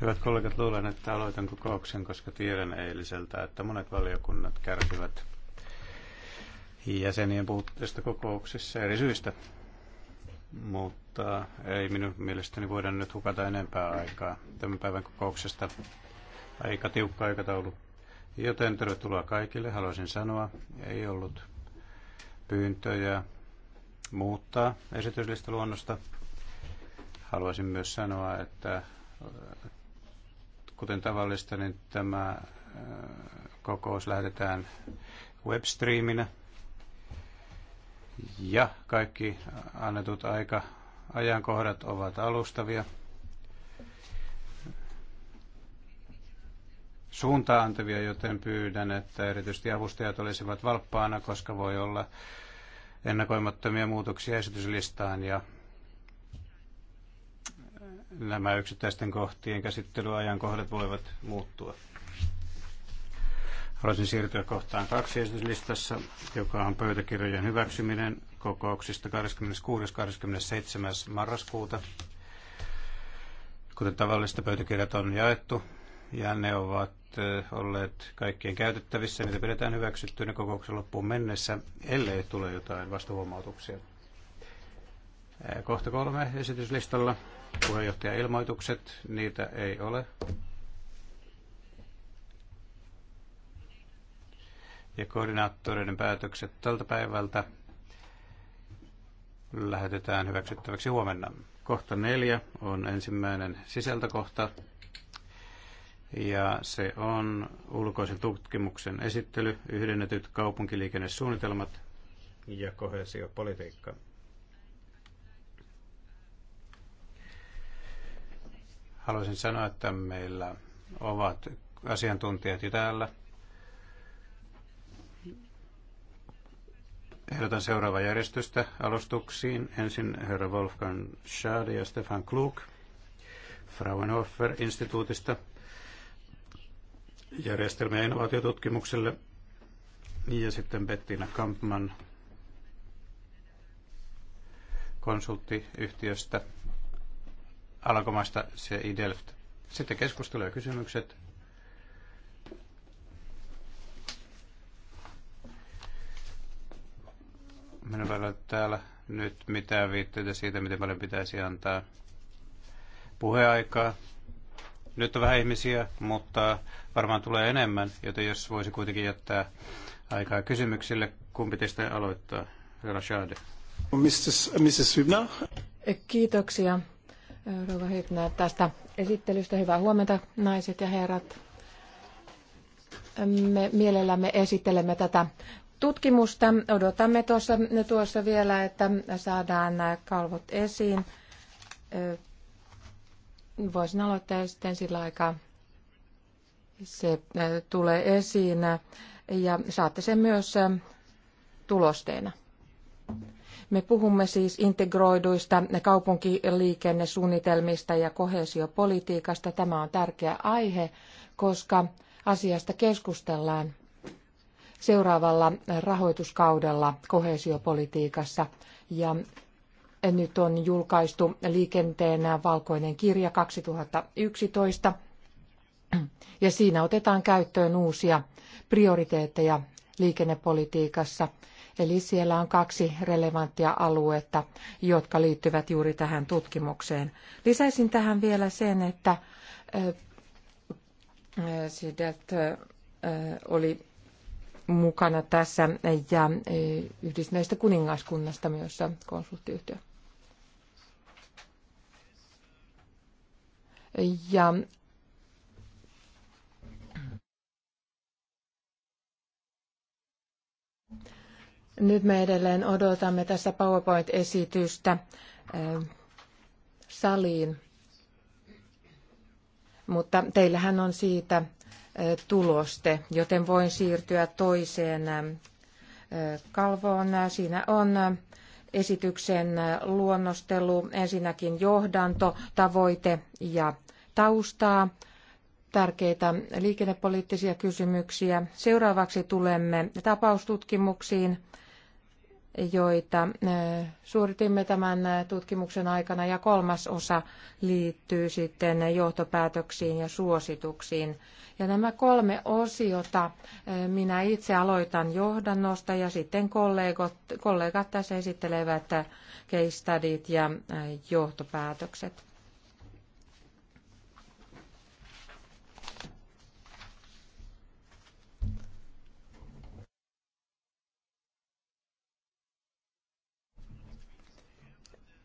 Hyvät kollegat, luulen, että aloitan kokouksen, koska tiedän eiliseltä, että monet valiokunnat kärsivät jäsenien puutteesta kokouksissa eri syistä. Mutta ei minun mielestäni voida nyt hukata enempää aikaa tämän päivän kokouksesta. Aika tiukka aikataulu. Joten tervetuloa kaikille. Haluaisin sanoa, ei ollut pyyntöjä muuttaa esityslistaluonnosta. Haluaisin myös sanoa, että äh, kuten tavallista, niin tämä äh, kokous lähetetään webstreaminä. Ja kaikki annetut aika ajankohdat ovat alustavia. suuntaa antavia, joten pyydän, että erityisesti avustajat olisivat valppaana, koska voi olla ennakoimattomia muutoksia esityslistaan ja nämä yksittäisten kohtien käsittelyajankohdat voivat muuttua. Haluaisin siirtyä kohtaan kaksi esityslistassa, joka on pöytäkirjojen hyväksyminen kokouksista 26.–27. marraskuuta. Kuten tavallista, pöytäkirjat on jaettu ja ne ovat olleet kaikkien käytettävissä. Niitä pidetään hyväksyttyinä kokouksen loppuun mennessä, ellei tule jotain vastahuomautuksia. Kohta kolme esityslistalla. Puheenjohtajan ilmoitukset, niitä ei ole. Ja koordinaattoreiden päätökset tältä päivältä lähetetään hyväksyttäväksi huomenna. Kohta neljä on ensimmäinen sisältökohta ja se on ulkoisen tutkimuksen esittely, yhdennetyt kaupunkiliikennesuunnitelmat ja kohesiopolitiikka. Haluaisin sanoa, että meillä ovat asiantuntijat jo täällä. Ehdotan seuraavaa järjestystä alustuksiin. Ensin herra Wolfgang Schade ja Stefan Klug Fraunhofer-instituutista – järjestelmä- ja innovaatiotutkimukselle. Ja sitten Bettina Kampman konsulttiyhtiöstä Alankomaista se Idelft. Sitten keskustelu ja kysymykset. Minä olen täällä nyt mitään viitteitä siitä, miten paljon pitäisi antaa puheaikaa. Nyt on vähän ihmisiä, mutta varmaan tulee enemmän, joten jos voisi kuitenkin jättää aikaa kysymyksille, kumpi teistä aloittaa? Rashade. Mrs. Mrs. Hübner. Kiitoksia, Rova Hübner, tästä esittelystä. Hyvää huomenta, naiset ja herrat. Me mielellämme esittelemme tätä tutkimusta. Odotamme tuossa, tuossa vielä, että saadaan nämä kalvot esiin Voisin aloittaa ja sitten sillä aikaa se äh, tulee esiin ja saatte sen myös äh, tulosteena. Me puhumme siis integroiduista kaupunkiliikennesuunnitelmista ja koheesiopolitiikasta Tämä on tärkeä aihe, koska asiasta keskustellaan seuraavalla rahoituskaudella koheesiopolitiikassa ja nyt on julkaistu liikenteen valkoinen kirja 2011. Ja siinä otetaan käyttöön uusia prioriteetteja liikennepolitiikassa. Eli siellä on kaksi relevanttia aluetta, jotka liittyvät juuri tähän tutkimukseen. Lisäisin tähän vielä sen, että äh, Sidet äh, oli mukana tässä ja äh, yhdistyneestä kuningaskunnasta myös konsulttiyhtiö. Ja nyt me edelleen odotamme tässä PowerPoint-esitystä saliin, mutta teillähän on siitä tuloste, joten voin siirtyä toiseen kalvoon. Siinä on esityksen luonnostelu, ensinnäkin johdanto, tavoite ja taustaa, tärkeitä liikennepoliittisia kysymyksiä. Seuraavaksi tulemme tapaustutkimuksiin joita eh, suoritimme tämän eh, tutkimuksen aikana, ja kolmas osa liittyy sitten johtopäätöksiin ja suosituksiin. Ja nämä kolme osiota, eh, minä itse aloitan johdannosta ja sitten kollegot, kollegat tässä esittelevät case studyt ja johtopäätökset.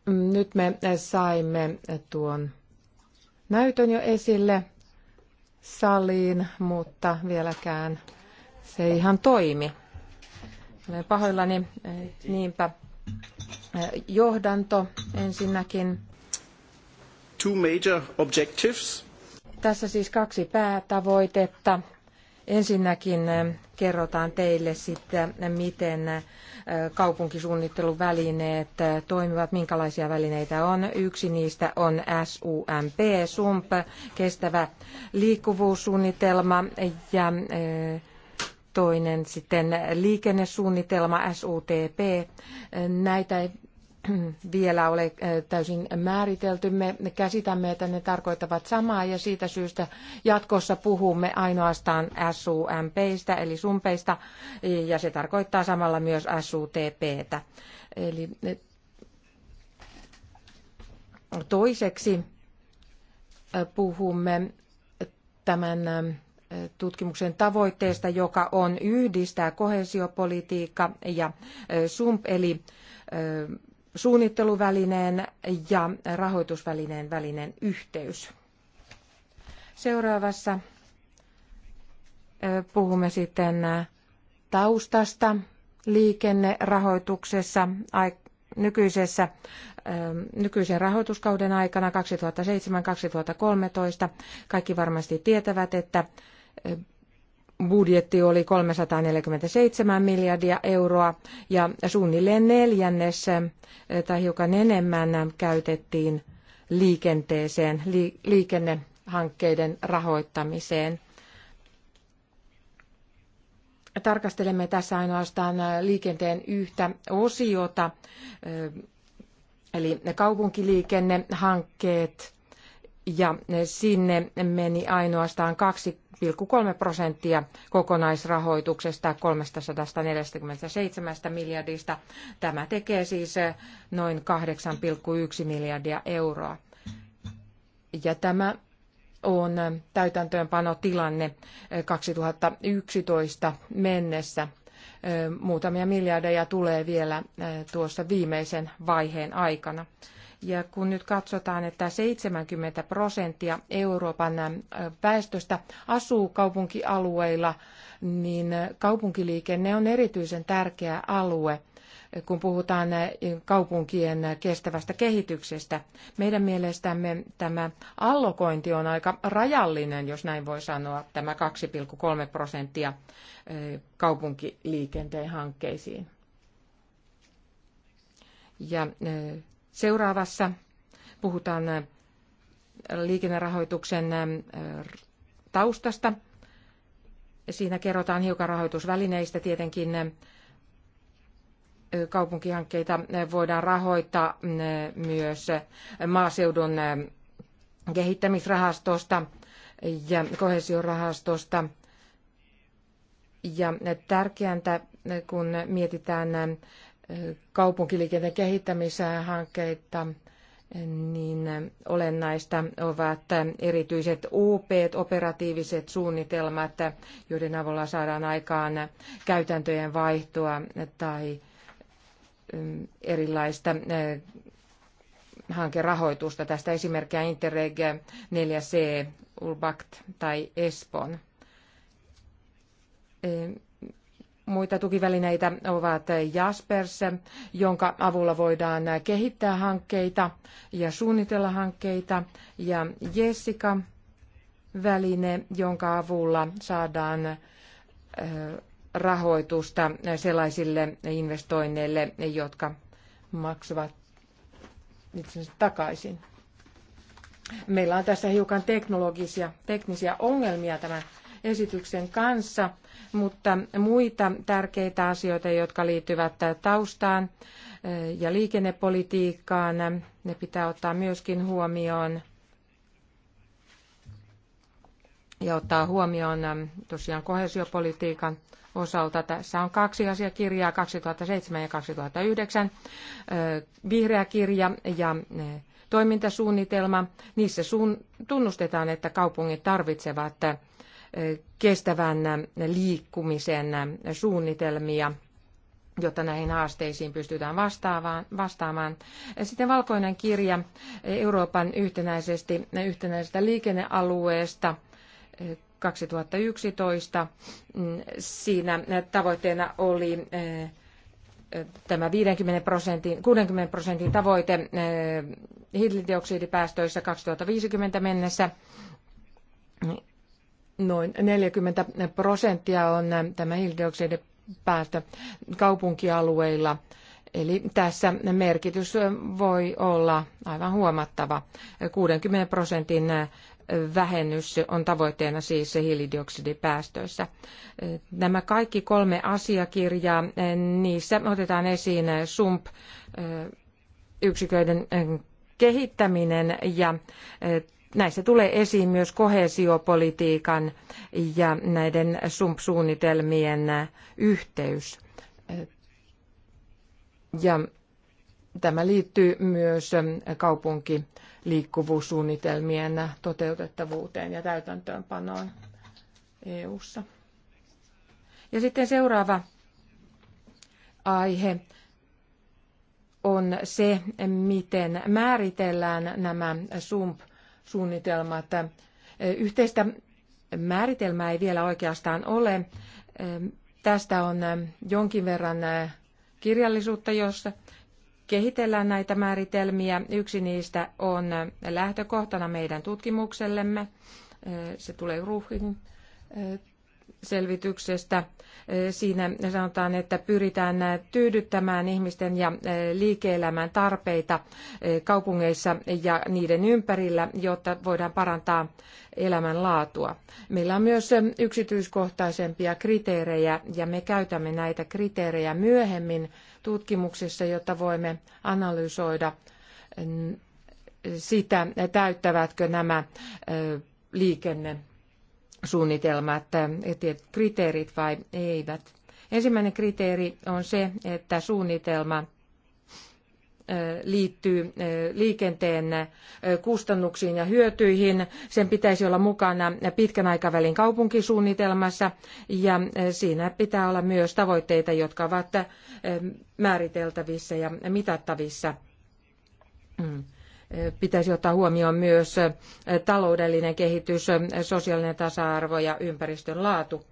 Nyt me saimme tuon näytön jo esille saliin, mutta vieläkään se ei ihan toimi. Olen pahoillani, niinpä johdanto ensinnäkin. Two major objectives. Tässä siis kaksi päätavoitetta Ensinnäkin eh, kerrotaan teille sitten, eh, miten eh, kaupunkisuunnittelun välineet toimivat, minkälaisia välineitä on. Yksi niistä on SUMP, SUMP, kestävä liikkuvuussuunnitelma ja toinen sitten liikennesuunnitelma, SUTP. Näitä vielä ole äh, täysin määritelty. Me käsitämme, että ne tarkoittavat samaa ja siitä syystä jatkossa puhumme ainoastaan SUMPistä eli sumpeista ja se tarkoittaa samalla myös SUTPtä. Eli äh, toiseksi äh, puhumme tämän tutkimuksen tavoitteesta, joka on yhdistää koheesiopolitiikka ja SUMP eli suunnitteluvälineen ja rahoitusvälineen välinen yhteys. Seuraavassa puhumme sitten taustasta liikennerahoituksessa nykyisessä, nykyisen rahoituskauden aikana 2007-2013. Kaikki varmasti tietävät, että budjetti oli 347 miljardia euroa ja suunnilleen neljännes eh, tai hiukan enemmän käytettiin liikenteeseen, liikennehankkeiden rahoittamiseen. Tarkastelemme tässä ainoastaan eh, liikenteen yhtä osiota, eh, eli kaupunkiliikennehankkeet – ja sinne meni ainoastaan 2,3 prosenttia kokonaisrahoituksesta 347 miljardista. Tämä tekee siis eh, noin 8,1 miljardia euroa. Ja tämä on eh, täytäntöönpanotilanne 2011 eh, mennessä. Muutamia miljardeja tulee vielä tuossa viimeisen vaiheen aikana. Ja kun nyt katsotaan, että 70 prosenttia Euroopan väestöstä asuu kaupunkialueilla, niin kaupunkiliikenne on erityisen tärkeä alue, kun puhutaan kaupunkien kestävästä kehityksestä. Meidän mielestämme tämä allokointi on aika rajallinen, jos näin voi sanoa, tämä 2,3 prosenttia kaupunkiliikenteen hankkeisiin. Ja Seuraavassa puhutaan äh, liikennerahoituksen äh, taustasta. Siinä kerrotaan hiukan rahoitusvälineistä tietenkin äh, kaupunkihankkeita voidaan rahoittaa myös maaseudun kehittämisrahastosta ja kohesiorahastosta. Ja tärkeäntä, kun mietitään kaupunkiliikenteen kehittämishankkeita, niin olennaista ovat erityiset UPEet, operatiiviset suunnitelmat, joiden avulla saadaan aikaan käytäntöjen vaihtoa tai mm, erilaista mm, hankerahoitusta. Tästä esimerkkiä Interreg 4C, Ulbakt tai Espon. Mm, Muita tukivälineitä ovat Jaspers, jonka avulla voidaan kehittää hankkeita ja suunnitella hankkeita, ja Jessica, väline, jonka avulla saadaan rahoitusta sellaisille investoinneille, jotka maksavat takaisin. Meillä on tässä hiukan teknologisia, teknisiä ongelmia tämän esityksen kanssa mutta muita tärkeitä asioita, jotka liittyvät taustaan ja liikennepolitiikkaan, ne pitää ottaa myöskin huomioon ja ottaa huomioon tosiaan kohesiopolitiikan osalta. Tässä on kaksi asiakirjaa, 2007 ja 2009, vihreä kirja ja toimintasuunnitelma. Niissä tunnustetaan, että kaupungit tarvitsevat kestävän liikkumisen suunnitelmia, jotta näihin haasteisiin pystytään vastaamaan. Sitten valkoinen kirja Euroopan yhtenäisesti, yhtenäisestä liikennealueesta 2011. Siinä tavoitteena oli eh, tämä 50 prosentin, 60 prosentin tavoite eh, hiilidioksidipäästöissä 2050 mennessä noin 40 prosenttia on tämä hiilidioksidipäästö kaupunkialueilla. Eli tässä merkitys voi olla aivan huomattava. 60 prosentin vähennys on tavoitteena siis hiilidioksidipäästöissä. Nämä kaikki kolme asiakirjaa, niissä otetaan esiin SUMP-yksiköiden kehittäminen ja Näissä tulee esiin myös koheesiopolitiikan ja näiden SUMP-suunnitelmien yhteys. Ja tämä liittyy myös kaupunkiliikkuvuussuunnitelmien toteutettavuuteen ja täytäntöönpanoon EU-ssa. Ja sitten seuraava aihe on se, miten määritellään nämä SUMP että eh, Yhteistä määritelmää ei vielä oikeastaan ole. Eh, tästä on eh, jonkin verran kirjallisuutta, jossa kehitellään näitä määritelmiä. Yksi niistä on lähtökohtana meidän tutkimuksellemme. Se tulee Ruuhin selvityksestä. Siinä sanotaan, että pyritään tyydyttämään ihmisten ja liike-elämän tarpeita kaupungeissa ja niiden ympärillä, jotta voidaan parantaa elämänlaatua. Meillä on myös yksityiskohtaisempia kriteerejä ja me käytämme näitä kriteerejä myöhemmin tutkimuksissa, jotta voimme analysoida sitä, täyttävätkö nämä liikenne suunnitelmat, että kriteerit vai eivät. Ensimmäinen kriteeri on se, että suunnitelma liittyy liikenteen kustannuksiin ja hyötyihin. Sen pitäisi olla mukana pitkän aikavälin kaupunkisuunnitelmassa ja siinä pitää olla myös tavoitteita, jotka ovat määriteltävissä ja mitattavissa. Mm pitäisi ottaa huomioon myös taloudellinen kehitys, sosiaalinen tasa-arvo ja ympäristön laatu.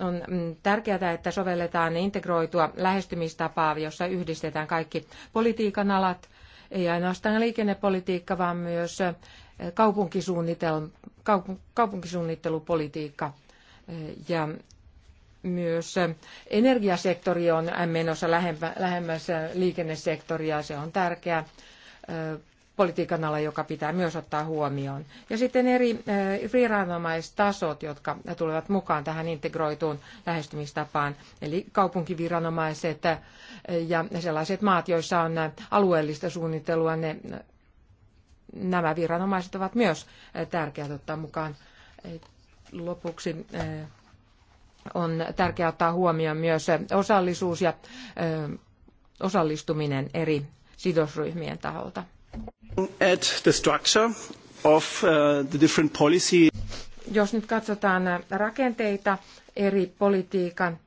On tärkeää, että sovelletaan integroitua lähestymistapaa, jossa yhdistetään kaikki politiikan alat, ei ainoastaan liikennepolitiikka, vaan myös kaupunkisuunnittelupolitiikka ja myös energiasektori on menossa lähemmäs liikennesektoria. Se on tärkeää politiikan ala, joka pitää myös ottaa huomioon. Ja sitten eri viranomaistasot, jotka tulevat mukaan tähän integroituun lähestymistapaan, eli kaupunkiviranomaiset ja sellaiset maat, joissa on alueellista suunnittelua, ne, nämä viranomaiset ovat myös tärkeät ottaa mukaan. Lopuksi on tärkeää ottaa huomioon myös osallisuus ja osallistuminen eri sidosryhmien taholta. At the structure of uh, the different policy. Jos nyt katsotaan uh, rakenteita eri politiikan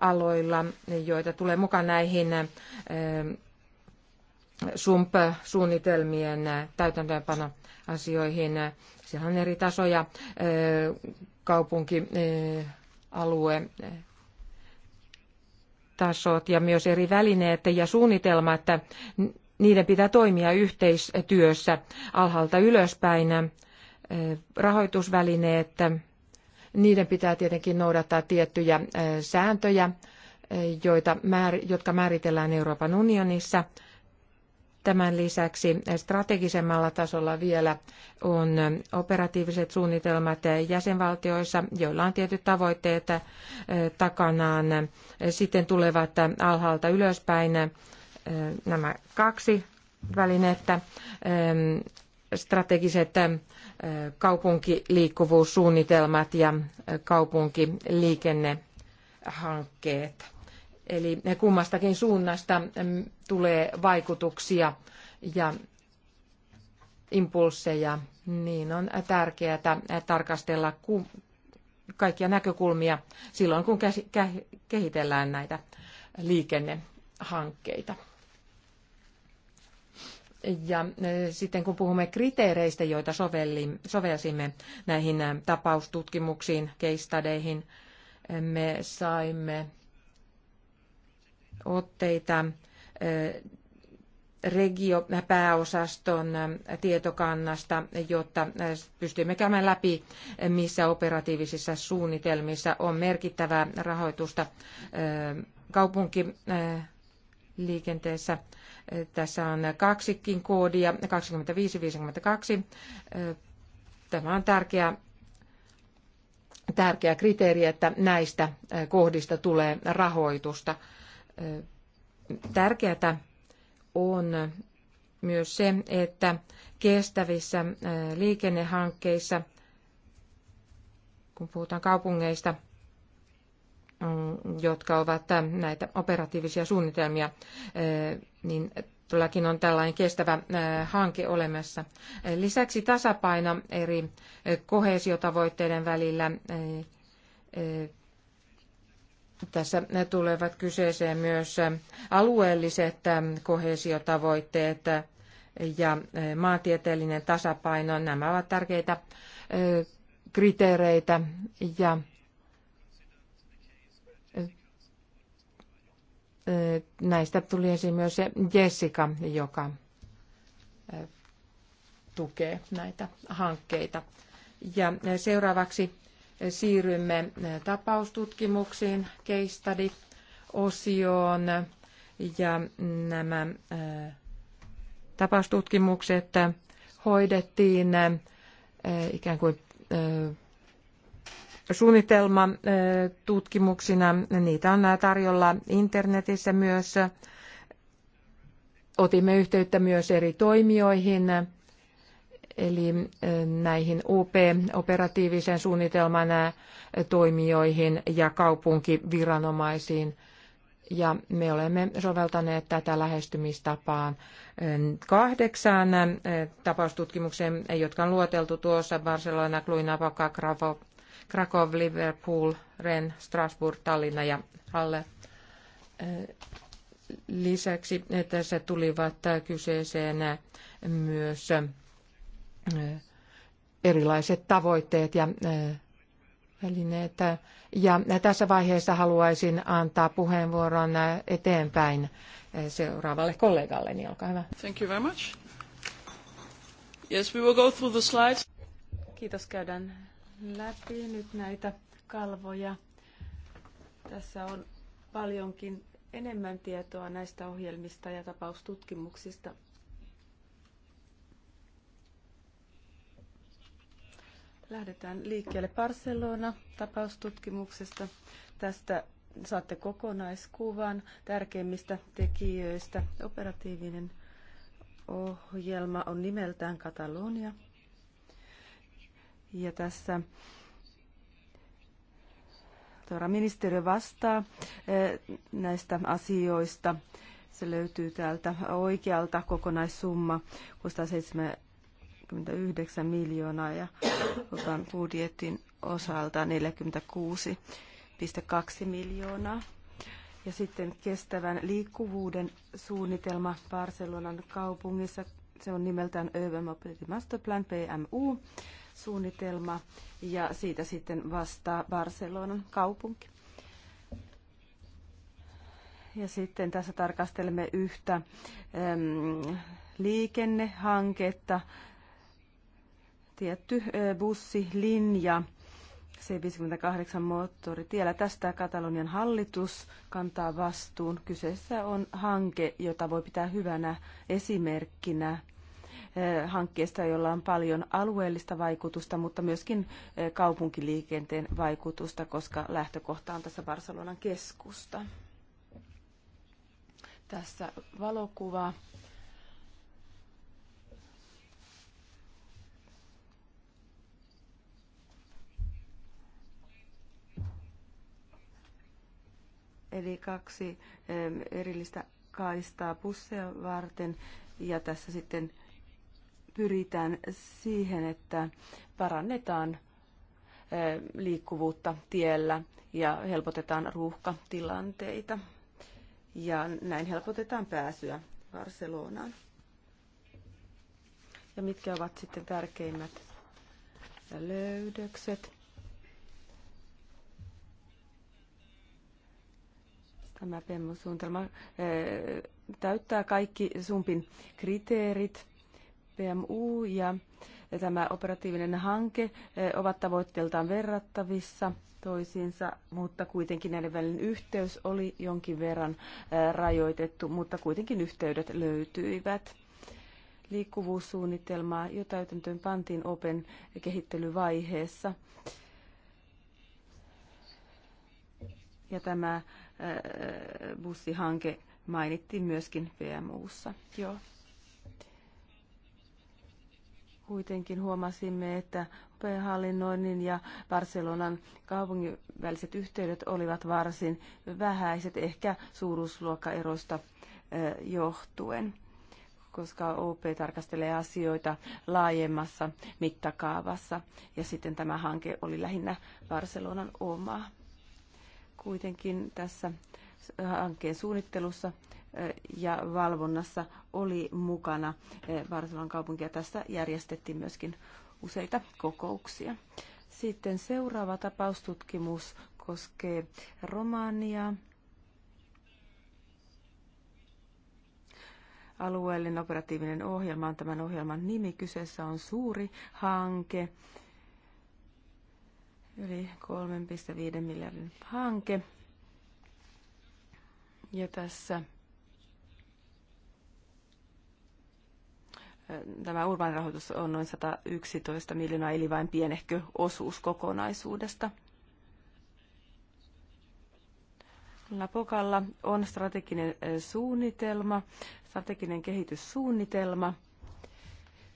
aloilla, joita tulee mukaan näihin uh, SUMP-suunnitelmien täytäntöönpanoasioihin. Siellä on eri tasoja, kaupunki, alue, tasot ja myös eri välineet ja suunnitelmat, niiden pitää toimia yhteistyössä alhaalta ylöspäin. Rahoitusvälineet, niiden pitää tietenkin noudattaa tiettyjä sääntöjä, joita, jotka määritellään Euroopan unionissa – Tämän lisäksi strategisemmalla tasolla vielä on operatiiviset suunnitelmat jäsenvaltioissa, joilla on tietyt tavoitteet takanaan. Sitten tulevat alhaalta ylöspäin eh, nämä kaksi välinettä, eh, strategiset eh, kaupunkiliikkuvuussuunnitelmat ja kaupunkiliikennehankkeet Eli kummastakin suunnasta mm, tulee vaikutuksia ja impulseja, niin on tärkeää tarkastella kaikkia näkökulmia silloin, kun kehitellään näitä liikennehankkeita. Ja mm, sitten kun puhumme kriteereistä, joita sovelsimme näihin tapaustutkimuksiin, case studyihin, mm, me saimme otteita pääosaston tietokannasta, jotta pystymme käymään läpi, missä operatiivisissa suunnitelmissa on merkittävää rahoitusta kaupunkiliikenteessä. Tässä on kaksikin koodia, viisikymmentäkaksi Tämä on tärkeä tärkeä kriteeri, että näistä kohdista tulee rahoitusta Tärkeätä on myös se, että kestävissä liikennehankkeissa, kun puhutaan kaupungeista, mm, jotka ovat näitä operatiivisia suunnitelmia, niin todellakin on tällainen kestävä hanke olemassa. Lisäksi tasapaino eri kohesiotavoitteiden välillä tässä ne tulevat kyseeseen myös alueelliset kohesiotavoitteet ja maantieteellinen tasapaino. Nämä ovat tärkeitä kriteereitä ja näistä tuli esiin myös Jessica, joka tukee näitä hankkeita. Ja seuraavaksi siirrymme tapaustutkimuksiin, case study-osioon ja nämä tapaustutkimukset hoidettiin ikään kuin suunnitelmatutkimuksina. Niitä on tarjolla internetissä myös. Otimme yhteyttä myös eri toimijoihin eli näihin UP-operatiivisen suunnitelman toimijoihin ja kaupunkiviranomaisiin. Ja me olemme soveltaneet tätä lähestymistapaa kahdeksaan tapaustutkimukseen, jotka on luoteltu tuossa Barcelona, Kluina, Vaka, Krakow, Liverpool, Rennes, Strasbourg, Tallinna ja Halle. Lisäksi tässä tulivat kyseeseen myös erilaiset tavoitteet ja välineet. Ja tässä vaiheessa haluaisin antaa puheenvuoron eteenpäin seuraavalle niin Olkaa hyvä. Thank you very much. Yes, we will go through the slides. Kiitos. Käydään läpi nyt näitä kalvoja. Tässä on paljonkin enemmän tietoa näistä ohjelmista ja tapaustutkimuksista Lähdetään liikkeelle Barcelona-tapaustutkimuksesta. Tästä saatte kokonaiskuvan tärkeimmistä tekijöistä. Operatiivinen ohjelma on nimeltään Katalonia. Ja tässä tuora ministeriö vastaa eh, näistä asioista. Se löytyy täältä oikealta kokonaissumma 607 49 miljoonaa ja otan budjetin osalta 46,2 miljoonaa. Ja sitten kestävän liikkuvuuden suunnitelma Barcelonan kaupungissa. Se on nimeltään Urban Mobility Masterplan, PMU suunnitelma ja siitä sitten vastaa Barcelonan kaupunki. Ja sitten tässä tarkastelemme yhtä äm, liikennehanketta tietty bussilinja C58 moottoritiellä. Tästä Katalonian hallitus kantaa vastuun. Kyseessä on hanke, jota voi pitää hyvänä esimerkkinä hankkeesta, jolla on paljon alueellista vaikutusta, mutta myöskin kaupunkiliikenteen vaikutusta, koska lähtökohta on tässä Barcelonan keskusta. Tässä valokuva eli kaksi erillistä kaistaa busseja varten. Ja tässä sitten pyritään siihen, että parannetaan liikkuvuutta tiellä ja helpotetaan ruuhkatilanteita. Ja näin helpotetaan pääsyä Barcelonaan. Ja mitkä ovat sitten tärkeimmät löydökset? Tämä PMU-suunnitelma eh, täyttää kaikki SUMPin kriteerit. PMU ja tämä operatiivinen hanke eh, ovat tavoitteeltaan verrattavissa toisiinsa, mutta kuitenkin näiden välinen yhteys oli jonkin verran eh, rajoitettu, mutta kuitenkin yhteydet löytyivät. Liikkuvuussuunnitelmaa jo täytäntöön pantiin Open kehittelyvaiheessa. Ja tämä bussihanke mainittiin myöskin PMUssa. Joo. Kuitenkin huomasimme, että hallinnoinnin ja Barcelonan kaupungin väliset yhteydet olivat varsin vähäiset, ehkä suuruusluokkaeroista johtuen koska OP tarkastelee asioita laajemmassa mittakaavassa. Ja sitten tämä hanke oli lähinnä Barcelonan oma kuitenkin tässä äh, hankkeen suunnittelussa äh, ja valvonnassa oli mukana Varsovan äh, kaupunki ja tässä järjestettiin myöskin useita kokouksia. Sitten seuraava tapaustutkimus koskee romania Alueellinen operatiivinen ohjelma on tämän ohjelman nimi. Kyseessä on suuri hanke yli 3,5 miljardin hanke. Ja tässä tämä rahoitus on noin 111 miljoonaa, eli vain pienehkö osuus kokonaisuudesta. Lapokalla on strateginen suunnitelma, strateginen kehityssuunnitelma,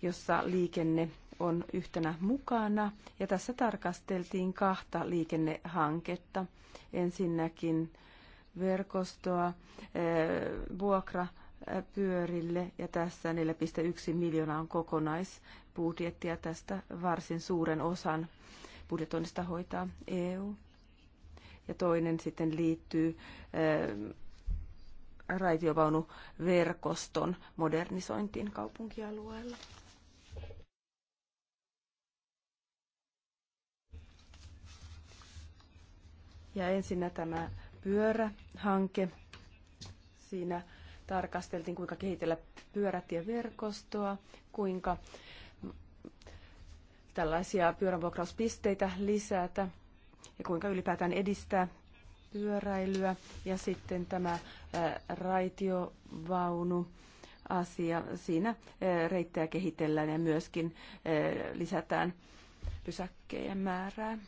jossa liikenne on yhtenä mukana. Ja tässä tarkasteltiin kahta liikennehanketta. Ensinnäkin verkostoa eh, vuokra pyörille ja tässä 4,1 miljoonaa on kokonaisbudjetti ja tästä varsin suuren osan budjetoinnista hoitaa EU. Ja toinen sitten liittyy eh, raitiovaunuverkoston modernisointiin kaupunkialueella. Ja ensinnä tämä pyörähanke. Siinä tarkasteltiin, kuinka kehitellä pyörätieverkostoa, kuinka tällaisia pyörävuokrauspisteitä lisätä ja kuinka ylipäätään edistää pyöräilyä. Ja sitten tämä raitiovaunu asia. Siinä reittejä kehitellään ja myöskin lisätään pysäkkejen määrää.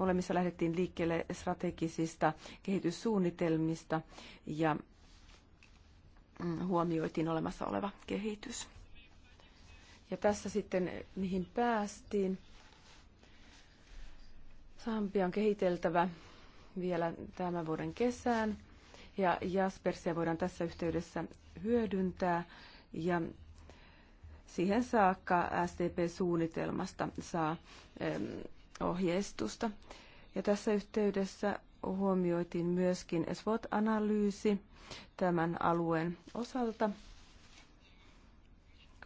Molemmissa lähdettiin liikkeelle strategisista kehityssuunnitelmista ja mm, huomioitiin olemassa oleva kehitys. Ja tässä sitten mihin päästiin. Sampia on kehiteltävä vielä tämän vuoden kesään ja Jaspersia voidaan tässä yhteydessä hyödyntää ja siihen saakka STP-suunnitelmasta saa ohjeistusta. Ja tässä yhteydessä huomioitiin myöskin SWOT-analyysi tämän alueen osalta,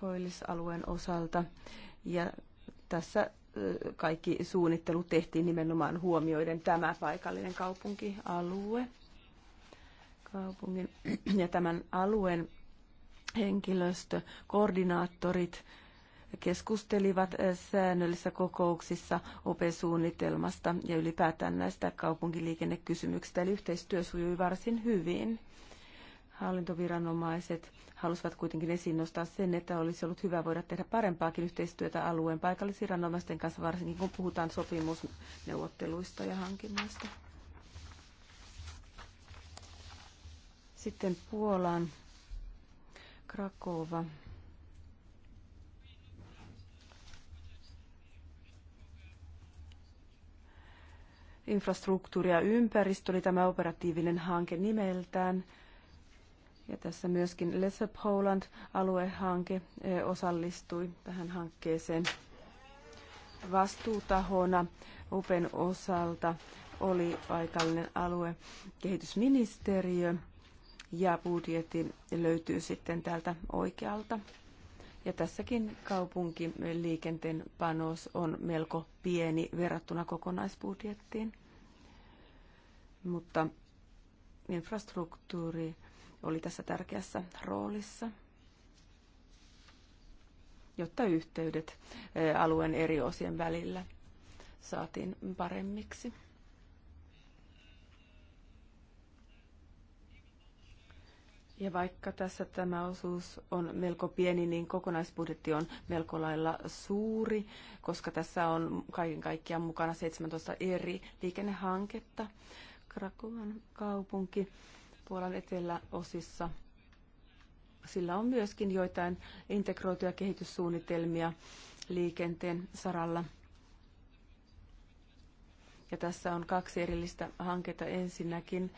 koillisalueen osalta. Ja tässä kaikki suunnittelu tehtiin nimenomaan huomioiden tämä paikallinen kaupunkialue. Kaupungin ja tämän alueen henkilöstö, koordinaattorit keskustelivat eh, säännöllisissä kokouksissa OP-suunnitelmasta e ja ylipäätään näistä kaupunkiliikennekysymyksistä, eli yhteistyö sujui varsin hyvin. Hallintoviranomaiset halusivat kuitenkin esiin nostaa sen, että olisi ollut hyvä voida tehdä parempaakin yhteistyötä alueen paikallisviranomaisten kanssa, varsinkin kun puhutaan sopimusneuvotteluista ja hankinnoista. Sitten puolan Krakova. infrastruktuuri ja ympäristö oli tämä operatiivinen hanke nimeltään. Ja tässä myöskin Lesser Poland-aluehanke e, osallistui tähän hankkeeseen vastuutahona Open osalta oli paikallinen alue kehitysministeriö ja budjetti löytyy sitten täältä oikealta ja tässäkin kaupunkiliikenteen panos on melko pieni verrattuna kokonaisbudjettiin. Mutta infrastruktuuri oli tässä tärkeässä roolissa, jotta yhteydet alueen eri osien välillä saatiin paremmiksi. Ja vaikka tässä tämä osuus on melko pieni, niin kokonaisbudjetti on melko lailla suuri, koska tässä on kaiken kaikkiaan mukana 17 eri liikennehanketta. Krakovan kaupunki Puolan eteläosissa. Sillä on myöskin joitain integroituja kehityssuunnitelmia liikenteen saralla. Ja tässä on kaksi erillistä hanketta. Ensinnäkin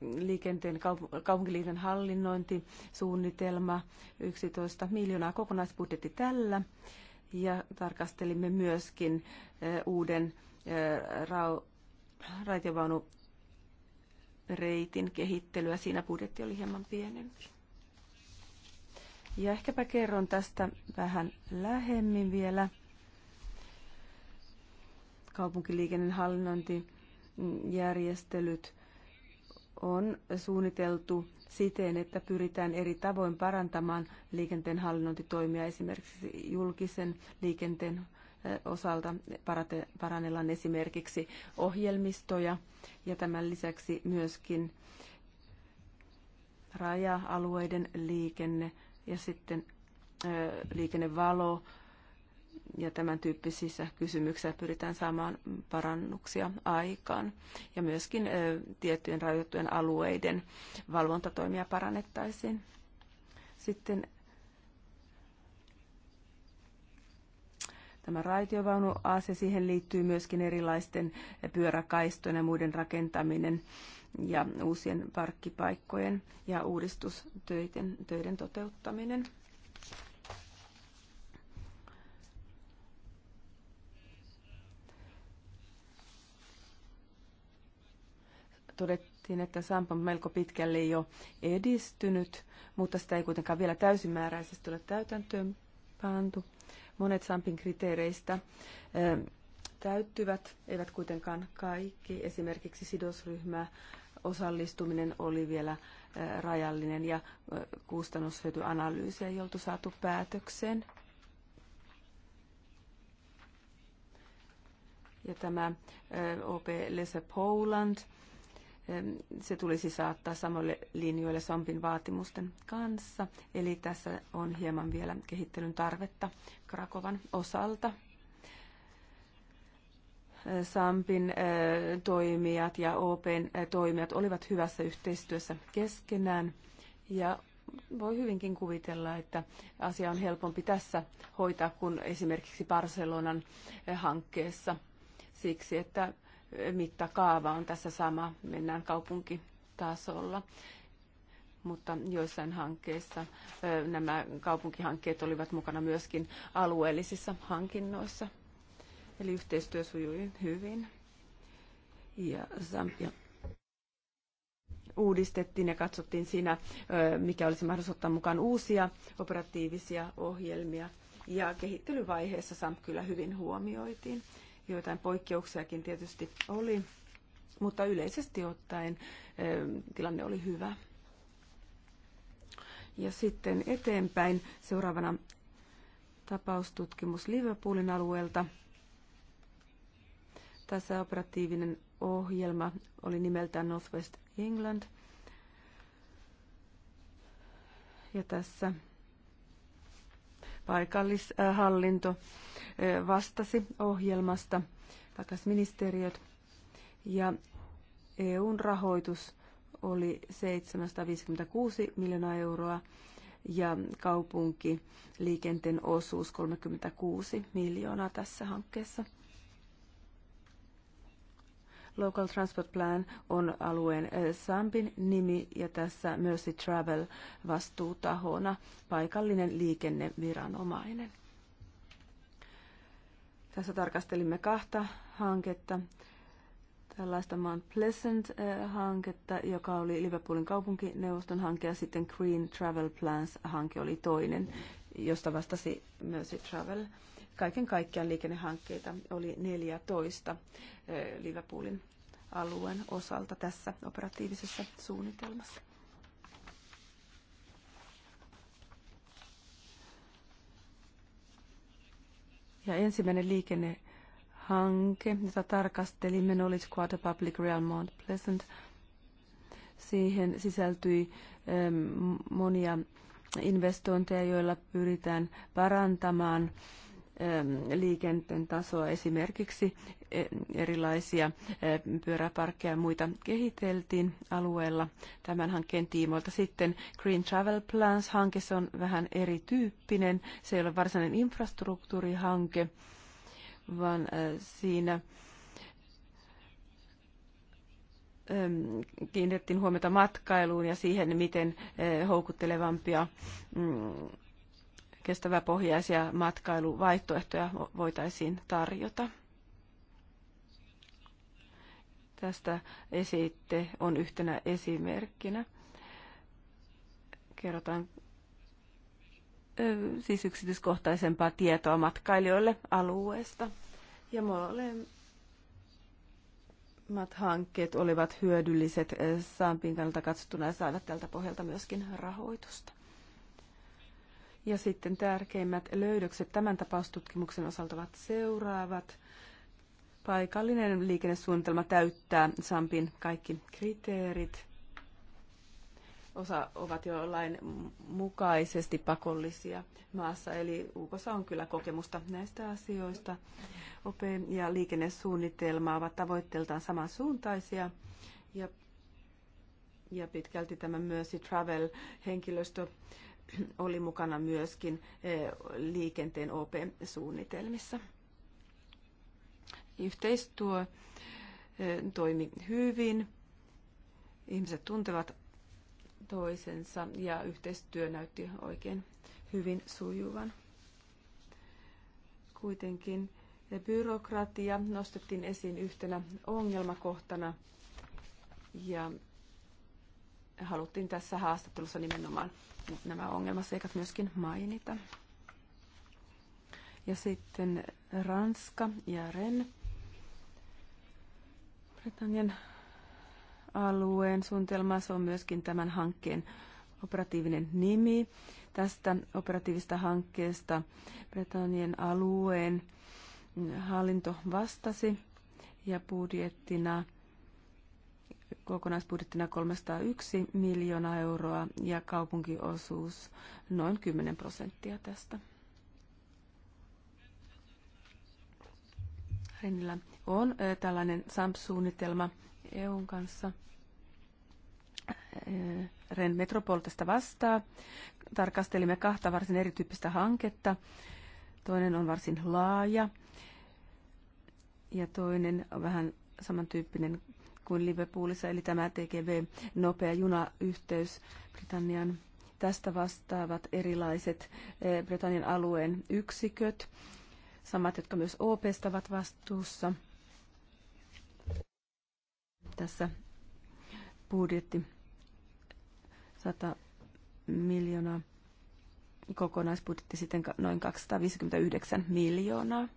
liikenteen, kaupunkiliikenteen hallinnointisuunnitelma, 11 miljoonaa kokonaisbudjetti tällä. Ja tarkastelimme myöskin uuden ra- reitin kehittelyä. Siinä budjetti oli hieman pienempi. Ja ehkäpä kerron tästä vähän lähemmin vielä kaupunkiliikennehallinnointijärjestelyt on suunniteltu siten, että pyritään eri tavoin parantamaan liikenteen hallinnointitoimia esimerkiksi julkisen liikenteen osalta parannellaan esimerkiksi ohjelmistoja ja tämän lisäksi myöskin raja-alueiden liikenne ja sitten liikennevalo, ja tämän tyyppisissä kysymyksissä pyritään saamaan parannuksia aikaan. Ja myöskin tiettyjen rajoittujen alueiden valvontatoimia parannettaisiin. Sitten tämä raitiovaunu ase siihen liittyy myöskin erilaisten pyöräkaistojen ja muiden rakentaminen ja uusien parkkipaikkojen ja uudistustöiden töiden toteuttaminen. todettiin, että Sampo on melko pitkälle jo edistynyt, mutta sitä ei kuitenkaan vielä täysimääräisesti ole täytäntöön pantu. Monet Sampin kriteereistä täyttyvät, eivät kuitenkaan kaikki. Esimerkiksi sidosryhmä osallistuminen oli vielä rajallinen ja kustannushyötyanalyysi ei oltu saatu päätökseen. Ja tämä OP Lese Poland se tulisi saattaa samoille linjoille SOMPin vaatimusten kanssa. Eli tässä on hieman vielä kehittelyn tarvetta Krakovan osalta. Sampin toimijat ja OPn toimijat olivat hyvässä yhteistyössä keskenään ja voi hyvinkin kuvitella, että asia on helpompi tässä hoitaa kuin esimerkiksi Barcelonan hankkeessa siksi, että mittakaava on tässä sama, mennään kaupunkitasolla. Mutta joissain hankkeissa nämä kaupunkihankkeet olivat mukana myöskin alueellisissa hankinnoissa. Eli yhteistyö sujui hyvin. Ja Zambia uudistettiin ja katsottiin siinä, mikä olisi mahdollista ottaa mukaan uusia operatiivisia ohjelmia. Ja kehittelyvaiheessa SAMP kyllä hyvin huomioitiin. Joitain poikkeuksiakin tietysti oli, mutta yleisesti ottaen eh, tilanne oli hyvä. Ja sitten eteenpäin seuraavana tapaustutkimus Liverpoolin alueelta. Tässä operatiivinen ohjelma oli nimeltään Northwest England. Ja tässä paikallishallinto vastasi ohjelmasta, ministeriöt ja EUn rahoitus oli 756 miljoonaa euroa ja kaupunkiliikenteen osuus 36 miljoonaa tässä hankkeessa. Local Transport Plan on alueen eh, SAMPin nimi ja tässä Mercy Travel vastuutahona paikallinen liikenneviranomainen. Tässä tarkastelimme kahta hanketta. Tällaista Mount Pleasant-hanketta, eh, joka oli Liverpoolin kaupunkineuvoston hanke, ja sitten Green Travel Plans-hanke oli toinen, josta vastasi Mercy Travel Kaiken kaikkiaan liikennehankkeita oli 14 eh, Liverpoolin alueen osalta tässä operatiivisessa suunnitelmassa. Ja ensimmäinen liikennehanke, jota tarkastelimme, Knowledge Quarter Public Real Mount Pleasant. Siihen sisältyi monia investointeja, joilla pyritään parantamaan liikenteen tasoa, esimerkiksi e, erilaisia e, pyöräparkkeja ja muita kehiteltiin alueella tämän hankkeen tiimoilta. Sitten Green Travel Plans-hanke, se on vähän erityyppinen, se ei ole varsinainen infrastruktuurihanke, vaan e, siinä kiinnitettiin huomiota matkailuun ja siihen, miten houkuttelevampia mm, kestäväpohjaisia matkailuvaihtoehtoja voitaisiin tarjota. Tästä esitte on yhtenä esimerkkinä. Kerrotaan siis yksityiskohtaisempaa tietoa matkailijoille alueesta. Ja molemmat hankkeet olivat hyödylliset Sampin kannalta katsottuna ja saivat tältä pohjalta myöskin rahoitusta. Ja sitten tärkeimmät löydökset tämän tapaustutkimuksen osalta ovat seuraavat. Paikallinen liikennesuunnitelma täyttää Sampin kaikki kriteerit. Osa ovat jo mukaisesti pakollisia maassa, eli UKossa on kyllä kokemusta näistä asioista. OPE ja liikennesuunnitelma ovat tavoitteeltaan samansuuntaisia ja, ja pitkälti tämä myös travel-henkilöstö oli mukana myöskin eh, liikenteen OP-suunnitelmissa. Yhteistyö eh, toimi hyvin, ihmiset tuntevat toisensa ja yhteistyö näytti oikein hyvin sujuvan. Kuitenkin eh, byrokratia nostettiin esiin yhtenä ongelmakohtana ja haluttiin tässä haastattelussa nimenomaan nämä ongelmaseikat myöskin mainita. Ja sitten Ranska ja Ren. Britannian alueen suunnitelma, se on myöskin tämän hankkeen operatiivinen nimi. Tästä operatiivista hankkeesta Britannian alueen hallinto vastasi ja budjettina kokonaisbudjettina 301 miljoonaa euroa ja kaupunkiosuus noin 10 prosenttia tästä. Rinnillä on tällainen SAMP-suunnitelma EUn kanssa. Ren Metropol tästä vastaa. Tarkastelimme kahta varsin erityyppistä hanketta. Toinen on varsin laaja ja toinen vähän samantyyppinen kuin Liverpoolissa, eli tämä TGV-nopea junayhteys Britannian tästä vastaavat erilaiset eh, Britannian alueen yksiköt, samat, jotka myös OP ovat vastuussa tässä budjetti 100 miljoonaa, kokonaisbudjetti sitten noin 259 miljoonaa.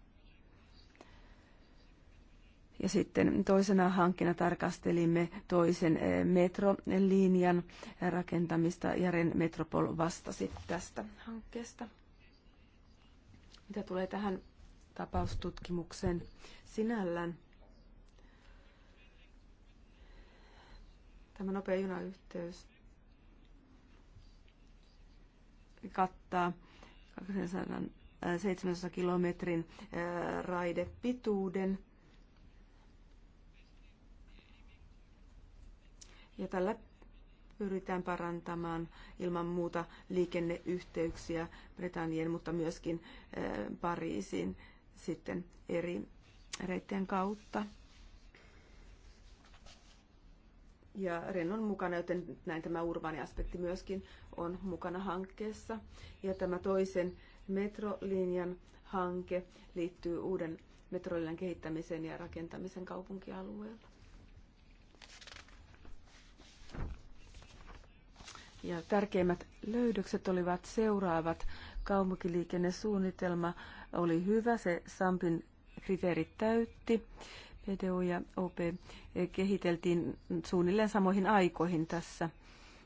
Ja sitten toisena hankkina tarkastelimme toisen eh, metrolinjan rakentamista Jaren Metropol vastasi tästä hankkeesta. Mitä tulee tähän tapaustutkimukseen sinällään, tämä nopea junayhteys kattaa 700 kilometrin eh, raidepituuden – Ja tällä pyritään parantamaan ilman muuta liikenneyhteyksiä Britannian, mutta myöskin eh, Pariisin sitten eri reittien kautta. Ja Ren on mukana, joten näin tämä urbaani aspekti myöskin on mukana hankkeessa. Ja tämä toisen metrolinjan hanke liittyy uuden metrolinjan kehittämiseen ja rakentamisen kaupunkialueella. Ja tärkeimmät löydökset olivat seuraavat. Kaupunkiliikennesuunnitelma oli hyvä, se Sampin kriteerit täytti. PDO ja OP kehiteltiin suunnilleen samoihin aikoihin tässä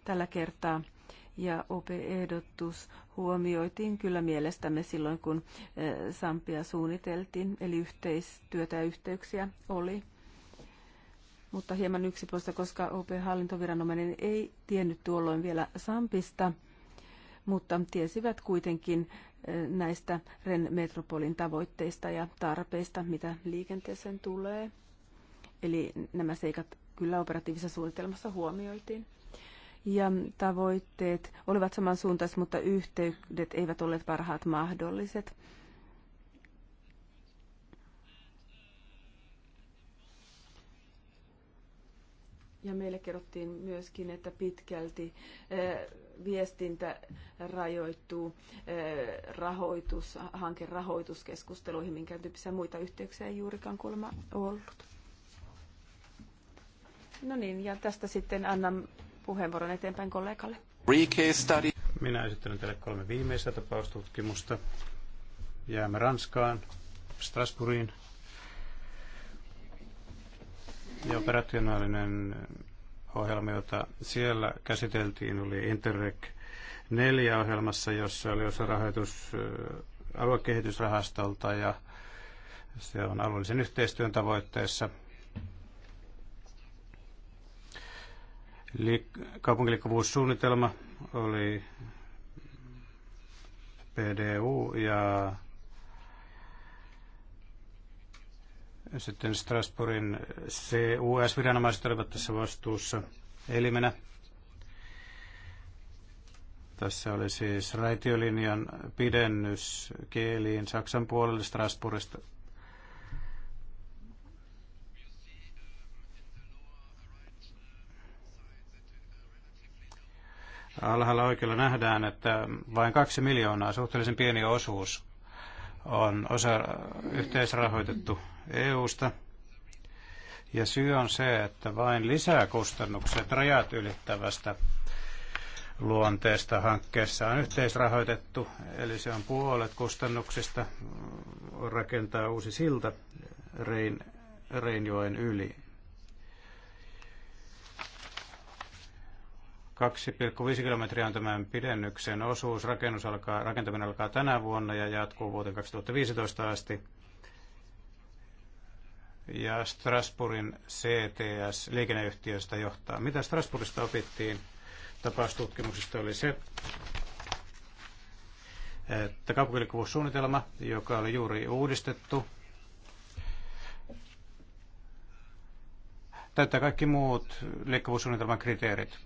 tällä kertaa. Ja OP-ehdotus huomioitiin kyllä mielestämme silloin, kun eh, Sampia suunniteltiin, eli yhteistyötä ja yhteyksiä oli mutta hieman yksipuolista, koska OP-hallintoviranomainen ei tiennyt tuolloin vielä Sampista, mutta tiesivät kuitenkin eh, näistä Ren Metropolin tavoitteista ja tarpeista, mitä liikenteeseen tulee. Eli nämä seikat kyllä operatiivisessa suunnitelmassa huomioitiin. Ja tavoitteet olivat samansuuntaiset, mutta yhteydet eivät olleet parhaat mahdolliset. Ja meille kerrottiin myöskin, että pitkälti eh, viestintä rajoittuu eh, rahoitus, hankerahoituskeskusteluihin, minkä tyyppisiä muita yhteyksiä ei juurikaan kuulemma ollut. No niin, ja tästä sitten annan puheenvuoron eteenpäin kollegalle. Minä esittelen teille kolme viimeistä tapaustutkimusta. Jäämme Ranskaan, Strasbourgiin, ja operationaalinen ohjelma, jota siellä käsiteltiin, oli Interreg 4 ohjelmassa, jossa oli osa rahoitus aluekehitysrahastolta ja se on alueellisen yhteistyön tavoitteessa. Kaupunkiliikkuvuussuunnitelma oli PDU ja Sitten Strasbourgin CUS-viranomaiset olivat tässä vastuussa elimenä. Tässä oli siis raitiolinjan pidennys keeliin Saksan puolelle Strasbourgista. Alhaalla oikealla nähdään, että vain kaksi miljoonaa, suhteellisen pieni osuus, on osa yhteisrahoitettu EUsta. Ja syy on se, että vain lisäkustannukset rajat ylittävästä luonteesta hankkeessa on yhteisrahoitettu, eli se on puolet kustannuksista rakentaa uusi silta Rein, Reinjoen yli. 2,5 kilometriä on tämän pidennyksen osuus. Rakennus alkaa, rakentaminen alkaa tänä vuonna ja jatkuu vuoteen 2015 asti ja Strasbourgin CTS liikenneyhtiöstä johtaa. Mitä Strasbourgista opittiin tapaustutkimuksesta oli se, että kaupunkiliikkuvuussuunnitelma, joka oli juuri uudistettu, täyttää kaikki muut liikkuvuussuunnitelman kriteerit.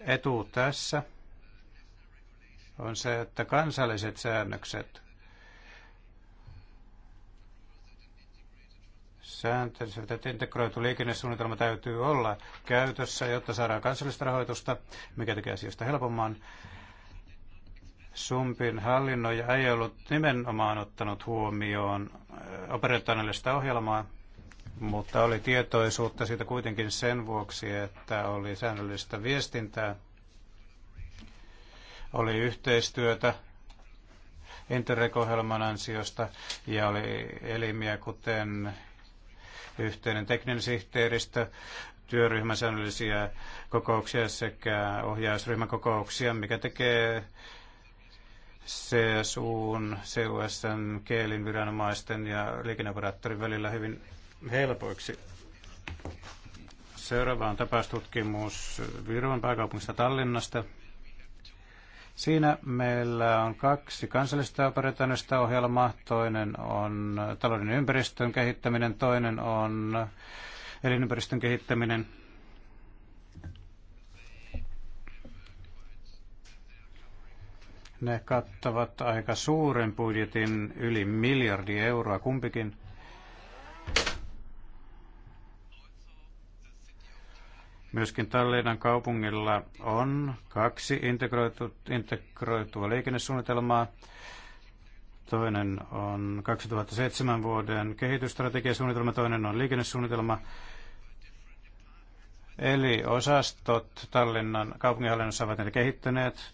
Etu tässä on se, että kansalliset säännökset sääntönsä, että integroitu liikennesuunnitelma täytyy olla käytössä, jotta saadaan kansallista rahoitusta, mikä tekee asioista helpomman. Sumpin hallinnoja ei ollut nimenomaan ottanut huomioon äh, operationaalista ohjelmaa, mutta oli tietoisuutta siitä kuitenkin sen vuoksi, että oli säännöllistä viestintää, oli yhteistyötä interreg ansiosta ja oli elimiä kuten yhteinen tekninen sihteeristö, työryhmän säännöllisiä kokouksia sekä ohjausryhmän kokouksia, mikä tekee CSUn, CUSn, Keelin viranomaisten ja liikenneoperaattorin välillä hyvin helpoiksi. Seuraava on tapaustutkimus Viron pääkaupungista Tallinnasta. Siinä meillä on kaksi kansallista operatiivista ohjelmaa. Toinen on talouden ympäristön kehittäminen, toinen on elinympäristön kehittäminen. Ne kattavat aika suuren budjetin, yli miljardi euroa kumpikin. Myöskin Tallinnan kaupungilla on kaksi integroitu, integroitua liikennesuunnitelmaa. Toinen on 2007 vuoden kehitysstrategiasuunnitelma, toinen on liikennesuunnitelma. Eli osastot Tallinnan kaupunginhallinnossa ovat niitä kehittäneet.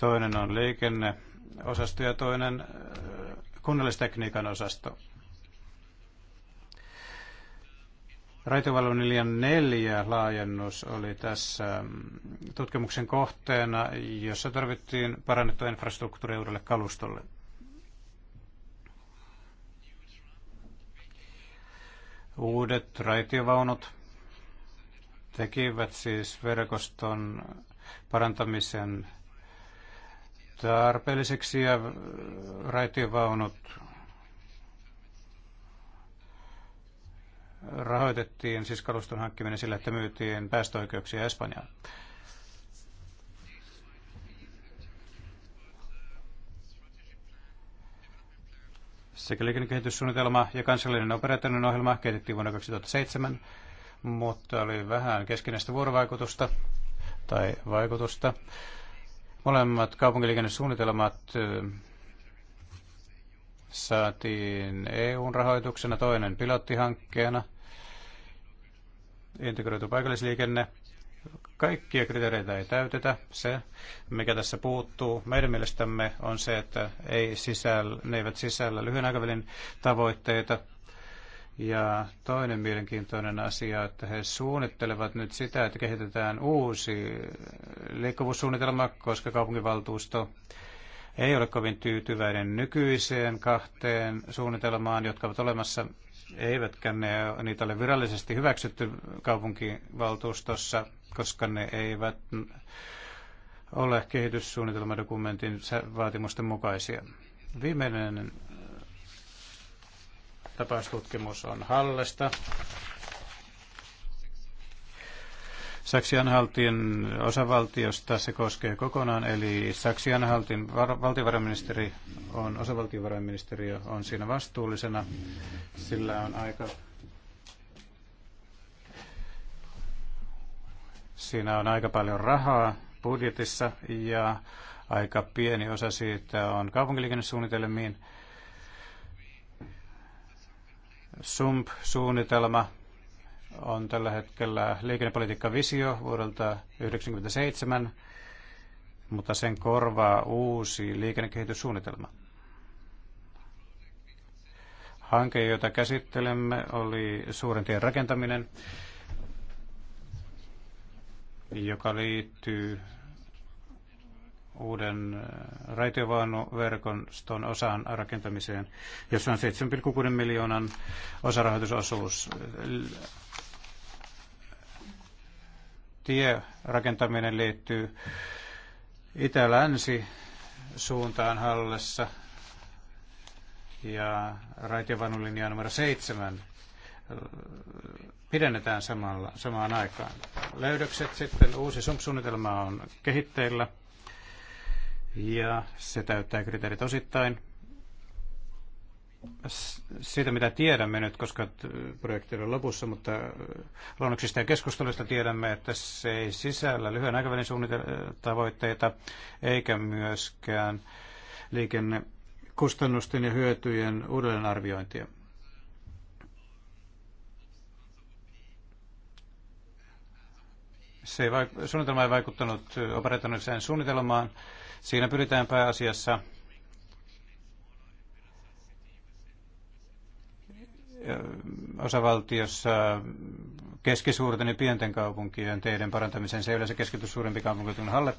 Toinen on liikenneosasto ja toinen äh, kunnallistekniikan osasto. Raitovalvonilian neljä laajennus oli tässä mm, tutkimuksen kohteena, jossa tarvittiin parannettua infrastruktuuria uudelle kalustolle. Uudet raitiovaunut tekivät siis verkoston parantamisen tarpeelliseksi ja raitiovaunut rahoitettiin siis kaluston hankkiminen sillä, että myytiin päästöoikeuksia Espanjaan. sekä liikennekehityssuunnitelma ja kansallinen operatiivinen ohjelma kehitettiin vuonna 2007, mutta oli vähän keskinäistä vuorovaikutusta tai vaikutusta. Molemmat kaupunkiliikennesuunnitelmat äh, saatiin EUn rahoituksena, toinen pilottihankkeena – integroitu paikallisliikenne, kaikkia kriteereitä ei täytetä. Se, mikä tässä puuttuu meidän mielestämme, on se, että ei sisällä, ne eivät sisällä lyhyen aikavälin tavoitteita. Ja toinen mielenkiintoinen asia, että he suunnittelevat nyt sitä, että kehitetään uusi liikkuvuussuunnitelma, koska kaupunkivaltuusto ei ole kovin tyytyväinen nykyiseen kahteen suunnitelmaan, jotka ovat olemassa eivätkä ne, niitä ole virallisesti hyväksytty kaupunkivaltuustossa, koska ne eivät ole kehityssuunnitelmadokumentin vaatimusten mukaisia. Viimeinen äh, tapaustutkimus on Hallesta Saksianhaltin osavaltiosta se koskee kokonaan, eli Saksianhaltin valtiovarainministeri on, osavaltiovarainministeriö on siinä vastuullisena. Sillä on aika Siinä on aika paljon rahaa budjetissa ja aika pieni osa siitä on kaupunkiliikennesuunnitelmiin. SUMP-suunnitelma on tällä hetkellä liikennepolitiikan visio vuodelta 1997, mutta sen korvaa uusi liikennekehityssuunnitelma. Hanke, jota käsittelemme, oli suuren tien rakentaminen, joka liittyy uuden raitiovaunuverkoston osan rakentamiseen, jossa on 7,6 miljoonan osarahoitusosuus tierakentaminen liittyy itä-länsi suuntaan hallessa ja raitiovaunulinjaa numero seitsemän äh, pidennetään samalla, samaan aikaan. Löydökset sitten, uusi SUMP-suunnitelma on kehitteillä ja se täyttää kriteerit osittain siitä, mitä tiedämme nyt, koska projekti on lopussa, mutta äh, luonnoksista ja keskusteluista tiedämme, että se ei sisällä lyhyen aikavälin suunnitelmatavoitteita eikä myöskään liikennekustannusten ja hyötyjen uudelleenarviointia. Se ei vaik- suunnitelma ei vaikuttanut operatiiviseen suunnitelmaan. Siinä pyritään pääasiassa osavaltiossa keskisuurten ja pienten kaupunkien teiden parantamiseen. Se ei yleensä keskity suurempi kaupunki kuin Halle.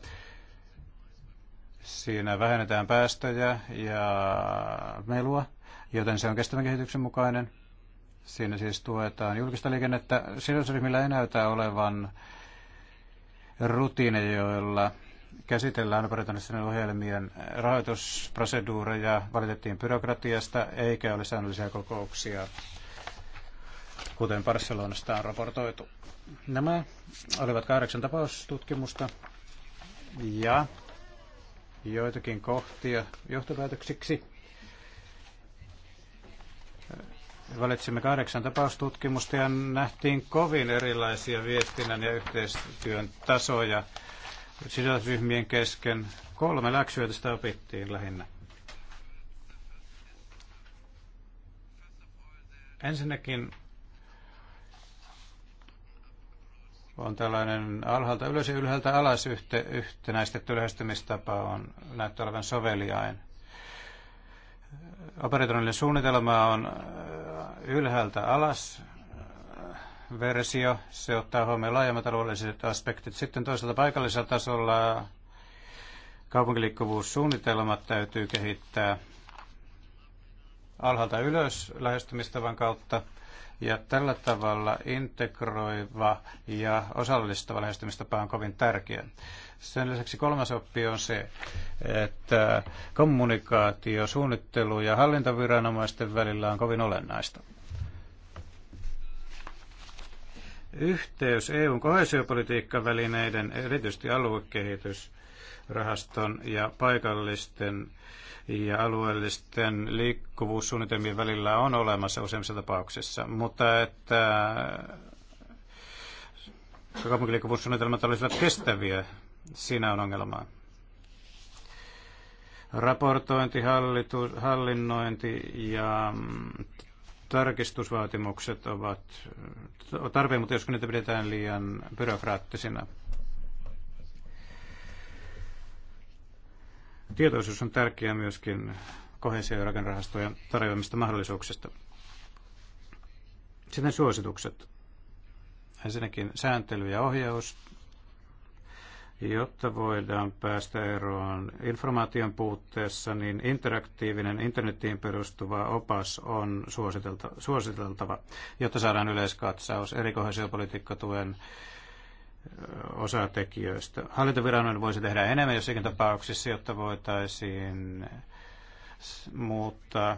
Siinä vähennetään päästöjä ja melua, joten se on kestävän kehityksen mukainen. Siinä siis tuetaan julkista liikennettä. Sidosryhmillä ei näytä olevan rutiineja, joilla käsitellään operatiivisten ohjelmien eh, rahoitusproseduureja, valitettiin byrokratiasta eikä ole säännöllisiä kokouksia, kuten Barcelonasta on raportoitu. Nämä olivat kahdeksan tapaustutkimusta ja joitakin kohtia johtopäätöksiksi. Valitsimme kahdeksan tapaustutkimusta ja nähtiin kovin erilaisia viestinnän ja yhteistyön tasoja sidosryhmien kesken. Kolme läksyä tästä opittiin lähinnä. Ensinnäkin on tällainen alhaalta ylös ja ylhäältä alas yhte, yhtenäistetty lähestymistapa on näyttää olevan soveliain. Operatorinen suunnitelma on äh, ylhäältä alas versio. Se ottaa huomioon laajemmat alueelliset aspektit. Sitten toisaalta paikallisella tasolla kaupunkiliikkuvuussuunnitelmat täytyy kehittää alhaalta ylös lähestymistavan kautta. Ja tällä tavalla integroiva ja osallistava lähestymistapa on kovin tärkeä. Sen lisäksi kolmas oppi on se, että kommunikaatio, suunnittelu ja hallintaviranomaisten välillä on kovin olennaista. yhteys EUn välineiden erityisesti aluekehitysrahaston ja paikallisten ja alueellisten liikkuvuussuunnitelmien välillä on olemassa useimmissa tapauksissa, mutta että kaupunkiliikkuvuussuunnitelmat olisivat kestäviä, siinä on ongelmaa. Raportointi, hallitu, hallinnointi ja tarkistusvaatimukset ovat tarpeen, mutta joskus niitä pidetään liian byrokraattisina. Tietoisuus on tärkeää myöskin kohesio- ja rakennerahastojen tarjoamista mahdollisuuksista. Sitten suositukset. Ensinnäkin sääntely ja ohjaus Jotta voidaan päästä eroon informaation puutteessa, niin interaktiivinen internetiin perustuva opas on suositeltava, jotta saadaan yleiskatsaus eri tuen osatekijöistä. Hallintoviranomainen voisi tehdä enemmän jossakin tapauksissa, jotta voitaisiin muuttaa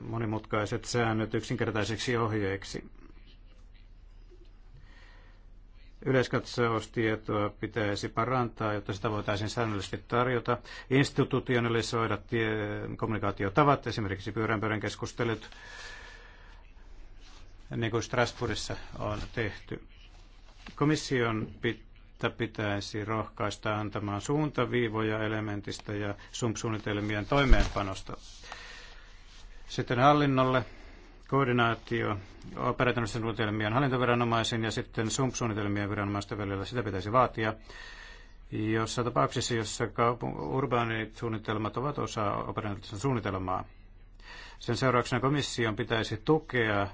monimutkaiset säännöt yksinkertaiseksi ohjeeksi. Yleiskatsaustietoa pitäisi parantaa, jotta sitä voitaisiin säännöllisesti tarjota. Institutionalisoida tie- kommunikaatiotavat, esimerkiksi pyöränpöydän keskustelut, niin kuin Strasbourgissa on tehty. Komission pitä pitäisi rohkaista antamaan suuntaviivoja elementistä ja suunnitelmien toimeenpanosta. Sitten hallinnolle koordinaatio operatiivisten suunnitelmien hallintoviranomaisen ja sitten SUMP-suunnitelmien viranomaisten välillä, sitä pitäisi vaatia. Jossa tapauksessa, jossa urbaanit suunnitelmat ovat osa operatiivista suunnitelmaa, sen seurauksena komission pitäisi tukea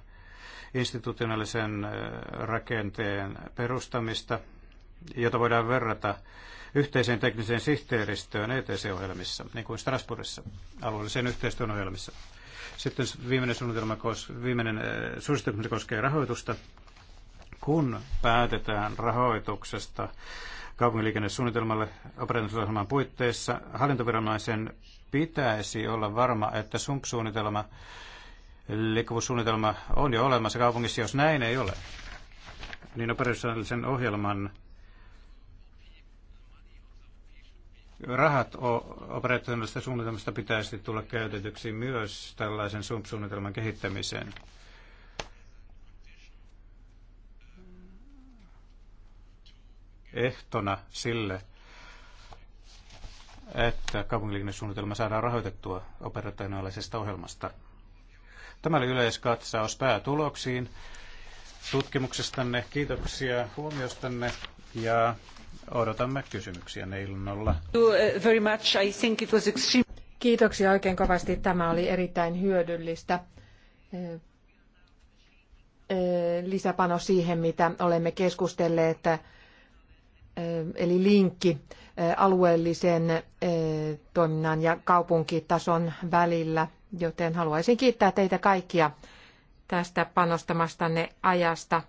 institutionaalisen rakenteen perustamista, jota voidaan verrata yhteiseen tekniseen sihteeristöön ETC-ohjelmissa, niin kuin Strasbourgissa, alueelliseen yhteistyön ohjelmissa. Sitten viimeinen suunnitelma, viimeinen äh, suositus koskee rahoitusta. Kun päätetään rahoituksesta kaupunkiliikennesuunnitelmalle operatiivisohjelman puitteissa, hallintoviranomaisen pitäisi olla varma, että SUMP-suunnitelma, liikkuvuussuunnitelma on jo olemassa kaupungissa. Jos näin ei ole, niin operatiivisen ohjelman rahat operatiivisesta suunnitelmasta pitäisi tulla käytetyksi myös tällaisen SUMP-suunnitelman kehittämiseen. Ehtona sille, että suunnitelma saadaan rahoitettua operationaalisesta ohjelmasta. Tämä oli yleiskatsaus päätuloksiin tutkimuksestanne. Kiitoksia huomiostanne ja odotamme kysymyksiä ilnolla. Uh, Kiitoksia oikein kovasti. Tämä oli erittäin hyödyllistä uh, uh, lisäpano siihen, mitä olemme keskustelleet, eli linkki alueellisen toiminnan ja kaupunkitason välillä, joten haluaisin kiittää teitä kaikkia tästä panostamastanne ajasta.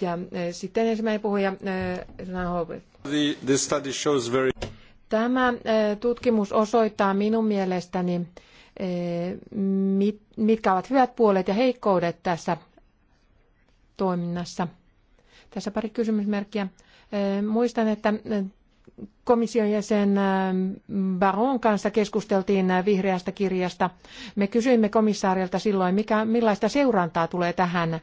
Ja e, sitten ensimmäinen puhuja, Susan e, Holbert. Tämä e, tutkimus osoittaa minun mielestäni, mitkä ovat hyvät puolet ja heikkoudet tässä toiminnassa. Tässä pari kysymysmerkkiä. Muistan, että komission jäsen ähm, Baron kanssa keskusteltiin äh, vihreästä kirjasta. Me kysyimme komissaarilta silloin, mikä, millaista seurantaa tulee tähän äh,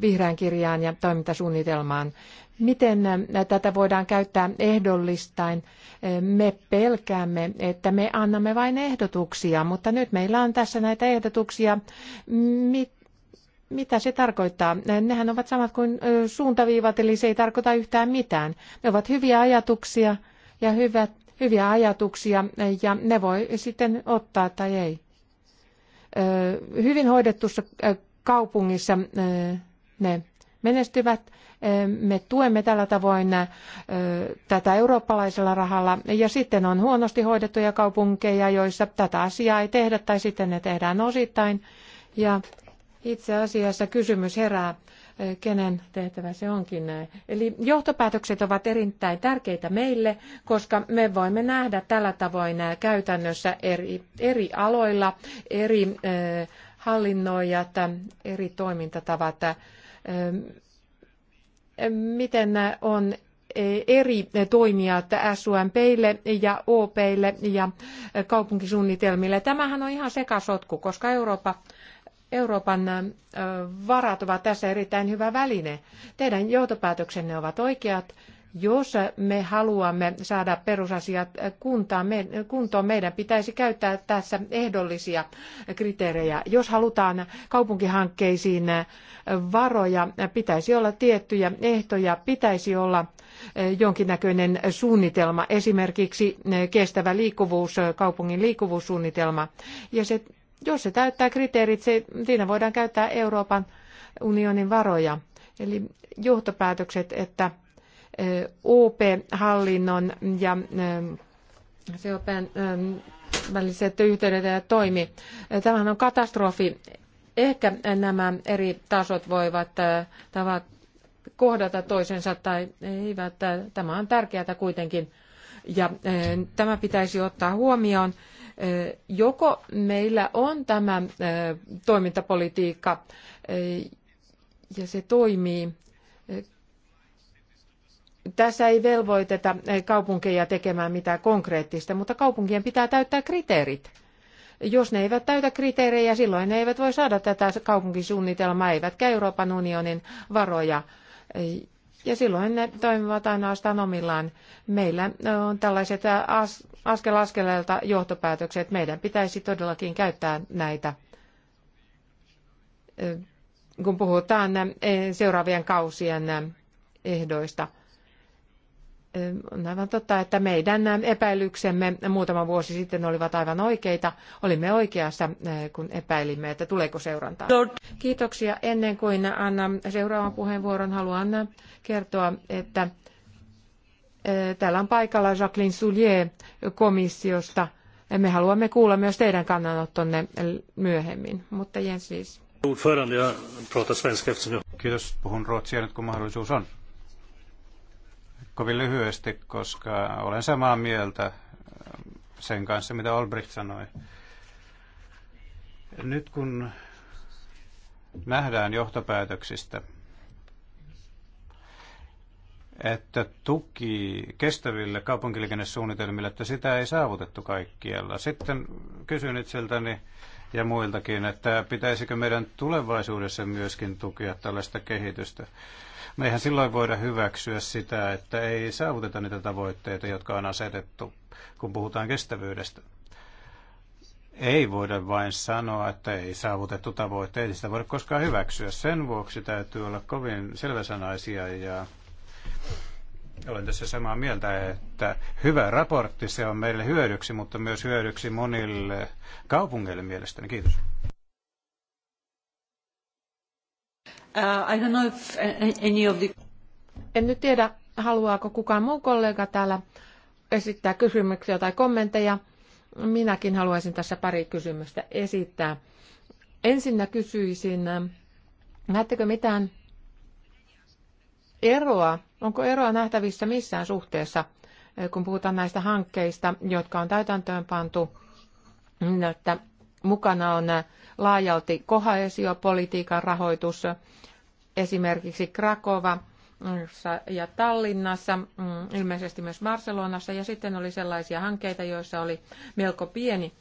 vihreään kirjaan ja toimintasuunnitelmaan. Miten äh, tätä voidaan käyttää ehdollistain? Me pelkäämme, että me annamme vain ehdotuksia, mutta nyt meillä on tässä näitä ehdotuksia, mit, mitä se tarkoittaa? Nehän ovat samat kuin suuntaviivat, eli se ei tarkoita yhtään mitään. Ne ovat hyviä ajatuksia ja hyvät, hyviä ajatuksia, ja ne voi sitten ottaa tai ei. Hyvin hoidetussa kaupungissa ne menestyvät. Me tuemme tällä tavoin tätä eurooppalaisella rahalla ja sitten on huonosti hoidettuja kaupunkeja, joissa tätä asiaa ei tehdä tai sitten ne tehdään osittain. Ja itse asiassa kysymys herää, kenen tehtävä se onkin. Eli johtopäätökset ovat erittäin tärkeitä meille, koska me voimme nähdä tällä tavoin käytännössä eri, eri aloilla, eri eh, hallinnoijat, eri toimintatavat, eh, miten on eh, eri toimijat SUMPille ja OPille ja kaupunkisuunnitelmille. Tämähän on ihan sekasotku, koska Eurooppa Euroopan varat ovat tässä erittäin hyvä väline. Teidän johtopäätöksenne ovat oikeat. Jos me haluamme saada perusasiat kuntoon, meidän pitäisi käyttää tässä ehdollisia kriteerejä. Jos halutaan kaupunkihankkeisiin varoja, pitäisi olla tiettyjä ehtoja, pitäisi olla jonkinnäköinen suunnitelma, esimerkiksi kestävä liikkuvuus, kaupungin liikkuvuussuunnitelma. Ja se jos se täyttää kriteerit, se, siinä voidaan käyttää Euroopan unionin varoja. Eli johtopäätökset, että OP-hallinnon ja COPn väliset yhteydet eivät toimi. Tämähän on katastrofi. Ehkä nämä eri tasot voivat tavat kohdata toisensa tai eivät. Tämä on tärkeää kuitenkin. Ja tämä pitäisi ottaa huomioon Joko meillä on tämä toimintapolitiikka ja se toimii. Tässä ei velvoiteta kaupunkeja tekemään mitään konkreettista, mutta kaupunkien pitää täyttää kriteerit jos ne eivät täytä kriteerejä, silloin ne eivät voi saada tätä kaupunkisuunnitelmaa, eivätkä Euroopan unionin varoja. Ja silloin ne toimivat ainoastaan omillaan. Meillä on tällaiset as, askel askeleelta johtopäätökset. Meidän pitäisi todellakin käyttää näitä, kun puhutaan seuraavien kausien ehdoista – on aivan totta, että meidän epäilyksemme muutama vuosi sitten olivat aivan oikeita. Olimme oikeassa, kun epäilimme, että tuleeko seurantaa. Kiitoksia. Ennen kuin annan seuraavan puheenvuoron, haluan kertoa, että täällä on paikalla Jacqueline Soulier komissiosta. Me haluamme kuulla myös teidän kannanottonne myöhemmin, mutta Jens siis. Kiitos, puhun ruotsia nyt kun mahdollisuus on kovin lyhyesti, koska olen samaa mieltä sen kanssa, mitä Olbricht sanoi. Nyt kun nähdään johtopäätöksistä, että tuki kestäville kaupunkiliikennesuunnitelmille, että sitä ei saavutettu kaikkialla. Sitten kysyn itseltäni ja muiltakin, että pitäisikö meidän tulevaisuudessa myöskin tukea tällaista kehitystä. Me no eihän silloin voida hyväksyä sitä, että ei saavuteta niitä tavoitteita, jotka on asetettu, kun puhutaan kestävyydestä. Ei voida vain sanoa, että ei saavutettu tavoitteita, ei sitä voida koskaan hyväksyä. Sen vuoksi täytyy olla kovin selväsanaisia ja olen tässä samaa mieltä, että hyvä raportti, se on meille hyödyksi, mutta myös hyödyksi monille kaupungeille mielestäni. Kiitos. Uh, en nyt tiedä, haluaako kukaan muu kollega täällä esittää kysymyksiä tai kommentteja. Minäkin haluaisin tässä pari kysymystä esittää. Ensinnä kysyisin, ähm, näettekö mitään eroa, onko eroa nähtävissä missään suhteessa, äh, kun puhutaan näistä hankkeista, jotka on täytäntöön pantu, että mukana on äh, laajalti kohaesiopolitiikan rahoitus esimerkiksi Krakova ja Tallinnassa, mm, ilmeisesti myös Barcelonassa, ja sitten oli sellaisia hankkeita, joissa oli melko pieni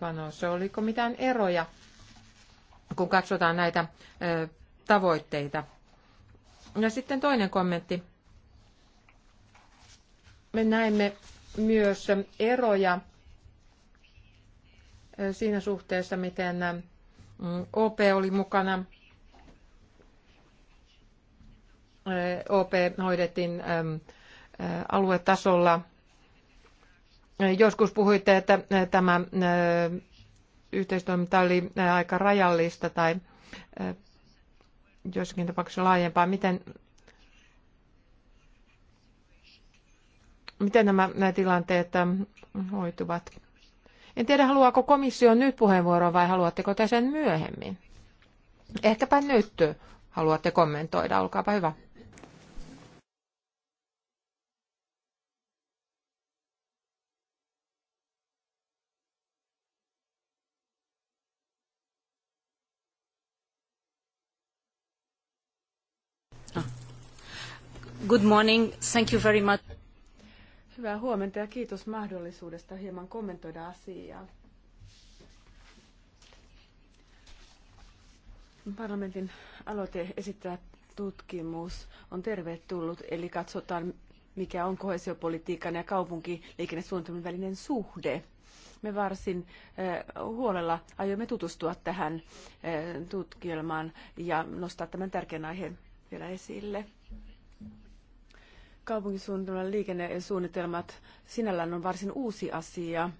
panos. Oliko mitään eroja, kun katsotaan näitä tavoitteita? Ja sitten toinen kommentti. Me näemme myös eroja siinä suhteessa, miten OP oli mukana. OP hoidettiin aluetasolla. Joskus puhuitte, että tämä yhteistoiminta oli aika rajallista tai joissakin tapauksessa laajempaa. Miten, miten nämä, nämä tilanteet hoituvat? En tiedä, haluaako komissio nyt puheenvuoroa vai haluatteko te sen myöhemmin? Ehkäpä nyt haluatte kommentoida, olkaapa hyvä. Good morning. Thank you very much. Hyvää huomenta ja kiitos mahdollisuudesta hieman kommentoida asiaa. Parlamentin aloite esittää tutkimus on tervetullut, eli katsotaan mikä on kohesiopolitiikan ja kaupunkiliikennesuunnitelman välinen suhde. Me varsin eh, huolella aiomme tutustua tähän eh, tutkielmaan ja nostaa tämän tärkeän aiheen vielä esille kaupunkisuunnitelman liikennesuunnitelmat sinällään on varsin uusi asia,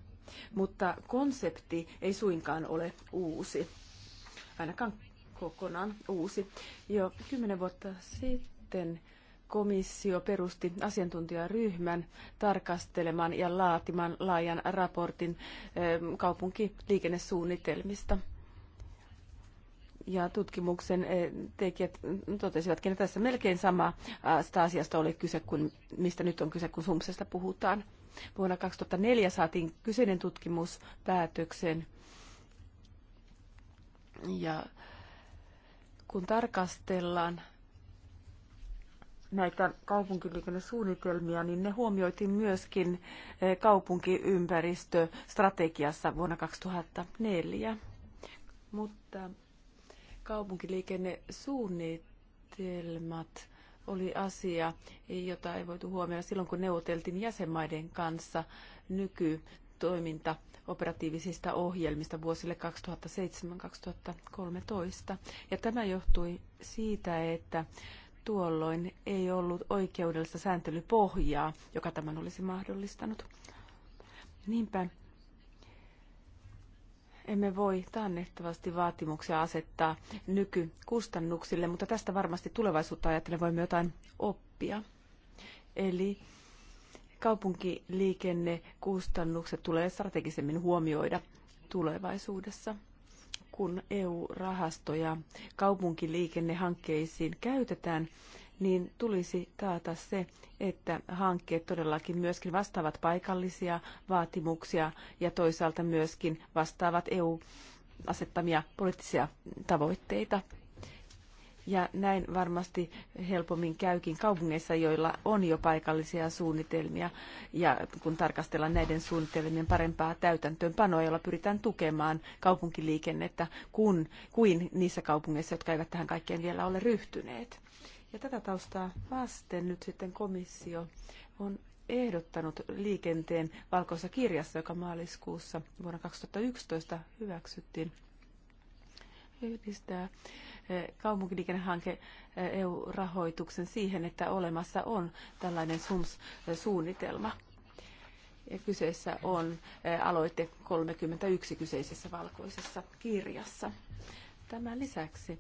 mutta konsepti ei suinkaan ole uusi, ainakaan kokonaan uusi. Jo kymmenen vuotta sitten komissio perusti asiantuntijaryhmän tarkastelemaan ja laatimaan laajan raportin eh, kaupunkiliikennesuunnitelmista ja tutkimuksen eh, tekijät totesivatkin, että tässä melkein sama eh, asiasta oli kyse kuin mistä nyt on kyse, kun sumsesta puhutaan. Vuonna 2004 saatiin kyseinen tutkimus päätöksen. Ja kun tarkastellaan näitä kaupunkiliikennesuunnitelmia, niin ne huomioitiin myöskin eh, kaupunkiympäristöstrategiassa vuonna 2004. Mutta Kaupunkiliikennesuunnitelmat oli asia, jota ei voitu huomioida silloin, kun neuvoteltiin jäsenmaiden kanssa nykytoiminta operatiivisista ohjelmista vuosille 2007-2013. Ja tämä johtui siitä, että tuolloin ei ollut oikeudellista sääntelypohjaa, joka tämän olisi mahdollistanut. Niinpä emme voi taannehtavasti vaatimuksia asettaa nykykustannuksille, mutta tästä varmasti tulevaisuutta ajatellen voimme jotain oppia. Eli kaupunkiliikennekustannukset tulee strategisemmin huomioida tulevaisuudessa, kun EU-rahastoja kaupunkiliikennehankkeisiin käytetään – niin tulisi taata se, että hankkeet todellakin myöskin vastaavat paikallisia vaatimuksia ja toisaalta myöskin vastaavat EU asettamia poliittisia tavoitteita. Ja näin varmasti helpommin käykin kaupungeissa, joilla on jo paikallisia suunnitelmia. Ja kun tarkastellaan näiden suunnitelmien parempaa täytäntöönpanoa, jolla pyritään tukemaan kaupunkiliikennettä kun, kuin niissä kaupungeissa, jotka eivät tähän kaikkeen vielä ole ryhtyneet. Ja tätä taustaa vasten nyt sitten komissio on ehdottanut liikenteen valkoisessa kirjassa, joka maaliskuussa vuonna 2011 hyväksyttiin yhdistää eh, kaupunkiliikennehanke eh, EU-rahoituksen siihen, että olemassa on tällainen SUMS-suunnitelma. Ja kyseessä on eh, aloite 31 kyseisessä valkoisessa kirjassa. Tämän lisäksi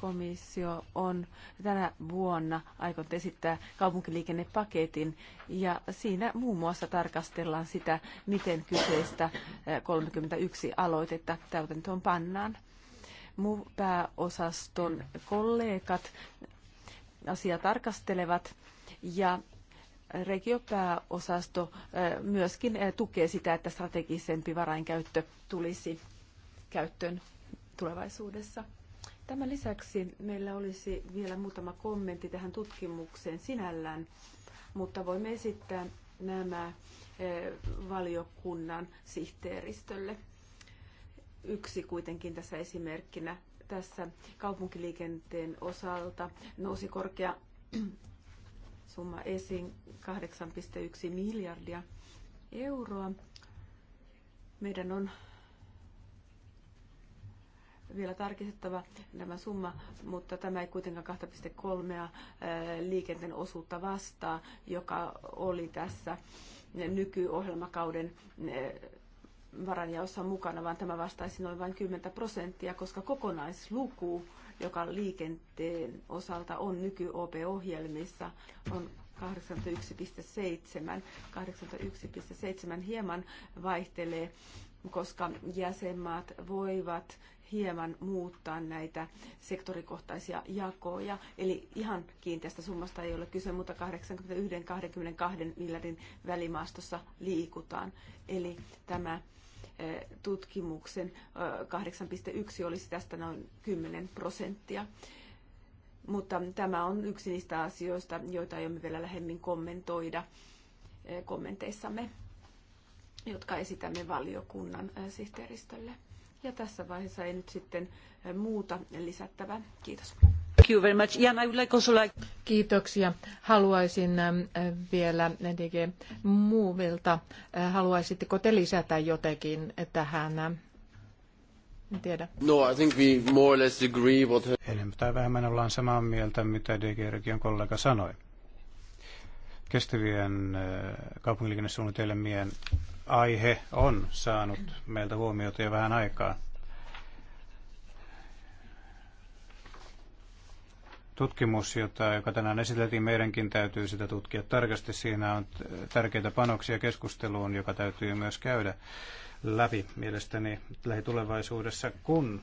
komissio on tänä vuonna aikonut esittää kaupunkiliikennepaketin ja siinä muun muassa tarkastellaan sitä, miten kyseistä 31 eh, aloitetta täytäntöön pannaan. Muu pääosaston kollegat asiaa tarkastelevat ja regiopääosasto eh, myöskin eh, tukee sitä, että strategisempi varainkäyttö tulisi käyttöön tulevaisuudessa. Tämän lisäksi meillä olisi vielä muutama kommentti tähän tutkimukseen sinällään, mutta voimme esittää nämä eh, valiokunnan sihteeristölle. Yksi kuitenkin tässä esimerkkinä tässä kaupunkiliikenteen osalta nousi korkea summa esiin 8,1 miljardia euroa. Meidän on vielä tarkistettava nämä summa, mutta tämä ei kuitenkaan 2,3 liikenteen osuutta vastaa, joka oli tässä nykyohjelmakauden varanjaossa mukana, vaan tämä vastaisi noin vain 10 prosenttia, koska kokonaisluku, joka liikenteen osalta on nyky-OP-ohjelmissa, on 81,7. 81,7 hieman vaihtelee, koska jäsenmaat voivat hieman muuttaa näitä sektorikohtaisia jakoja. Eli ihan kiinteästä summasta ei ole kyse, mutta 81-22 miljardin välimaastossa liikutaan. Eli tämä eh, tutkimuksen 8.1 eh, olisi tästä noin 10 prosenttia. Mutta tämä on yksi niistä asioista, joita aiomme vielä lähemmin kommentoida eh, kommenteissamme, jotka esitämme valiokunnan sihteeristölle. Ja tässä vaiheessa ei nyt sitten muuta lisättävää. Kiitos. Kiitoksia. Haluaisin vielä DG Muuvilta. Haluaisitteko te lisätä jotakin tähän? En tiedä. No, I think we more or less agree what... Enemmän tai vähemmän ollaan samaa mieltä, mitä DG Region kollega sanoi kestävien äh, kaupunkiliikennesuunnitelmien aihe on saanut meiltä huomiota jo vähän aikaa. Tutkimus, jota, joka tänään esiteltiin, meidänkin täytyy sitä tutkia tarkasti. Siinä on tärkeitä panoksia keskusteluun, joka täytyy myös käydä läpi mielestäni lähitulevaisuudessa, kun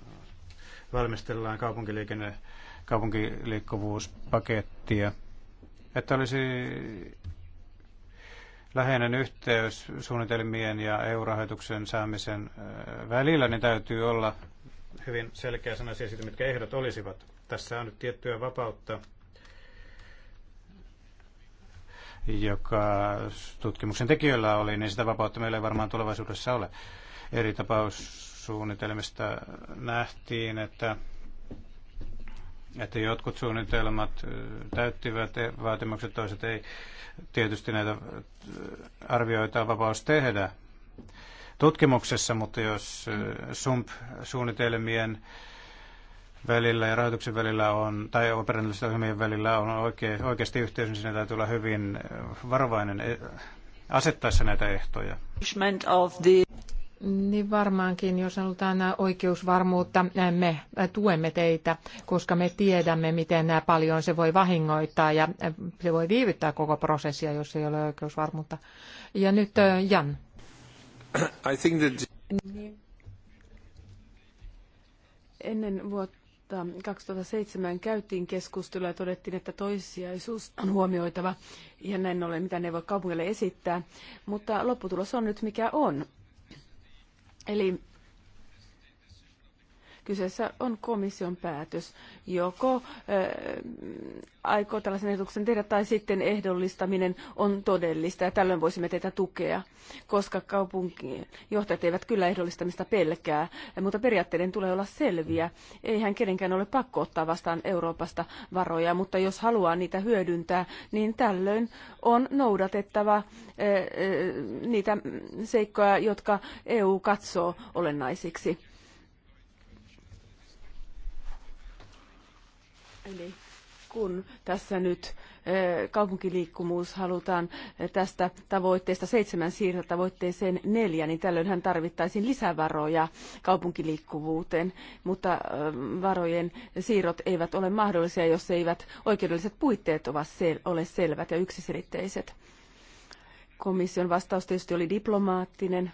valmistellaan kaupunkiliikenne, kaupunkiliikkuvuuspakettia – että olisi läheinen yhteys suunnitelmien ja EU-rahoituksen saamisen äh, välillä, niin täytyy olla hyvin selkeä sana siitä, mitkä ehdot olisivat. Tässä on nyt tiettyä vapautta, joka tutkimuksen tekijöillä oli, niin sitä vapautta meillä ei varmaan tulevaisuudessa ole. Eri tapaussuunnitelmista nähtiin, että että jotkut suunnitelmat täyttivät e- vaatimukset, toiset ei. Tietysti näitä arvioita vapaus tehdä tutkimuksessa, mutta jos SUMP-suunnitelmien välillä ja rahoituksen välillä on, tai operatiivisten ohjelmien välillä on oikea, oikeasti yhteys, niin siinä täytyy olla hyvin varovainen e, asettaessa näitä ehtoja. Niin varmaankin, jos halutaan oikeusvarmuutta, me tuemme teitä, koska me tiedämme, miten paljon se voi vahingoittaa ja se voi viivyttää koko prosessia, jos ei ole oikeusvarmuutta. Ja nyt äh, Jan. I think that... Niin. Ennen vuotta 2007 käytiin keskustelua ja todettiin, että toissijaisuus on huomioitava ja näin ollen mitä ne voi kaupungille esittää, mutta lopputulos on nyt mikä on. Eli Kyseessä on komission päätös. Joko ää, äh, aikoo tällaisen ehdotuksen tehdä tai sitten ehdollistaminen on todellista ja tällöin voisimme teitä tukea, koska johtajat eivät kyllä ehdollistamista pelkää, mutta periaatteiden tulee olla selviä. Eihän kenenkään ole pakko ottaa vastaan Euroopasta varoja, mutta jos haluaa niitä hyödyntää, niin tällöin on noudatettava äh, äh, niitä seikkoja, jotka EU katsoo olennaisiksi Eli kun tässä nyt eh, kaupunkiliikkumus halutaan eh, tästä tavoitteesta seitsemän siirtä tavoitteeseen neljä, niin tällöinhän tarvittaisiin lisävaroja kaupunkiliikkuvuuteen, mutta eh, varojen siirrot eivät ole mahdollisia, jos eivät oikeudelliset puitteet ole selvät ja yksiselitteiset. Komission vastaus tietysti oli diplomaattinen,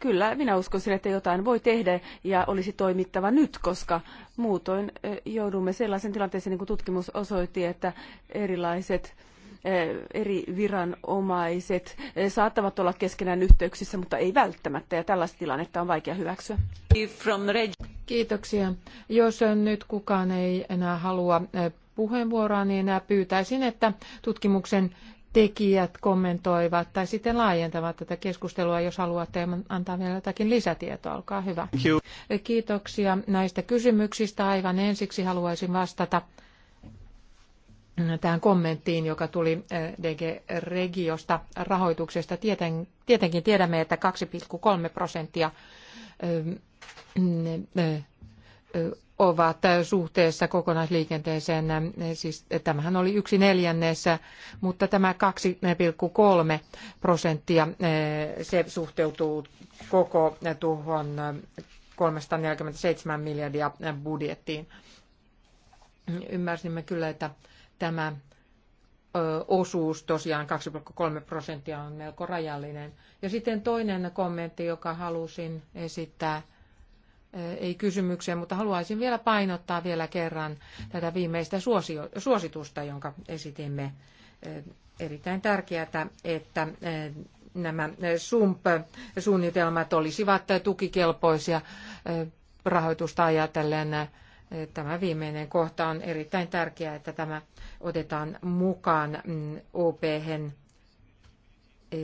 kyllä minä sille, että jotain voi tehdä ja olisi toimittava nyt, koska muutoin eh, joudumme sellaisen tilanteeseen, niin kuin tutkimus osoitti, että erilaiset eh, eri viranomaiset eh, saattavat olla keskenään yhteyksissä, mutta ei välttämättä, ja tällaista tilannetta on vaikea hyväksyä. Kiitoksia. Jos nyt kukaan ei enää halua puheenvuoroa, niin enää pyytäisin, että tutkimuksen tekijät kommentoivat tai sitten laajentavat tätä keskustelua, jos haluatte antaa vielä jotakin lisätietoa. Olkaa hyvä. Kiitoksia näistä kysymyksistä. Aivan ensiksi haluaisin vastata tähän kommenttiin, joka tuli eh, DG Regiosta rahoituksesta. Tieten, tietenkin tiedämme, että 2,3 prosenttia eh, eh, ovat suhteessa kokonaisliikenteeseen, siis tämähän oli yksi neljänneessä, mutta tämä 2,3 prosenttia, se suhteutuu koko tuohon 347 miljardia budjettiin. Ymmärsimme kyllä, että tämä osuus tosiaan 2,3 prosenttia on melko rajallinen. Ja sitten toinen kommentti, joka halusin esittää – Äh, ei kysymykseen, mutta haluaisin vielä painottaa vielä kerran tätä viimeistä suositusta, jonka esitimme. Äh, erittäin tärkeää, että äh, nämä SUMP-suunnitelmat olisivat tukikelpoisia rahoitusta ajatellen. Tämä viimeinen kohta on erittäin tärkeää, että tämä otetaan mukaan mm, op -hen. E,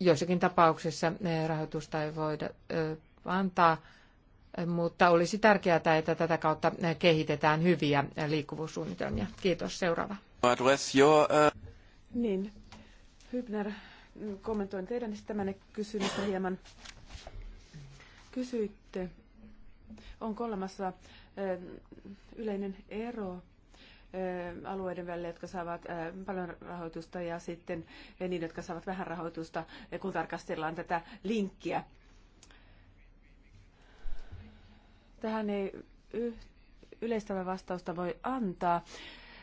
joissakin tapauksissa e, rahoitusta ei voida antaa, mutta olisi tärkeää, että tätä kautta kehitetään hyviä liikkuvuussuunnitelmia. Kiitos. Seuraava. Uh, niin, Hybner, kommentoin teidän esittämänne kysymystä hieman. Kysyitte, onko olemassa eh, yleinen ero eh, alueiden välillä, jotka saavat eh, paljon rahoitusta ja sitten niiden, jotka saavat vähän rahoitusta, kun tarkastellaan tätä linkkiä Tähän ei yleistävää vastausta voi antaa.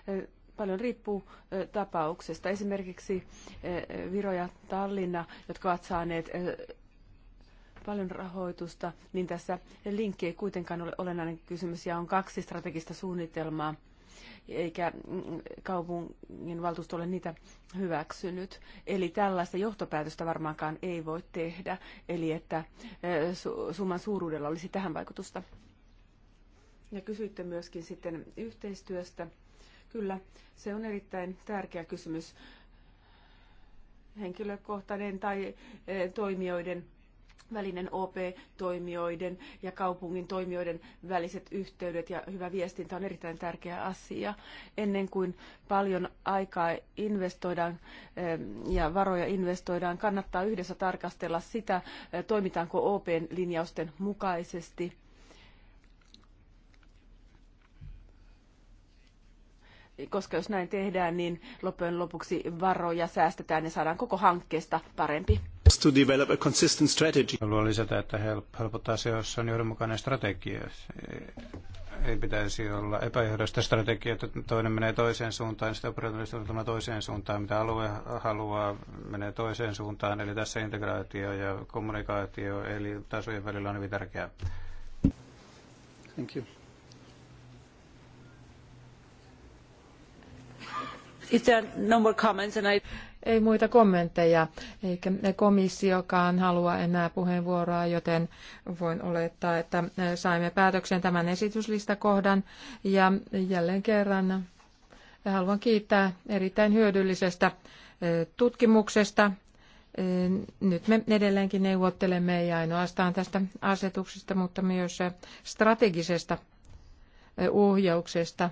E, paljon riippuu e, tapauksesta. Esimerkiksi e, Viro ja Tallinna, jotka ovat saaneet paljon rahoitusta, niin tässä linkki ei kuitenkaan ole olennainen kysymys ja on kaksi strategista suunnitelmaa eikä mm, kaupungin valtuusto ole niitä hyväksynyt. Eli tällaista johtopäätöstä varmaankaan ei voi tehdä, eli että summan suuruudella olisi tähän vaikutusta. Ja kysyitte myöskin sitten yhteistyöstä. Kyllä, se on erittäin tärkeä kysymys henkilökohtainen tai eh, toimijoiden välinen OP-toimijoiden ja kaupungin toimijoiden väliset yhteydet ja hyvä viestintä on erittäin tärkeä asia. Ennen kuin paljon aikaa investoidaan eh, ja varoja investoidaan, kannattaa yhdessä tarkastella sitä, eh, toimitaanko OP-linjausten mukaisesti – koska jos näin tehdään, niin loppujen lopuksi varoja säästetään ja saadaan koko hankkeesta parempi. To develop a consistent strategy. Haluan lisätä, että helpot asioissa on johdonmukainen strategia. Ei pitäisi olla epäjohdosta strategiaa, että toinen menee toiseen suuntaan, sitä operatiivista toiseen suuntaan, mitä alue haluaa, menee toiseen suuntaan. Eli tässä integraatio ja kommunikaatio eli tasojen välillä on hyvin tärkeää. Thank you. No ei muita kommentteja, eikä komissiokaan halua enää puheenvuoroa, joten voin olettaa, että saimme päätöksen tämän esityslistakohdan. Ja jälleen kerran haluan kiittää erittäin hyödyllisestä e, tutkimuksesta. E, nyt me edelleenkin neuvottelemme ei ainoastaan tästä asetuksesta, mutta myös strategisesta e, ohjauksesta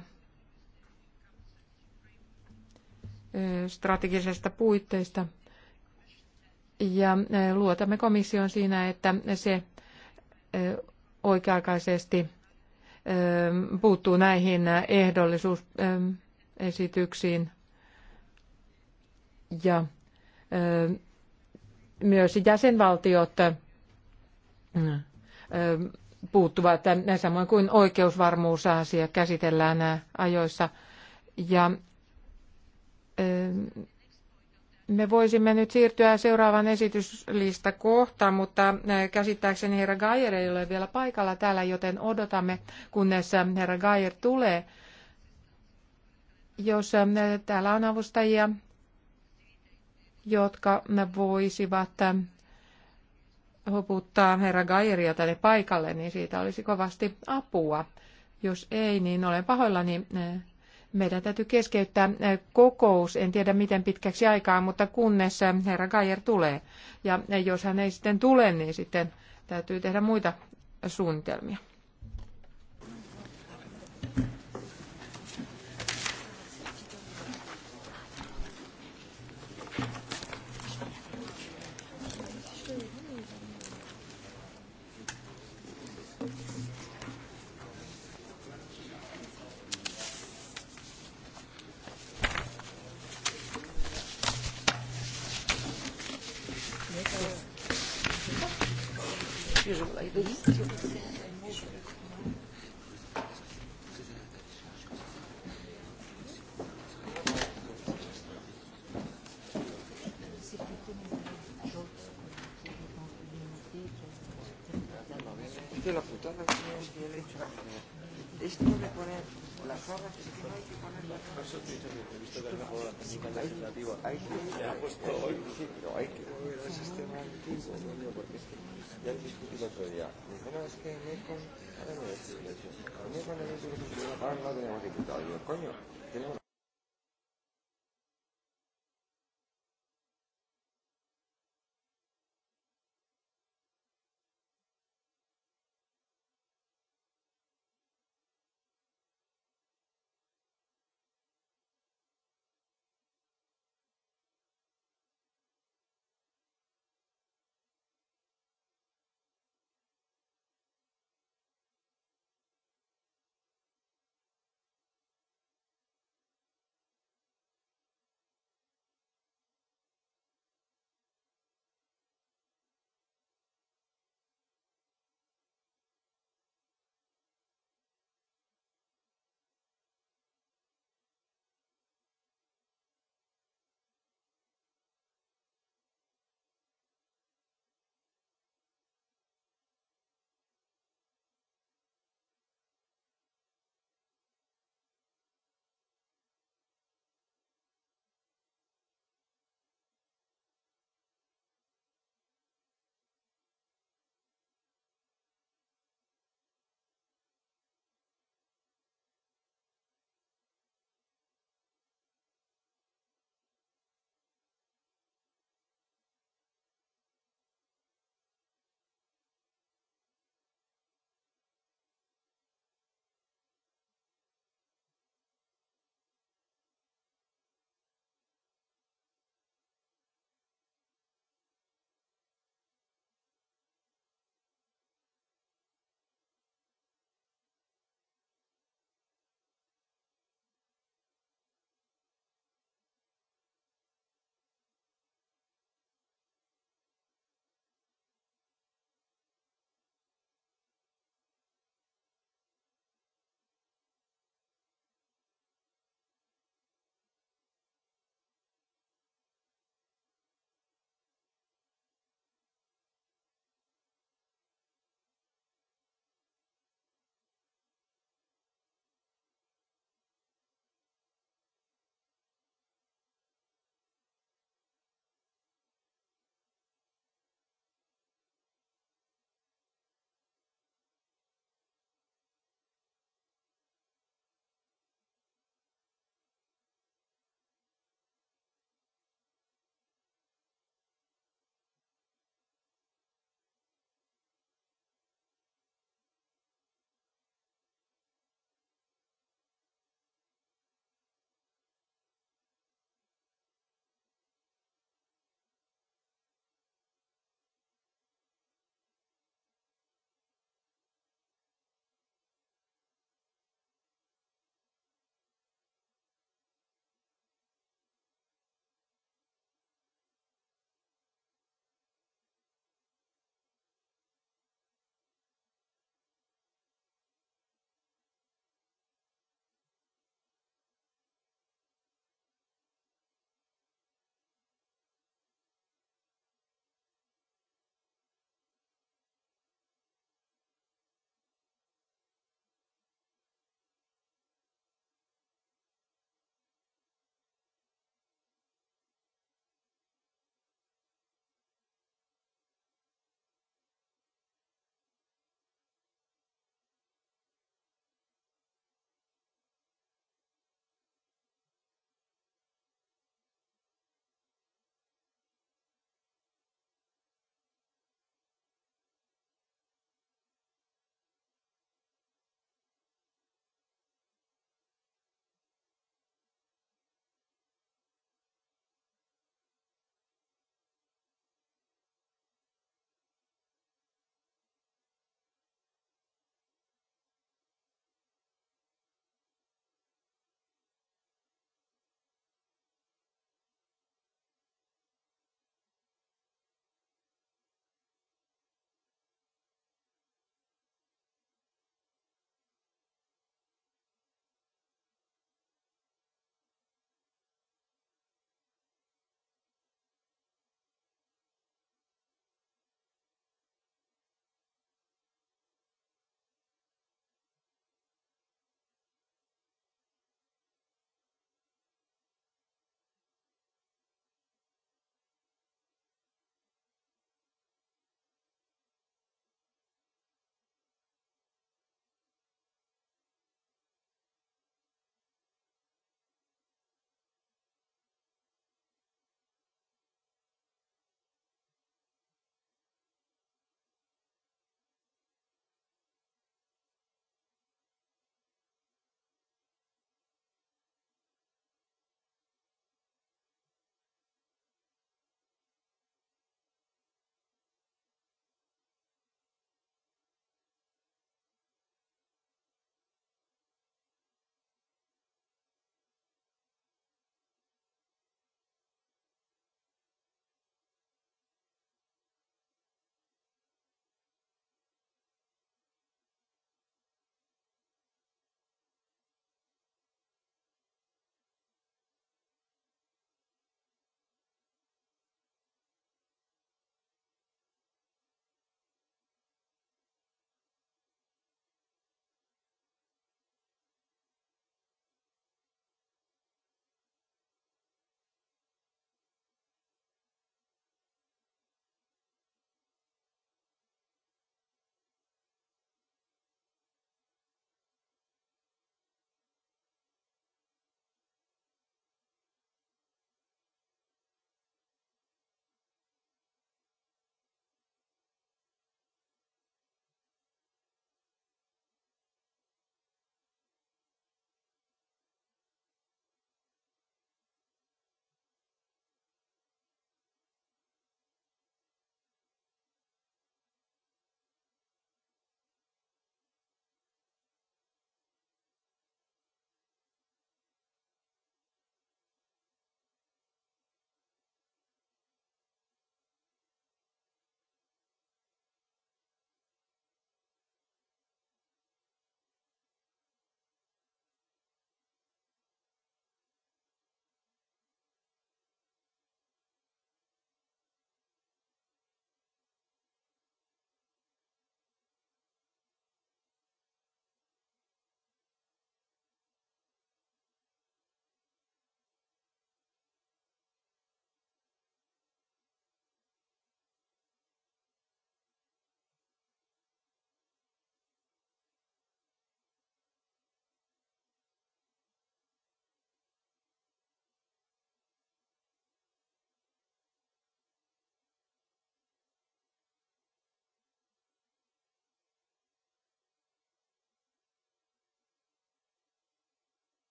strategisesta puitteista. Ja luotamme komission siinä, että se oikea-aikaisesti puuttuu näihin ehdollisuusesityksiin ja myös jäsenvaltiot puuttuvat, samoin kuin oikeusvarmuusasia käsitellään ajoissa. Ja me voisimme nyt siirtyä seuraavan esityslista kohtaan, mutta äh, käsittääkseni herra Gajer ei ole vielä paikalla täällä, joten odotamme, kunnes äh, herra Gajer tulee. Jos äh, täällä on avustajia, jotka voisivat hoputtaa herra Gajeria tänne paikalle, niin siitä olisi kovasti apua. Jos ei, niin olen pahoillani meidän täytyy keskeyttää kokous, en tiedä miten pitkäksi aikaa, mutta kunnes herra Gajer tulee. Ja jos hän ei sitten tule, niin sitten täytyy tehdä muita suunnitelmia. Usually,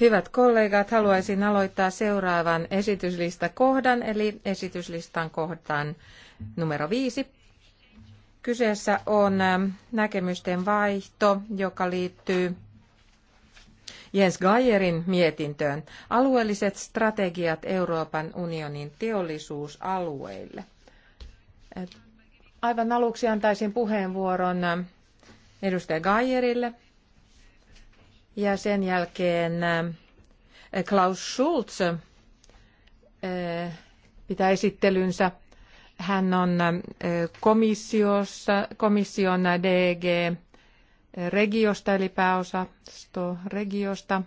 Hyvät kollegat, haluaisin aloittaa seuraavan esityslistakohdan, eli esityslistan kohdan numero viisi. Kyseessä on ähm, näkemysten vaihto, joka liittyy Jens Geierin mietintöön Alueelliset strategiat Euroopan unionin teollisuusalueille. Äh, aivan aluksi antaisin puheenvuoron ähm, edustaja Geierille. Ja sen jälkeen äh, Klaus Schulz äh, pitää esittelynsä. Hän on äh, komissiossa, komission DG regiosta, eli pääosasto regiosta,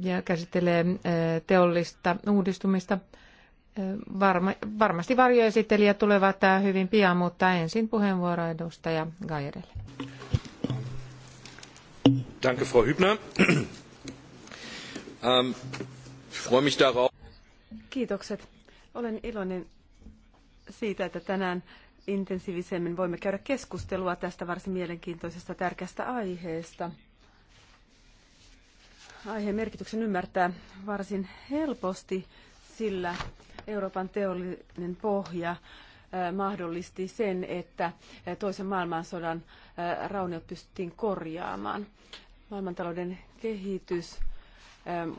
ja käsittelee teollista uudistumista. Varma, varmasti varjoesittelijät tulevat tämä hyvin pian, mutta ensin puheenvuoro edustaja Gairelle. Danke, Frau Hübner. Ähm, ich freue mich darauf. Kiitokset. Olen iloinen siitä, että tänään intensiivisemmin voimme käydä keskustelua tästä varsin mielenkiintoisesta tärkeästä aiheesta. Aiheen merkityksen ymmärtää varsin helposti, sillä Euroopan teollinen pohja mahdollisti sen, että toisen maailmansodan rauniot pystyttiin korjaamaan maailmantalouden kehitys ähm, äh,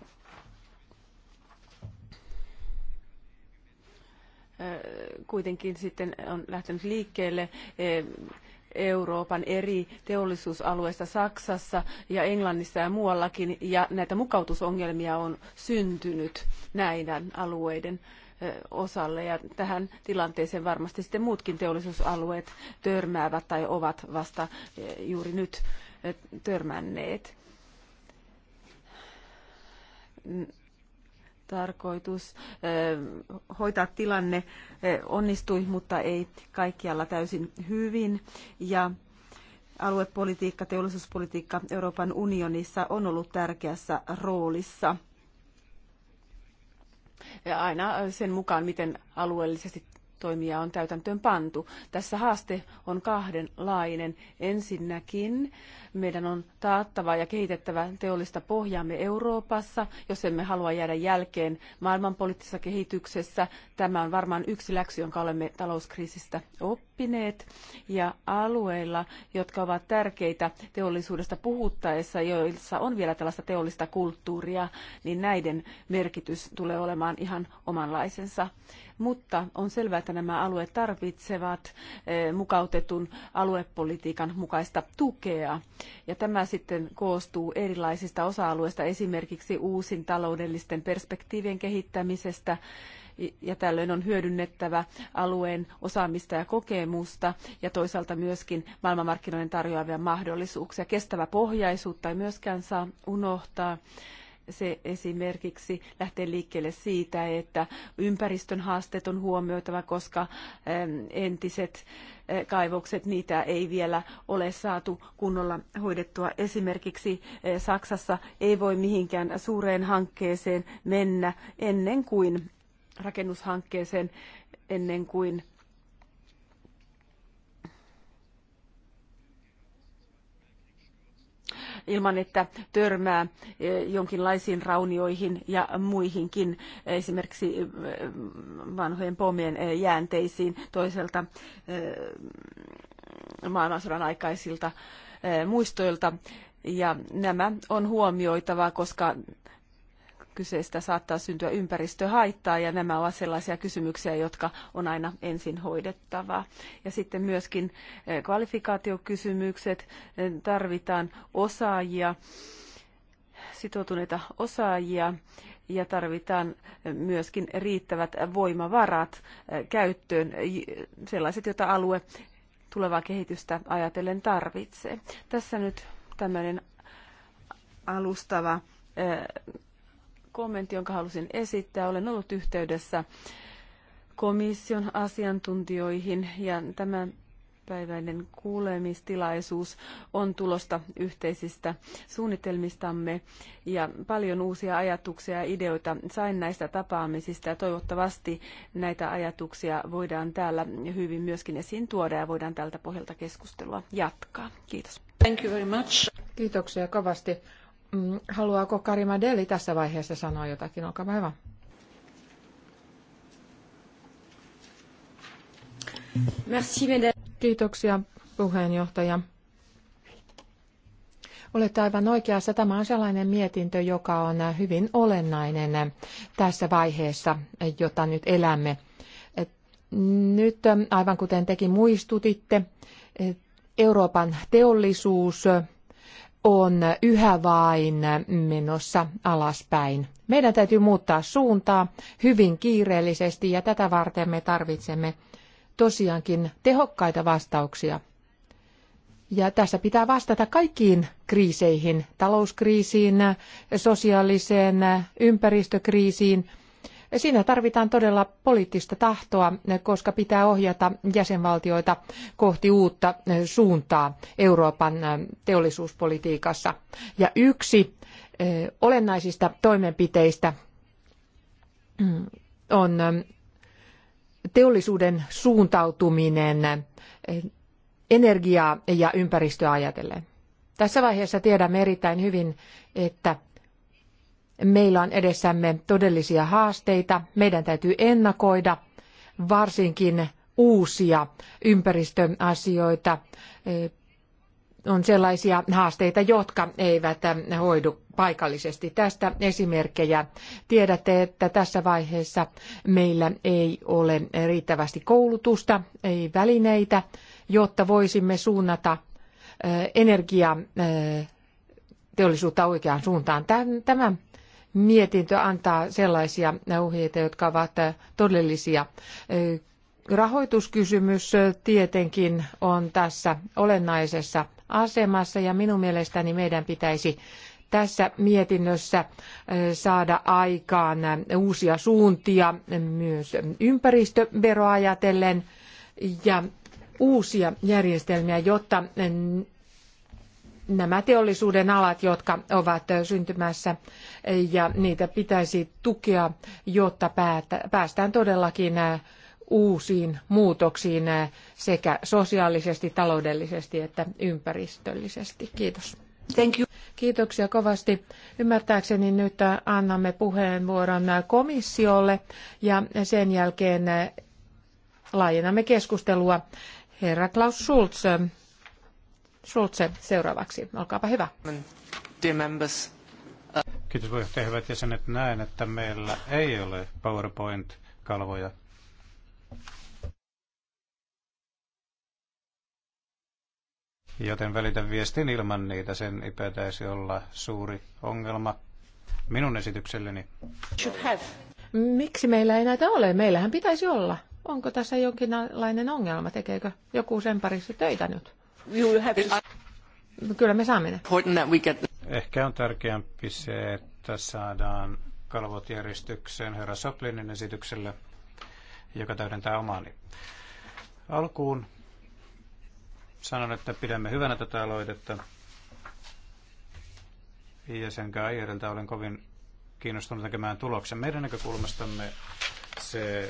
kuitenkin sitten on lähtenyt liikkeelle äh, Euroopan eri teollisuusalueista Saksassa ja Englannissa ja muuallakin, ja näitä mukautusongelmia on syntynyt näiden alueiden äh, osalle, ja tähän tilanteeseen varmasti sitten muutkin teollisuusalueet törmäävät tai ovat vasta juuri nyt törmänneet. Tarkoitus hoitaa tilanne onnistui, mutta ei kaikkialla täysin hyvin. Ja aluepolitiikka, teollisuuspolitiikka Euroopan unionissa on ollut tärkeässä roolissa – ja aina sen mukaan, miten alueellisesti toimia on täytäntöön pantu. Tässä haaste on kahdenlainen. Ensinnäkin meidän on taattava ja kehitettävä teollista pohjaamme Euroopassa, jos emme halua jäädä jälkeen maailmanpoliittisessa kehityksessä. Tämä on varmaan yksi läksy, jonka olemme talouskriisistä oppineet. Ja alueilla, jotka ovat tärkeitä teollisuudesta puhuttaessa, joissa on vielä tällaista teollista kulttuuria, niin näiden merkitys tulee olemaan ihan omanlaisensa. Mutta on selvää, että nämä alueet tarvitsevat eh, mukautetun aluepolitiikan mukaista tukea ja tämä sitten koostuu erilaisista osa-alueista, esimerkiksi uusin taloudellisten perspektiivien kehittämisestä, ja tällöin on hyödynnettävä alueen osaamista ja kokemusta ja toisaalta myöskin maailmanmarkkinoiden tarjoavia mahdollisuuksia. Kestävä pohjaisuutta ei myöskään saa unohtaa se esimerkiksi lähtee liikkeelle siitä, että ympäristön haasteet on huomioitava, koska ähm, entiset äh, kaivokset, niitä ei vielä ole saatu kunnolla hoidettua. Esimerkiksi äh, Saksassa ei voi mihinkään suureen hankkeeseen mennä ennen kuin rakennushankkeeseen ennen kuin ilman, että törmää e, jonkinlaisiin raunioihin ja muihinkin, esimerkiksi e, vanhojen pomien e, jäänteisiin toiselta maailmansodan aikaisilta muistoilta. Ja nämä on huomioitava, koska kyseistä saattaa syntyä ympäristöhaittaa ja nämä ovat sellaisia kysymyksiä, jotka on aina ensin hoidettava. Ja sitten myöskin eh, kvalifikaatiokysymykset, eh, tarvitaan osaajia, sitoutuneita osaajia ja tarvitaan eh, myöskin riittävät voimavarat käyttöön, sellaiset, joita alue tulevaa kehitystä ajatellen tarvitsee. Tässä nyt tämmöinen alustava kommentti, jonka halusin esittää. Olen ollut yhteydessä komission asiantuntijoihin ja tämän päiväinen kuulemistilaisuus on tulosta yhteisistä suunnitelmistamme ja paljon uusia ajatuksia ja ideoita sain näistä tapaamisista ja toivottavasti näitä ajatuksia voidaan täällä hyvin myöskin esiin tuoda ja voidaan tältä pohjalta keskustelua jatkaa. Kiitos. Thank you very much. Kiitoksia kovasti. Mm, haluaako Karima Deli tässä vaiheessa sanoa jotakin? Olkaa hyvä. Merci, Kiitoksia puheenjohtaja. Olet aivan oikeassa. Tämä on sellainen mietintö, joka on hyvin olennainen tässä vaiheessa, jota nyt elämme. Nyt, aivan kuten tekin muistutitte, Euroopan teollisuus on yhä vain menossa alaspäin. Meidän täytyy muuttaa suuntaa hyvin kiireellisesti ja tätä varten me tarvitsemme tosiaankin tehokkaita vastauksia. Ja tässä pitää vastata kaikkiin kriiseihin, talouskriisiin, sosiaaliseen ympäristökriisiin Siinä tarvitaan todella poliittista tahtoa, koska pitää ohjata jäsenvaltioita kohti uutta suuntaa Euroopan teollisuuspolitiikassa. Ja yksi olennaisista toimenpiteistä mm, on teollisuuden suuntautuminen energiaa ja ympäristöä ajatellen. Tässä vaiheessa tiedämme erittäin hyvin, että meillä on edessämme todellisia haasteita. Meidän täytyy ennakoida varsinkin uusia ympäristöasioita. Eh, on sellaisia haasteita, jotka eivät eh, hoidu paikallisesti. Tästä esimerkkejä. Tiedätte, että tässä vaiheessa meillä ei ole riittävästi koulutusta, ei välineitä, jotta voisimme suunnata eh, energiateollisuutta oikeaan suuntaan. Tämä mietintö antaa sellaisia ohjeita, jotka ovat todellisia. Rahoituskysymys tietenkin on tässä olennaisessa asemassa ja minun mielestäni meidän pitäisi tässä mietinnössä saada aikaan uusia suuntia myös ympäristöveroa ajatellen ja uusia järjestelmiä, jotta nämä teollisuuden alat, jotka ovat syntymässä ja niitä pitäisi tukea, jotta päästään todellakin uusiin muutoksiin sekä sosiaalisesti, taloudellisesti että ympäristöllisesti. Kiitos. Thank you. Kiitoksia kovasti. Ymmärtääkseni nyt annamme puheenvuoron komissiolle ja sen jälkeen laajennamme keskustelua. Herra Klaus Schulz, Schulze seuraavaksi. Olkaapa hyvä. Uh- Kiitos puheenjohtaja. Hyvät jäsenet, näen, että meillä ei ole PowerPoint-kalvoja. Joten välitän viestin ilman niitä. Sen ei olla suuri ongelma minun esitykselleni. Miksi meillä ei näitä ole? Meillähän pitäisi olla. Onko tässä jonkinlainen ongelma? Tekeekö joku sen parissa töitä nyt? Siis kyllä me saamme ne. Ehkä on tärkeämpi se, että saadaan kalvot järjestykseen herra Soplinin esitykselle, joka täydentää omaani. Alkuun sanon, että pidämme hyvänä tätä aloitetta. Ja sen Gaijerilta olen kovin kiinnostunut näkemään tuloksen. Meidän näkökulmastamme se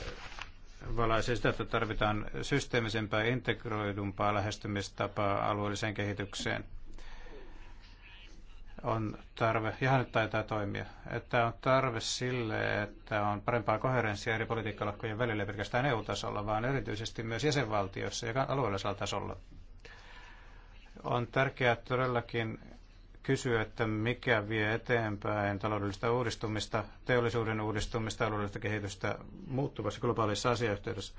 valaisee sitä, että tarvitaan systeemisempää, integroidumpaa lähestymistapaa alueelliseen kehitykseen. On tarve, ihan nyt taitaa toimia, että on tarve sille, että on parempaa koherenssia eri politiikkalakkojen välillä, pelkästään EU-tasolla, vaan erityisesti myös jäsenvaltiossa ja alueellisella tasolla. On tärkeää todellakin kysyä, että mikä vie eteenpäin taloudellista uudistumista, teollisuuden uudistumista, taloudellista kehitystä muuttuvassa globaalissa asiayhteydessä.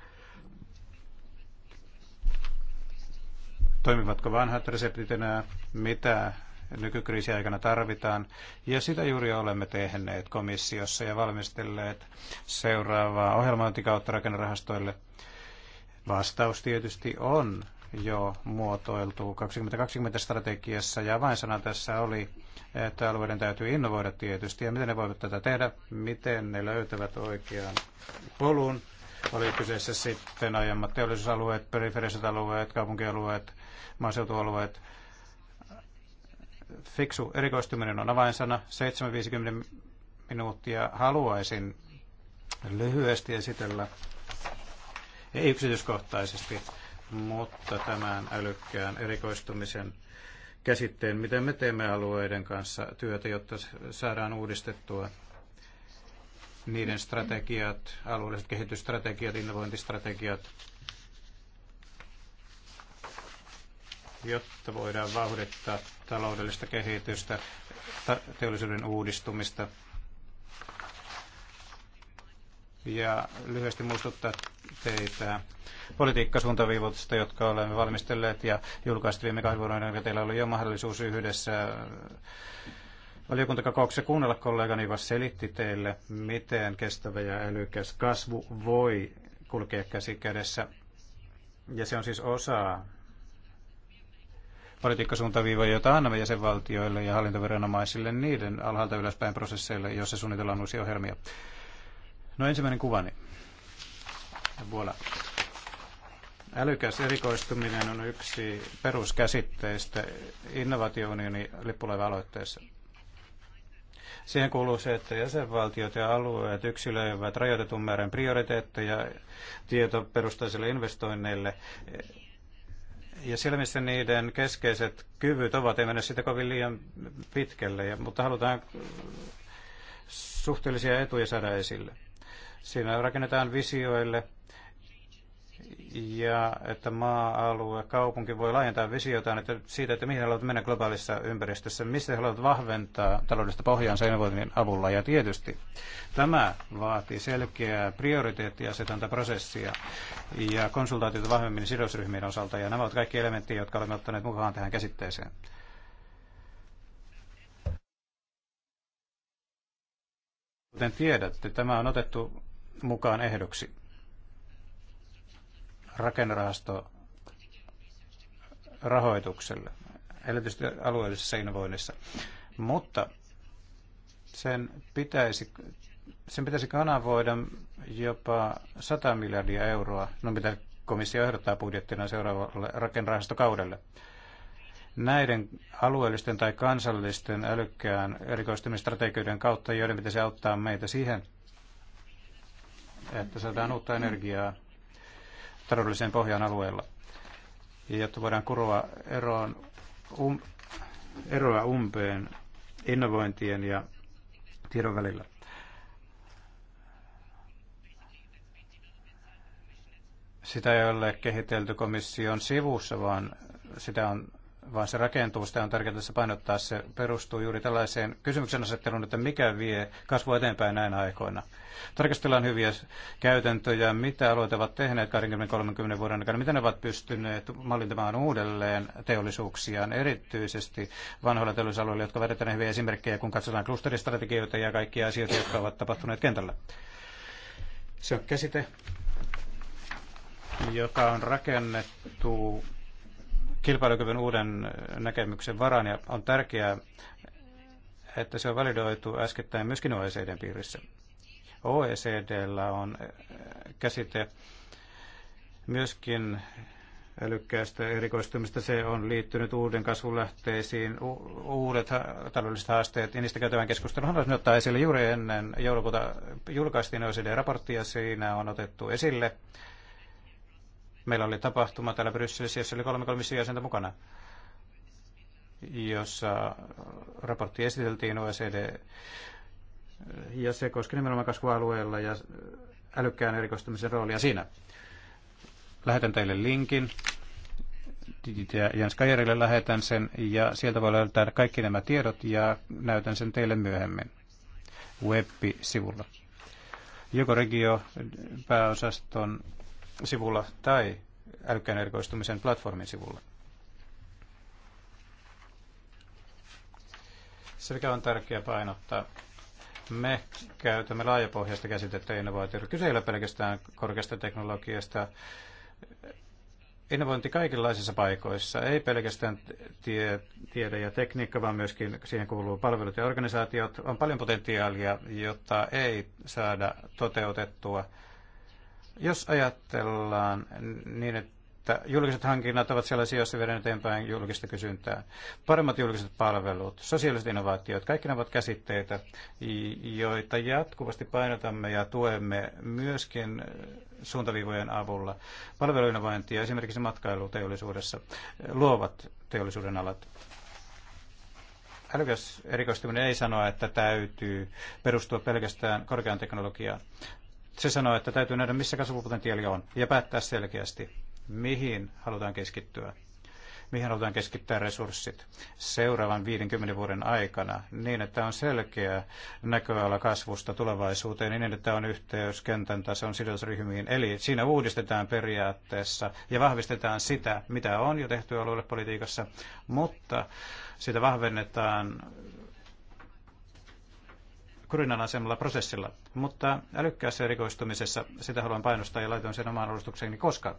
Toimivatko vanhat reseptit enää? Mitä nykykriisin aikana tarvitaan? Ja sitä juuri olemme tehneet komissiossa ja valmistelleet seuraavaa ohjelmointikautta rakennerahastoille. Vastaus tietysti on jo muotoiltu 2020-strategiassa ja avainsana tässä oli, että alueiden täytyy innovoida tietysti ja miten ne voivat tätä tehdä, miten ne löytävät oikean polun. Oli kyseessä sitten aiemmat teollisuusalueet, periferiset alueet, kaupunkialueet, maaseutualueet. Fiksu erikoistuminen on avainsana. 750 minuuttia haluaisin lyhyesti esitellä ei yksityiskohtaisesti mutta tämän älykkään erikoistumisen käsitteen, miten me teemme alueiden kanssa työtä, jotta saadaan uudistettua niiden strategiat, alueelliset kehitysstrategiat, innovointistrategiat, jotta voidaan vauhdittaa taloudellista kehitystä, teollisuuden uudistumista, ja lyhyesti muistuttaa teitä politiikkasuuntaviivoista, jotka olemme valmistelleet ja julkaistu viime kahden vuoden aikana. teillä oli jo mahdollisuus yhdessä valiokuntakokouksessa kuunnella kollegani, joka selitti teille, miten kestävä ja älykäs kasvu voi kulkea käsi kädessä. Ja se on siis osa politiikkasuuntaviivoja, jota annamme jäsenvaltioille ja hallintoviranomaisille niiden alhaalta ylöspäin prosesseille, joissa suunnitellaan uusia ohjelmia. No ensimmäinen kuvani. Voilà. Älykäs erikoistuminen on yksi peruskäsitteistä innovaatiounionin lippulaiva-aloitteessa. Siihen kuuluu se, että jäsenvaltiot ja alueet yksilöivät rajoitetun määrän prioriteetteja tietoperustaisille investoinneille. Ja siellä, missä niiden keskeiset kyvyt ovat, ei mennä sitä kovin liian pitkälle, ja, mutta halutaan suhteellisia etuja saada esille. Siinä rakennetaan visioille ja että maa-alue, kaupunki voi laajentaa visiotaan että siitä, että mihin haluat mennä globaalissa ympäristössä, mistä haluat vahventaa taloudellista pohjaansa innovoinnin avulla. Ja tietysti tämä vaatii selkeää prioriteettiasetanta prosessia ja konsultaatiota vahvemmin sidosryhmien osalta. Ja nämä ovat kaikki elementtejä, jotka olemme ottaneet mukaan tähän käsitteeseen. Kuten tiedätte, tämä on otettu mukaan ehdoksi. Rakennerahasto rahoitukselle, erityisesti alueellisessa innovoinnissa. Mutta sen pitäisi, sen pitäisi kanavoida jopa 100 miljardia euroa, no mitä komissio ehdottaa budjettina seuraavalle rakennerahastokaudelle. Näiden alueellisten tai kansallisten älykkään erikoistumistrategioiden kautta, joiden pitäisi auttaa meitä siihen, että saadaan uutta energiaa taloudellisen pohjan alueella, jotta voidaan kuroa eroon, um, eroa umpeen innovointien ja tiedon välillä. Sitä ei ole kehitelty komission sivussa, vaan sitä on vaan se rakentuu, sitä on tärkeää tässä painottaa, se perustuu juuri tällaiseen kysymyksen asetteluun, että mikä vie kasvua eteenpäin näinä aikoina. Tarkastellaan hyviä käytäntöjä, mitä alueet ovat tehneet 20-30 vuoden aikana, miten ne ovat pystyneet mallintamaan uudelleen teollisuuksiaan, erityisesti vanhoilla teollisuusalueilla, jotka ovat hyviä esimerkkejä, kun katsotaan klusteristrategioita ja kaikkia asioita, jotka ovat tapahtuneet kentällä. Se on käsite, joka on rakennettu kilpailukyvyn uuden näkemyksen varaan ja on tärkeää, että se on validoitu äskettäin myöskin OECDn piirissä. OECDllä on äh, käsite myöskin älykkäästä erikoistumista. Se on liittynyt uuden kasvulähteisiin, uudet taloudelliset haasteet. Ja niistä käytävän keskustelun haluaisin ottaa esille juuri ennen joulukuuta julkaistiin OECD-raportti ja siinä on otettu esille Meillä oli tapahtuma täällä Brysselissä, jossa oli kolme komission jäsentä mukana, jossa raportti esiteltiin OECD ja se koski nimenomaan kasvualueella ja älykkään erikoistumisen roolia siinä. Lähetän teille linkin. Ja Jens Kajerille lähetän sen ja sieltä voi löytää kaikki nämä tiedot ja näytän sen teille myöhemmin web-sivulla. Joko regio pääosaston sivulla tai älykkään erikoistumisen platformin sivulla. Se, mikä on tärkeää painottaa, me käytämme laajapohjaista käsitettä innovaatioita. Kyse ei ole pelkästään korkeasta teknologiasta. Innovointi kaikenlaisissa paikoissa, ei pelkästään tie, tiede ja tekniikka, vaan myöskin siihen kuuluu palvelut ja organisaatiot. On paljon potentiaalia, jotta ei saada toteutettua jos ajatellaan niin, että julkiset hankinnat ovat sellaisia, joissa viedään eteenpäin julkista kysyntää, paremmat julkiset palvelut, sosiaaliset innovaatiot, kaikki nämä ovat käsitteitä, joita jatkuvasti painotamme ja tuemme myöskin suuntaviivojen avulla. Palveluinnovointi ja esimerkiksi matkailuteollisuudessa luovat teollisuuden alat älykäs erikoistuminen ei sanoa, että täytyy perustua pelkästään korkean teknologiaan. Se sanoo, että täytyy nähdä, missä kasvupotentiaali on ja päättää selkeästi, mihin halutaan keskittyä mihin halutaan keskittää resurssit seuraavan 50 vuoden aikana, niin että on selkeä näköala kasvusta tulevaisuuteen, niin että on yhteys kentän tason sidosryhmiin. Eli siinä uudistetaan periaatteessa ja vahvistetaan sitä, mitä on jo tehty alueelle politiikassa, mutta sitä vahvennetaan asemalla prosessilla. Mutta älykkäässä erikoistumisessa sitä haluan painostaa ja laitoin sen omaan alustukseeni, koska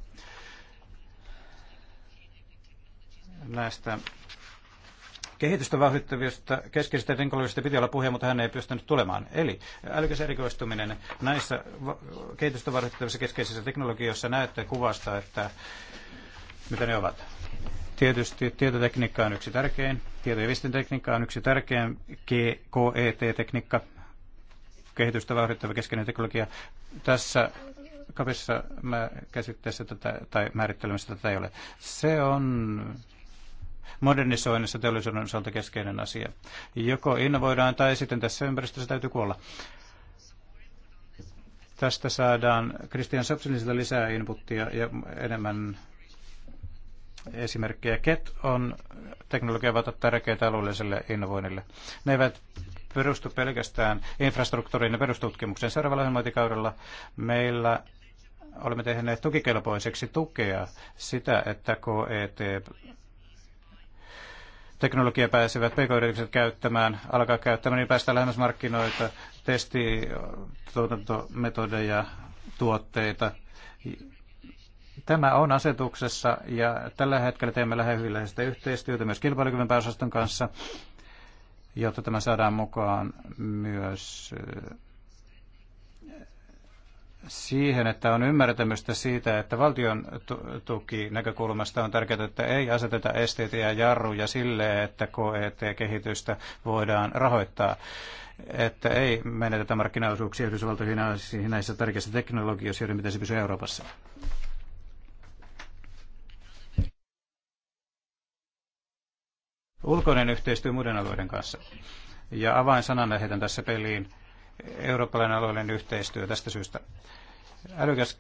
näistä kehitystä vauhdittavista keskeisistä teknologisista piti olla puhe, mutta hän ei pystynyt tulemaan. Eli älykäs erikoistuminen näissä kehitystä vauhdittavissa keskeisissä teknologioissa näyttää kuvasta, että mitä ne ovat. Tietysti tietotekniikka on yksi tärkein, tieto- ja viestintätekniikka on yksi tärkein, KET-tekniikka, kehitystä vauhdittava keskeinen teknologia. Tässä kapissa mä käsitteessä tätä, tai määrittelemässä tätä ei ole. Se on modernisoinnissa teollisuuden osalta keskeinen asia. Joko innovoidaan tai sitten tässä ympäristössä täytyy kuolla. Tästä saadaan Christian Sapsenisilta lisää inputtia ja enemmän esimerkkejä. KET on teknologia ovat tärkeitä alueelliselle innovoinnille. Ne eivät perustu pelkästään infrastruktuuriin ja perustutkimukseen. Seuraavalla ohjelmointikaudella meillä olemme tehneet tukikelpoiseksi tukea sitä, että KET teknologia pääsevät pk-yritykset käyttämään, alkaa käyttämään, niin päästään lähemmäs markkinoita, testi, tuotantometodeja, tuotteita, Tämä on asetuksessa ja tällä hetkellä teemme läheisyyläistä yhteistyötä myös kilpailukyvyn pääosaston kanssa, jotta tämä saadaan mukaan myös äh, siihen, että on ymmärtämystä siitä, että valtion tuki näkökulmasta on tärkeää, että ei aseteta esteitä ja jarruja sille, että KET-kehitystä voidaan rahoittaa että ei menetetä markkinaosuuksia Yhdysvaltoihin näissä tärkeissä teknologioissa, joiden pitäisi pysyä Euroopassa. ulkoinen yhteistyö muiden alueiden kanssa. Ja avainsanan lähetän tässä peliin eurooppalainen alueellinen yhteistyö tästä syystä. Älykäs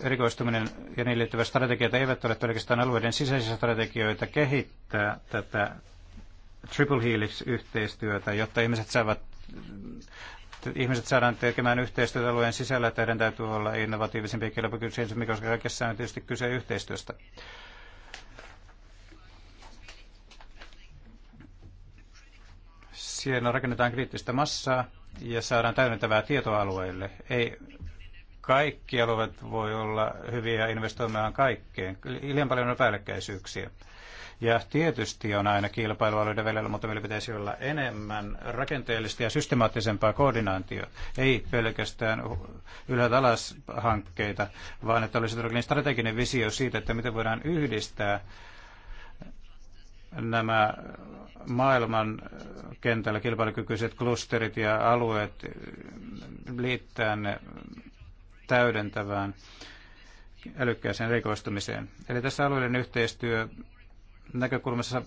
erikoistuminen ja niihin liittyvät strategiat eivät ole pelkästään alueiden sisäisiä strategioita kehittää tätä Triple Helix-yhteistyötä, jotta ihmiset saavat ihmiset saadaan tekemään yhteistyötä alueen sisällä, että heidän täytyy olla innovatiivisempi ja mikä koska kaikessa on tietysti kyse yhteistyöstä. Siellä no, rakennetaan kriittistä massaa ja saadaan täydentävää tietoa alueille. Ei kaikki alueet voi olla hyviä investoimaan kaikkeen. Liian paljon on päällekkäisyyksiä. Ja tietysti on aina kilpailualueiden välillä, mutta meillä pitäisi olla enemmän rakenteellista ja systemaattisempaa koordinaatiota. Ei pelkästään ylhäältä alas hankkeita, vaan että olisi todellakin strateginen visio siitä, että miten voidaan yhdistää nämä maailman kentällä kilpailukykyiset klusterit ja alueet liittää ne täydentävään älykkääseen rikoistumiseen. Eli tässä alueiden yhteistyö näkökulmassa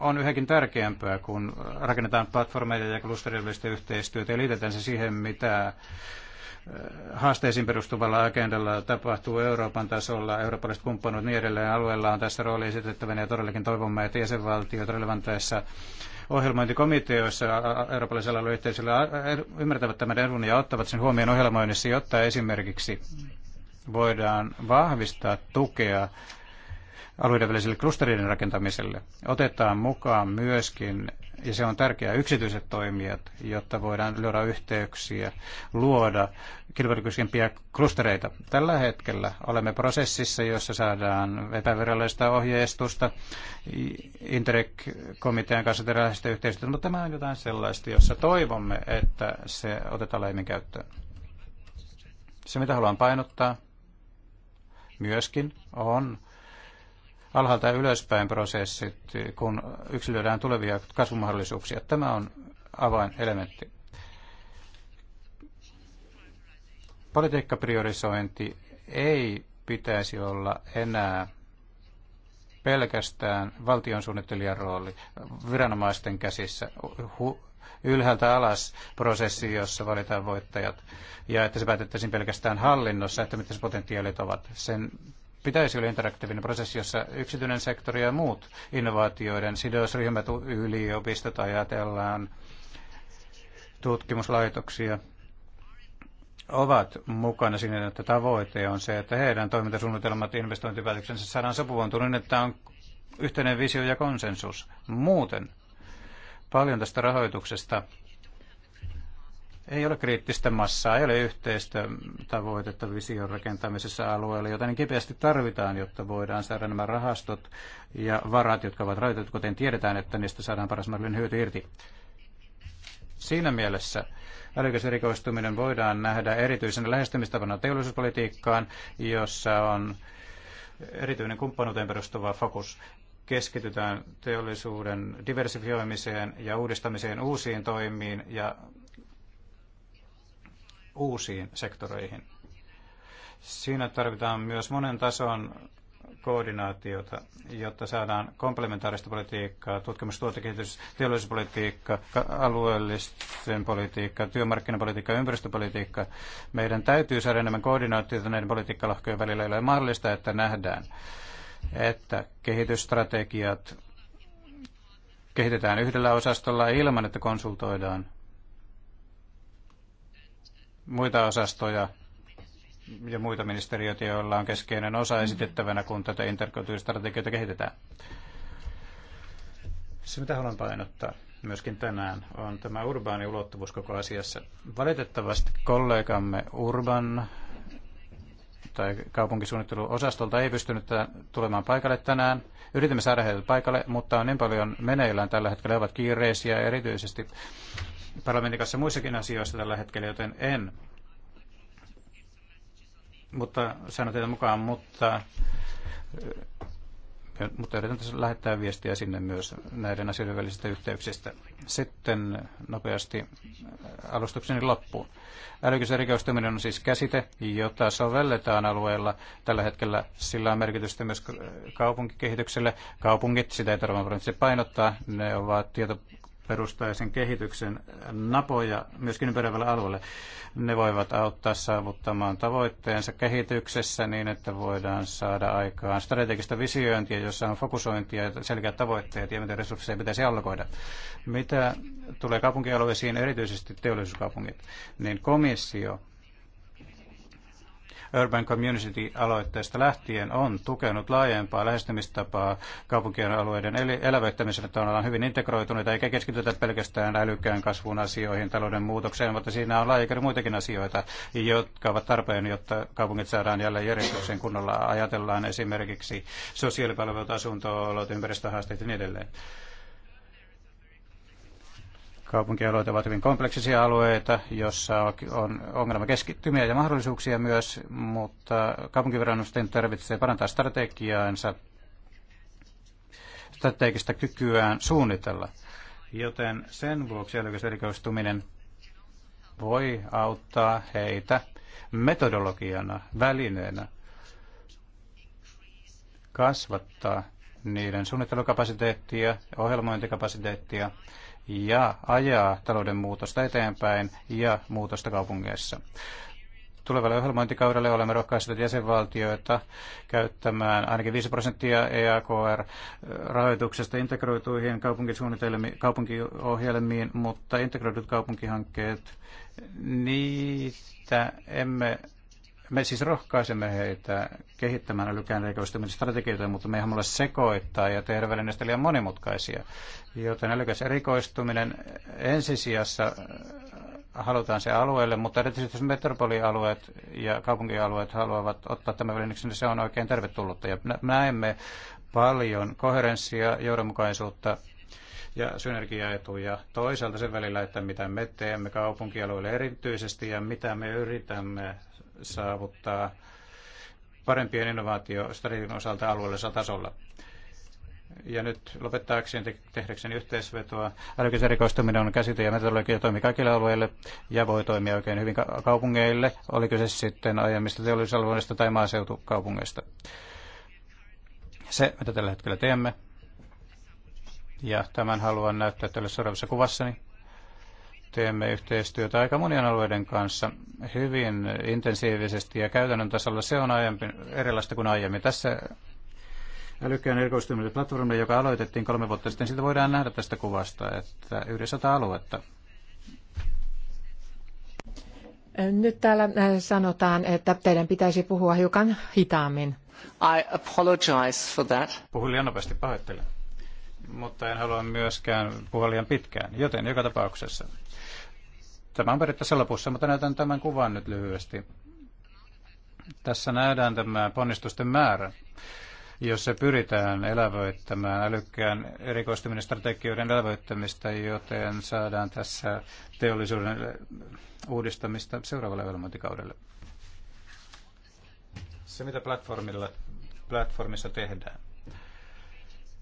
on yhäkin tärkeämpää, kun rakennetaan platformeita ja klusterillista yhteistyötä ja liitetään se siihen, mitä haasteisiin perustuvalla agendalla tapahtuu Euroopan tasolla, eurooppalaiset kumppanut niin edelleen. Alueella on tässä rooli esitettävänä ja todellakin toivomme, että jäsenvaltiot relevanteissa ohjelmointikomiteoissa eurooppalaisella yhteisöllä ymmärtävät tämän edun ja ottavat sen huomioon ohjelmoinnissa, jotta esimerkiksi voidaan vahvistaa tukea alueiden väliselle klustereiden rakentamiselle. Otetaan mukaan myöskin, ja se on tärkeää, yksityiset toimijat, jotta voidaan luoda yhteyksiä, luoda kilpailukykyisempiä klustereita. Tällä hetkellä olemme prosessissa, jossa saadaan epävirallista ohjeistusta Interreg-komitean kanssa terävästä yhteistyötä, mutta tämä on jotain sellaista, jossa toivomme, että se otetaan laajemmin käyttöön. Se, mitä haluan painottaa myöskin, on alhaalta ylöspäin prosessit, kun yksilöidään tulevia kasvumahdollisuuksia. Tämä on avainelementti. Politiikkapriorisointi ei pitäisi olla enää pelkästään valtion suunnittelijan rooli viranomaisten käsissä hu, ylhäältä alas prosessi, jossa valitaan voittajat, ja että se päätettäisiin pelkästään hallinnossa, että mitä se potentiaalit ovat. Sen pitäisi olla interaktiivinen prosessi, jossa yksityinen sektori ja muut innovaatioiden sidosryhmät, yliopistot ajatellaan, tutkimuslaitoksia, ovat mukana siinä, että tavoite on se, että heidän toimintasuunnitelmat ja investointipäätöksensä saadaan sopuvointunut, että on yhteinen visio ja konsensus. Muuten paljon tästä rahoituksesta ei ole kriittistä massaa, ei ole yhteistä tavoitetta vision rakentamisessa alueella, niin kipeästi tarvitaan, jotta voidaan saada nämä rahastot ja varat, jotka ovat rajoitetut, kuten tiedetään, että niistä saadaan paras mahdollinen hyöty irti. Siinä mielessä älykäs erikoistuminen voidaan nähdä erityisen lähestymistavana teollisuuspolitiikkaan, jossa on erityinen kumppanuuteen perustuva fokus keskitytään teollisuuden diversifioimiseen ja uudistamiseen uusiin toimiin ja uusiin sektoreihin. Siinä tarvitaan myös monen tason koordinaatiota, jotta saadaan komplementaarista politiikkaa, tutkimus, tuotekehitys, teollisuuspolitiikka, alueellisen politiikka, työmarkkinapolitiikka ja ympäristöpolitiikka. Meidän täytyy saada enemmän koordinaatiota näiden politiikkalohkojen välillä, ei ole mahdollista, että nähdään, että kehitysstrategiat kehitetään yhdellä osastolla ilman, että konsultoidaan muita osastoja ja muita ministeriöitä, joilla on keskeinen osa esitettävänä, kun tätä interkulttuuristrategioita kehitetään. Se, mitä haluan painottaa myöskin tänään, on tämä urbaani ulottuvuus koko asiassa. Valitettavasti kollegamme Urban tai osastolta ei pystynyt tulemaan paikalle tänään. Yritimme saada heidät paikalle, mutta on niin paljon meneillään tällä hetkellä, ovat kiireisiä erityisesti parlamentin kanssa muissakin asioissa tällä hetkellä, joten en. Mutta sanon teitä mukaan, mutta, mutta yritän tässä lähettää viestiä sinne myös näiden asioiden välisistä yhteyksistä. Sitten nopeasti alustukseni loppuun. Älykys erikoistuminen on siis käsite, jota sovelletaan alueella. Tällä hetkellä sillä on merkitystä myös kaupunkikehitykselle. Kaupungit, sitä ei tarvitse painottaa, ne ovat tieto perustaisen kehityksen napoja myöskin ympäröivälle alueelle. Ne voivat auttaa saavuttamaan tavoitteensa kehityksessä niin, että voidaan saada aikaan strategista visiointia, jossa on fokusointia ja selkeät tavoitteet ja miten resursseja pitäisi allokoida. Mitä tulee kaupunkialueisiin, erityisesti teollisuuskaupungit, niin komissio Urban Community-aloitteesta lähtien on tukenut laajempaa lähestymistapaa kaupunkien alueiden eli elävöittämiselle, että ollaan hyvin integroituneita eikä keskitytä pelkästään älykkään kasvun asioihin, talouden muutokseen, mutta siinä on laajakirja muitakin asioita, jotka ovat tarpeen, jotta kaupungit saadaan jälleen järjestykseen kunnolla. Ajatellaan esimerkiksi sosiaalipalvelut, asunto-olot, ympäristöhaasteet ja niin edelleen. Kaupunkialueet ovat hyvin kompleksisia alueita, jossa on ongelma keskittymiä ja mahdollisuuksia myös, mutta kaupunkiviranomaisten tarvitsee parantaa strategiaansa, strategista kykyään suunnitella. Joten sen vuoksi erikoistuminen voi auttaa heitä metodologiana, välineenä kasvattaa niiden suunnittelukapasiteettia, ohjelmointikapasiteettia ja ajaa talouden muutosta eteenpäin ja muutosta kaupungeissa. Tulevalle ohjelmointikaudelle olemme rohkaisseet jäsenvaltioita käyttämään ainakin 5 prosenttia EAKR-rahoituksesta integroituihin kaupunkiohjelmiin, mutta integroidut kaupunkihankkeet, niitä emme me siis rohkaisemme heitä kehittämään älykään erikoistumisen strategioita, mutta me ei halua sekoittaa ja tehdä välineistä liian monimutkaisia. Joten älykäs erikoistuminen ensisijassa äh, halutaan se alueelle, mutta erityisesti jos metropolialueet ja kaupunkialueet haluavat ottaa tämän välineeksi, niin se on oikein tervetullutta. Ja näemme paljon koherenssia, johdonmukaisuutta ja synergiaetuja toisaalta sen välillä, että mitä me teemme kaupunkialueille erityisesti ja mitä me yritämme saavuttaa parempien innovaatiostrategian osalta alueellisella tasolla. Ja nyt lopettaakseni te- tehdäkseni yhteisvetoa. Älykäs on käsite ja metodologia toimii kaikille alueille ja voi toimia oikein hyvin ka- kaupungeille, oli kyse sitten aiemmista teollisuusalueista tai maaseutukaupungeista. Se, mitä tällä hetkellä teemme, ja tämän haluan näyttää tälle seuraavassa kuvassani teemme yhteistyötä aika monien alueiden kanssa hyvin intensiivisesti ja käytännön tasolla se on aiempi, erilaista kuin aiemmin. Tässä älykkään erikoistuminen platformi, joka aloitettiin kolme vuotta sitten, siitä voidaan nähdä tästä kuvasta, että yli sata aluetta. Nyt täällä äh, sanotaan, että teidän pitäisi puhua hiukan hitaammin. I apologize for that. Puhun liian nopeasti, pahoittelen mutta en halua myöskään puhua liian pitkään, joten joka tapauksessa. Tämä on periaatteessa lopussa, mutta näytän tämän kuvan nyt lyhyesti. Tässä nähdään tämä ponnistusten määrä, jos se pyritään elävöittämään, älykkään erikoistuminen strategioiden elävöittämistä, joten saadaan tässä teollisuuden uudistamista seuraavalle elämäntikaudelle. Se, mitä platformilla, platformissa tehdään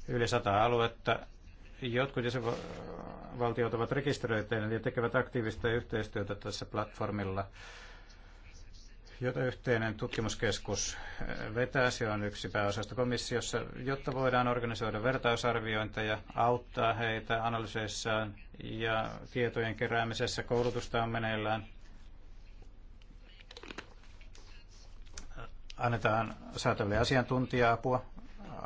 yli sata aluetta. Jotkut jäsenvaltiot ovat rekisteröityneet ja tekevät aktiivista yhteistyötä tässä platformilla, jota yhteinen tutkimuskeskus vetää. Se on yksi pääosasta komissiossa, jotta voidaan organisoida vertausarviointeja, auttaa heitä analyseissaan ja tietojen keräämisessä. Koulutusta on meneillään. Annetaan saataville asiantuntija-apua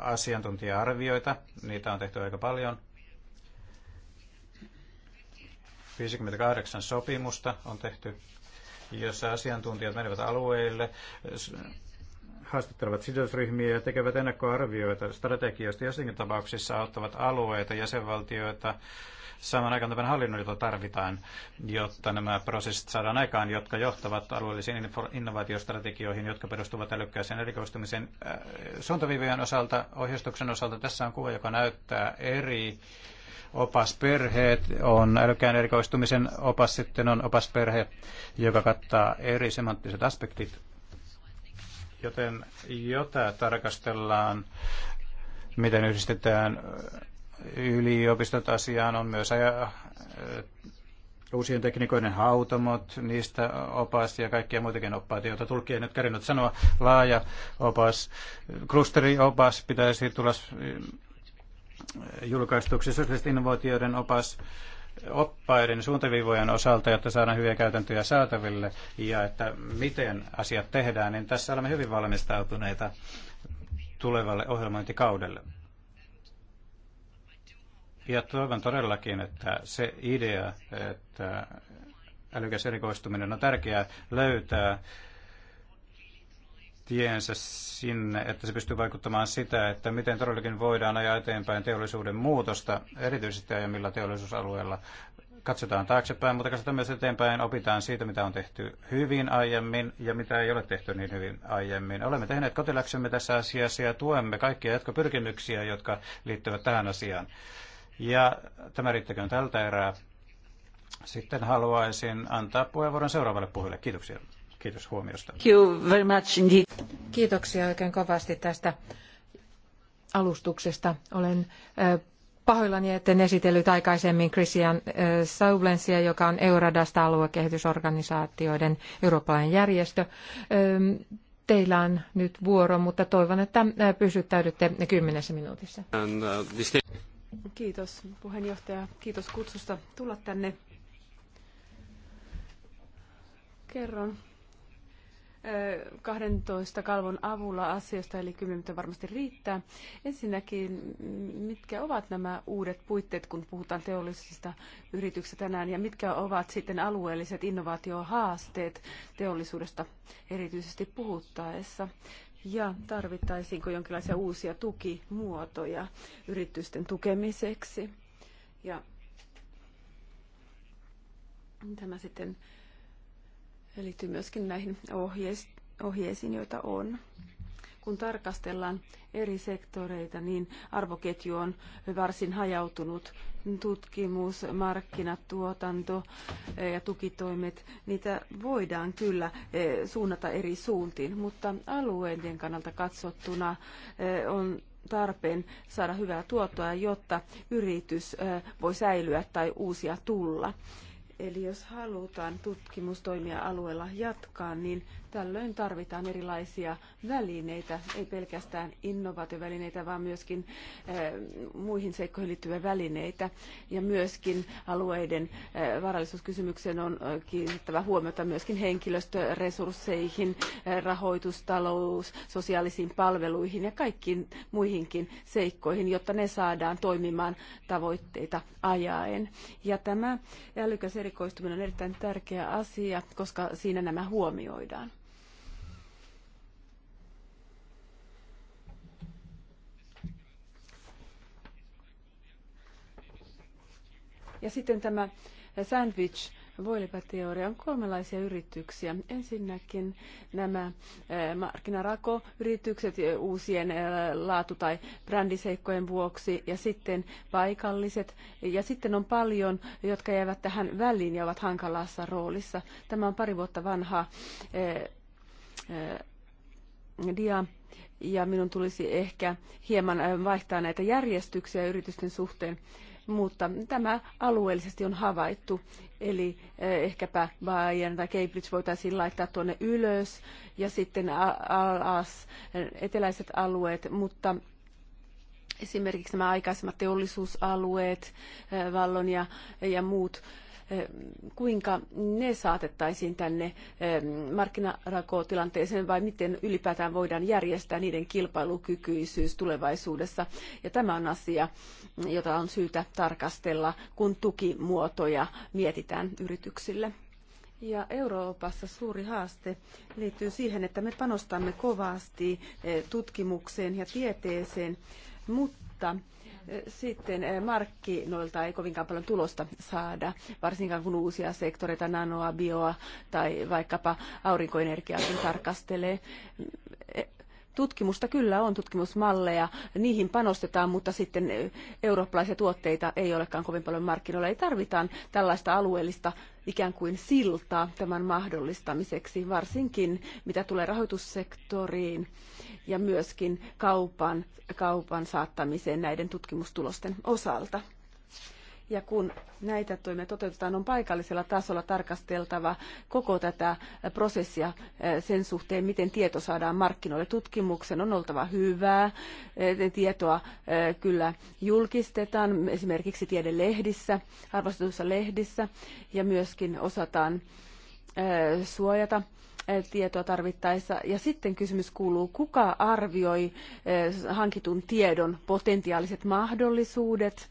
asiantuntija-arvioita, niitä on tehty aika paljon. 58 sopimusta on tehty, jossa asiantuntijat menevät alueille, haastattelevat sidosryhmiä ja tekevät ennakkoarvioita strategioista. Jossakin tapauksissa auttavat alueita, jäsenvaltioita, saman aikaan tämän hallinnon, jota tarvitaan, jotta nämä prosessit saadaan aikaan, jotka johtavat alueellisiin innovaatiostrategioihin, jotka perustuvat älykkäiseen erikoistumiseen. Äh, suuntaviivojen osalta, ohjeistuksen osalta. Tässä on kuva, joka näyttää eri opasperheet on älykkään erikoistumisen opas, sitten on opasperhe, joka kattaa eri semanttiset aspektit, joten jota tarkastellaan, miten yhdistetään yliopistot asiaan on myös uusien teknikoiden hautomot, niistä opas ja kaikkia muitakin oppaita, joita tulkki ei nyt kärinyt sanoa. Laaja opas, klusteriopas pitäisi tulla julkaistuksi, sosiaalisten innovaatioiden opas oppaiden suuntaviivojen osalta, jotta saadaan hyviä käytäntöjä saataville ja että miten asiat tehdään, niin tässä olemme hyvin valmistautuneita tulevalle ohjelmointikaudelle. Ja toivon todellakin, että se idea, että älykäs erikoistuminen on tärkeää löytää tiensä sinne, että se pystyy vaikuttamaan sitä, että miten todellakin voidaan ajaa eteenpäin teollisuuden muutosta, erityisesti aiemmilla teollisuusalueilla. Katsotaan taaksepäin, mutta katsotaan myös eteenpäin, opitaan siitä, mitä on tehty hyvin aiemmin ja mitä ei ole tehty niin hyvin aiemmin. Olemme tehneet kotiläksemme tässä asiassa ja tuemme kaikkia jatkopyrkimyksiä, jotka liittyvät tähän asiaan. Ja tämä riittäköön tältä erää. Sitten haluaisin antaa puheenvuoron seuraavalle puhujalle. Kiitoksia. Kiitos huomiosta. Thank you very much indeed. Kiitoksia oikein kovasti tästä alustuksesta. Olen pahoillani, etten esitellyt aikaisemmin Christian Saublensia, joka on Euradasta aluekehitysorganisaatioiden eurooppalainen järjestö. Teillä on nyt vuoro, mutta toivon, että pysyttäydytte kymmenessä minuutissa. Uh, Kiitos puheenjohtaja. Kiitos kutsusta tulla tänne. Kerron 12 kalvon avulla asioista, eli 10 minuuttia varmasti riittää. Ensinnäkin, mitkä ovat nämä uudet puitteet, kun puhutaan teollisista yrityksistä tänään, ja mitkä ovat sitten alueelliset innovaatiohaasteet teollisuudesta erityisesti puhuttaessa? ja tarvittaisiinko jonkinlaisia uusia tukimuotoja yritysten tukemiseksi. Ja tämä sitten liittyy myöskin näihin ohjeisiin, joita on. Kun tarkastellaan eri sektoreita, niin arvoketju on varsin hajautunut. Tutkimus, markkinat, tuotanto eh, ja tukitoimet, niitä voidaan kyllä eh, suunnata eri suuntiin, mutta alueiden kannalta katsottuna eh, on tarpeen saada hyvää tuottoa, jotta yritys voi säilyä tai uusia tulla. Eli jos halutaan tutkimustoimia alueella jatkaa, niin Tällöin tarvitaan erilaisia välineitä, ei pelkästään innovaatiovälineitä, vaan myöskin eh, muihin seikkoihin liittyviä välineitä. Ja myöskin alueiden eh, varallisuuskysymykseen on eh, kiinnittävä huomiota myöskin henkilöstöresursseihin, rahoitustalous, sosiaalisiin palveluihin ja kaikkiin muihinkin seikkoihin, jotta ne saadaan toimimaan tavoitteita ajaen. Ja tämä älykäs erikoistuminen on erittäin tärkeä asia, koska siinä nämä huomioidaan. Ja sitten tämä sandwich voilepäteoria on kolmenlaisia yrityksiä. Ensinnäkin nämä eh, markkinarakoyritykset eh, uusien eh, laatu- tai brändiseikkojen vuoksi ja sitten paikalliset. Ja sitten on paljon, jotka jäävät tähän väliin ja ovat hankalassa roolissa. Tämä on pari vuotta vanha dia ja minun tulisi ehkä hieman vaihtaa näitä järjestyksiä yritysten suhteen mutta tämä alueellisesti on havaittu. Eli eh, ehkäpä Bayern tai Cambridge voitaisiin laittaa tuonne ylös ja sitten alas eh, eteläiset alueet, mutta esimerkiksi nämä aikaisemmat teollisuusalueet, eh, Vallon ja, ja muut kuinka ne saatettaisiin tänne markkinarakotilanteeseen vai miten ylipäätään voidaan järjestää niiden kilpailukykyisyys tulevaisuudessa. Ja tämä on asia, jota on syytä tarkastella, kun tukimuotoja mietitään yrityksille. Ja Euroopassa suuri haaste liittyy siihen, että me panostamme kovasti tutkimukseen ja tieteeseen, mutta sitten eh, markkinoilta ei kovinkaan paljon tulosta saada, varsinkaan kun uusia sektoreita, nanoa, bioa tai vaikkapa aurinkoenergiaa tarkastelee. Tutkimusta kyllä on, tutkimusmalleja, niihin panostetaan, mutta sitten eurooppalaisia tuotteita ei olekaan kovin paljon markkinoilla. Ei tarvitaan tällaista alueellista ikään kuin siltaa tämän mahdollistamiseksi, varsinkin mitä tulee rahoitussektoriin ja myöskin kaupan, kaupan saattamiseen näiden tutkimustulosten osalta. Ja kun näitä toimia toteutetaan, on paikallisella tasolla tarkasteltava koko tätä prosessia eh, sen suhteen, miten tieto saadaan markkinoille. Tutkimuksen on oltava hyvää, eh, tietoa eh, kyllä julkistetaan esimerkiksi tiedelehdissä, arvostetuissa lehdissä ja myöskin osataan suojata tietoa tarvittaessa. Ja sitten kysymys kuuluu, kuka arvioi hankitun tiedon potentiaaliset mahdollisuudet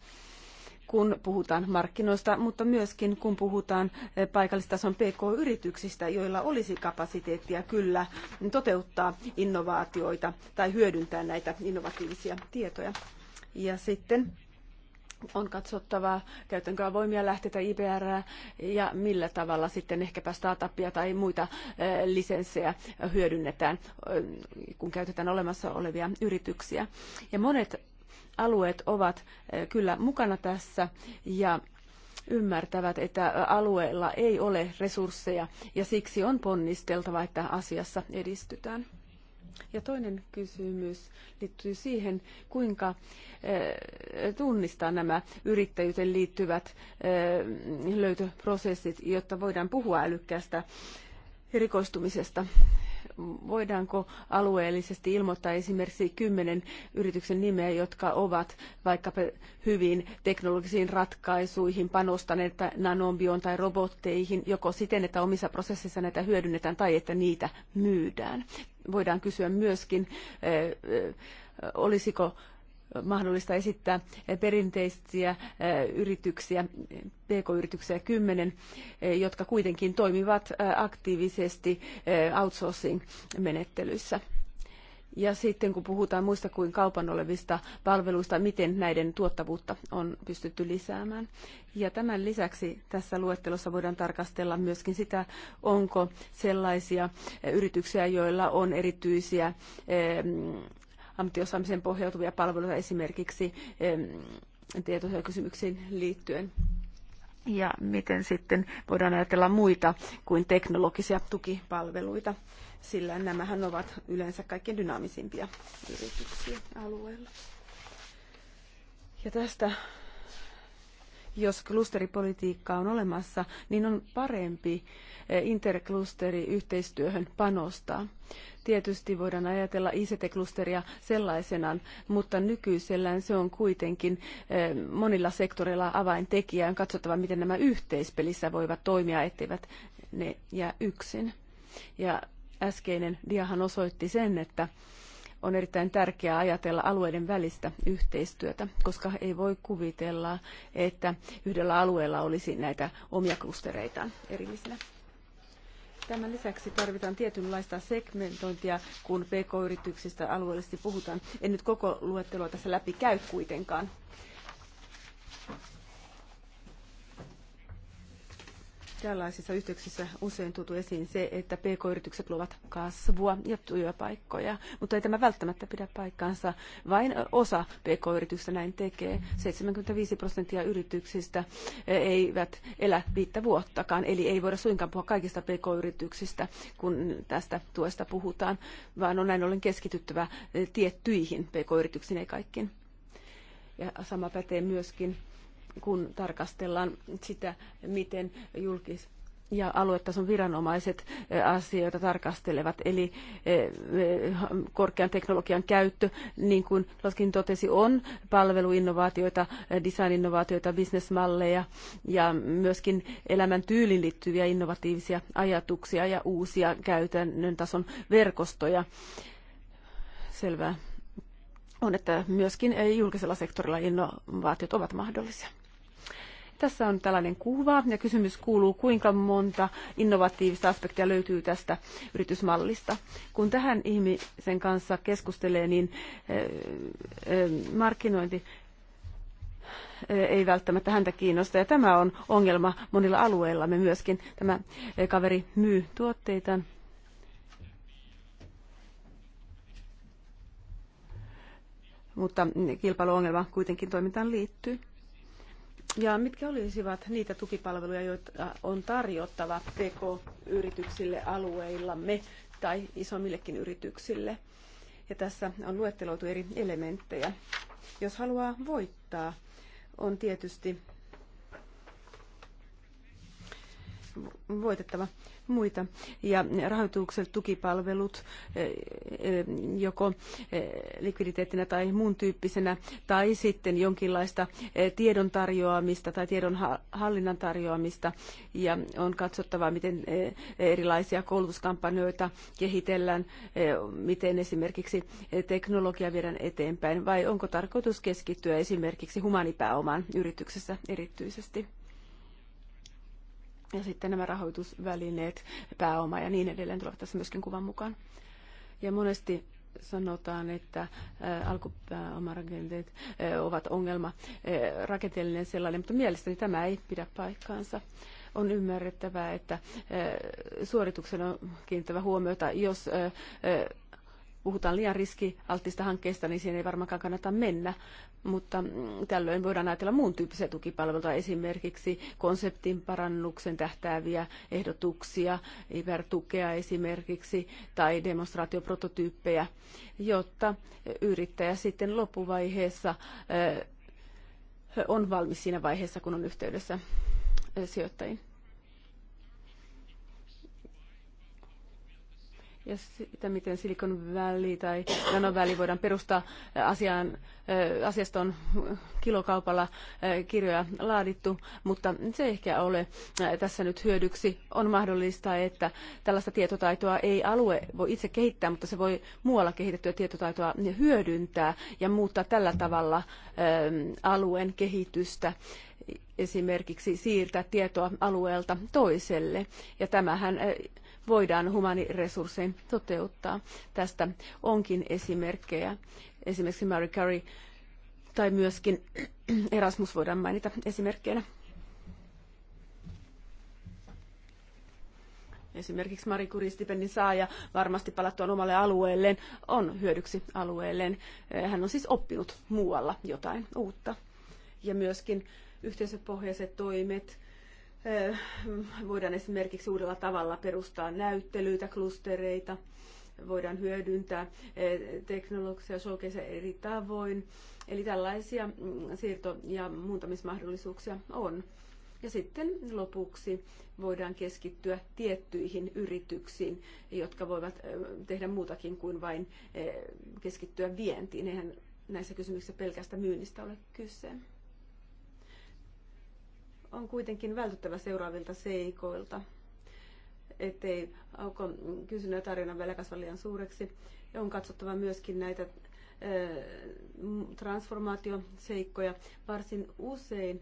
kun puhutaan markkinoista, mutta myöskin kun puhutaan eh, paikallistason PK-yrityksistä, joilla olisi kapasiteettia kyllä toteuttaa innovaatioita tai hyödyntää näitä innovatiivisia tietoja. Ja sitten on katsottava, käytänkö avoimia lähteitä IPR ja millä tavalla sitten ehkäpä startupia tai muita eh, lisenssejä hyödynnetään, eh, kun käytetään olemassa olevia yrityksiä. Ja monet alueet ovat eh, kyllä mukana tässä ja ymmärtävät, että eh, alueella ei ole resursseja ja siksi on ponnisteltava, että asiassa edistytään. Ja toinen kysymys liittyy siihen, kuinka eh, tunnistaa nämä yrittäjyyteen liittyvät löytöprosessit, jotta voidaan puhua älykkäästä erikoistumisesta voidaanko alueellisesti ilmoittaa esimerkiksi kymmenen yrityksen nimeä, jotka ovat vaikkapa hyvin teknologisiin ratkaisuihin panostaneet tai tai robotteihin, joko siten, että omissa prosesseissa näitä hyödynnetään tai että niitä myydään. Voidaan kysyä myöskin, eh, eh, olisiko mahdollista esittää perinteisiä eh, yrityksiä, pk-yrityksiä kymmenen, eh, jotka kuitenkin toimivat eh, aktiivisesti outsourcing-menettelyissä. Ja sitten kun puhutaan muista kuin kaupan olevista palveluista, miten näiden tuottavuutta on pystytty lisäämään. Ja tämän lisäksi tässä luettelossa voidaan tarkastella myöskin sitä, onko sellaisia yrityksiä, joilla on erityisiä ammattiosaamiseen pohjautuvia palveluita esimerkiksi kysymyksiin liittyen. Ja miten sitten voidaan ajatella muita kuin teknologisia tukipalveluita, sillä nämähän ovat yleensä kaikkein dynaamisimpia yrityksiä alueella. Ja tästä jos klusteripolitiikkaa on olemassa, niin on parempi eh, interklusteriyhteistyöhön panostaa. Tietysti voidaan ajatella ICT-klusteria sellaisenaan, mutta nykyisellään se on kuitenkin eh, monilla sektoreilla avaintekijä. On katsottava, miten nämä yhteispelissä voivat toimia, etteivät ne jää yksin. Ja äskeinen diahan osoitti sen, että on erittäin tärkeää ajatella alueiden välistä yhteistyötä, koska ei voi kuvitella, että yhdellä alueella olisi näitä omia klustereitaan erillisinä. Tämän lisäksi tarvitaan tietynlaista segmentointia, kun pk-yrityksistä alueellisesti puhutaan. En nyt koko luettelua tässä läpi käy kuitenkaan. Tällaisissa yhteyksissä usein tuotu esiin se, että PK-yritykset luovat kasvua ja työpaikkoja, mutta ei tämä välttämättä pidä paikkaansa. Vain osa PK-yrityksistä näin tekee. 75 prosenttia yrityksistä e, eivät elä viittä vuottakaan, eli ei voida suinkaan puhua kaikista PK-yrityksistä, kun tästä tuesta puhutaan, vaan on näin ollen keskityttävä e, tiettyihin PK-yrityksiin, ei kaikkiin. Ja sama pätee myöskin kun tarkastellaan sitä, miten julkis ja aluetason viranomaiset asioita tarkastelevat, eli korkean teknologian käyttö, niin kuin Loskin totesi, on palveluinnovaatioita, designinnovaatioita, bisnesmalleja ja myöskin elämäntyyliin liittyviä innovatiivisia ajatuksia ja uusia käytännön tason verkostoja. Selvää on, että myöskin julkisella sektorilla innovaatiot ovat mahdollisia. Tässä on tällainen kuva ja kysymys kuuluu, kuinka monta innovatiivista aspektia löytyy tästä yritysmallista. Kun tähän ihmisen kanssa keskustelee, niin eh, eh, markkinointi eh, ei välttämättä häntä kiinnosta. Ja tämä on ongelma monilla alueilla me myöskin. Tämä kaveri myy tuotteita, Mutta kilpailuongelma kuitenkin toimintaan liittyy. Ja mitkä olisivat niitä tukipalveluja, joita on tarjottava PK-yrityksille alueillamme tai isommillekin yrityksille? Ja tässä on luetteloitu eri elementtejä. Jos haluaa voittaa, on tietysti voitettava muita. Ja rahoitukset, tukipalvelut eh, eh, joko eh, likviditeettinä tai muun tyyppisenä tai sitten jonkinlaista tiedon tarjoamista tai tiedon hallinnan tarjoamista ja on katsottava, miten erilaisia koulutuskampanjoita kehitellään, miten esimerkiksi teknologia viedään eteenpäin vai onko tarkoitus keskittyä esimerkiksi humanipääomaan yrityksessä erityisesti? Ja sitten nämä rahoitusvälineet, pääoma ja niin edelleen tulevat tässä myöskin kuvan mukaan. Ja monesti sanotaan, että alkupääomarakenteet ovat ongelma, rakenteellinen sellainen, mutta mielestäni tämä ei pidä paikkaansa. On ymmärrettävää, että suorituksen on kiinnittävä huomiota, jos puhutaan liian riskialttista hankkeesta, niin siihen ei varmaankaan kannata mennä. Mutta mm, tällöin voidaan ajatella muun tyyppisiä tukipalveluita, esimerkiksi konseptin parannuksen tähtääviä ehdotuksia, IVER-tukea esimerkiksi, tai demonstraatioprototyyppejä, jotta yrittäjä sitten loppuvaiheessa on valmis siinä vaiheessa, kun on yhteydessä sijoittajiin. ja sitä, miten silikon Valley tai nano Valley voidaan perustaa asiaan, asiaston kilokaupalla kirjoja laadittu, mutta se ei ehkä ole tässä nyt hyödyksi. On mahdollista, että tällaista tietotaitoa ei alue voi itse kehittää, mutta se voi muualla kehitettyä tietotaitoa hyödyntää ja muuttaa tällä tavalla alueen kehitystä esimerkiksi siirtää tietoa alueelta toiselle. Ja tämähän voidaan humaniresurssein toteuttaa. Tästä onkin esimerkkejä. Esimerkiksi Mary Carey tai myöskin Erasmus voidaan mainita esimerkkeinä. esimerkiksi curie stipendin saaja varmasti palattuaan omalle alueelleen on hyödyksi alueelleen. Hän on siis oppinut muualla jotain uutta. Ja myöskin yhteisöpohjaiset toimet, Voidaan esimerkiksi uudella tavalla perustaa näyttelyitä, klustereita, voidaan hyödyntää teknologisia showcaseja eri tavoin. Eli tällaisia mm, siirto- ja muuntamismahdollisuuksia on. Ja sitten lopuksi voidaan keskittyä tiettyihin yrityksiin, jotka voivat tehdä muutakin kuin vain keskittyä vientiin. Eihän näissä kysymyksissä pelkästä myynnistä ole kyse on kuitenkin vältyttävä seuraavilta seikoilta, ettei aukko kysynnä ja tarjonnan vielä kasva liian suureksi. Ja on katsottava myöskin näitä äh, transformaatioseikkoja. Varsin usein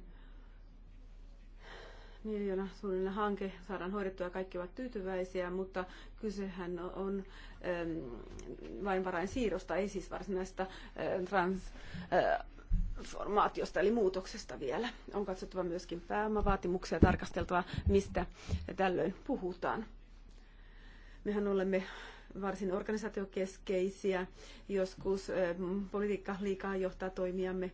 miljoona suunnilleen hanke saadaan hoidettua ja kaikki ovat tyytyväisiä, mutta kysehän on ähm, vain varain siirrosta, ei siis varsinaista äh, trans, äh, formaatiosta eli muutoksesta vielä. On katsottava myöskin pääomavaatimuksia tarkasteltava, mistä tällöin puhutaan. Mehän olemme varsin organisaatiokeskeisiä. Joskus eh, politiikka liikaa johtaa toimiamme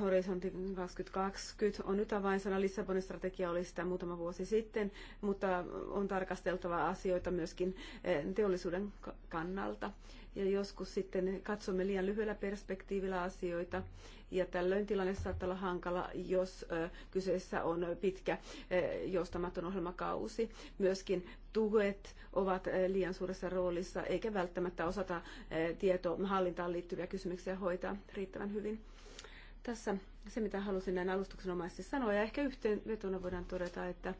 Horisontti 2020 on nyt avainsana. Lissabonin strategia oli sitä muutama vuosi sitten, mutta on tarkasteltava asioita myöskin eh, teollisuuden kannalta. Ja joskus sitten katsomme liian lyhyellä perspektiivillä asioita, ja tällöin tilanne saattaa olla hankala, jos eh, kyseessä on pitkä eh, joustamaton ohjelmakausi. Myöskin tuet ovat liian suuressa roolissa, eikä välttämättä osata tietohallintaan liittyviä kysymyksiä hoitaa riittävän hyvin. Tässä se, mitä halusin näin alustuksenomaisesti sanoa. Ja ehkä yhteenvetona voidaan todeta, että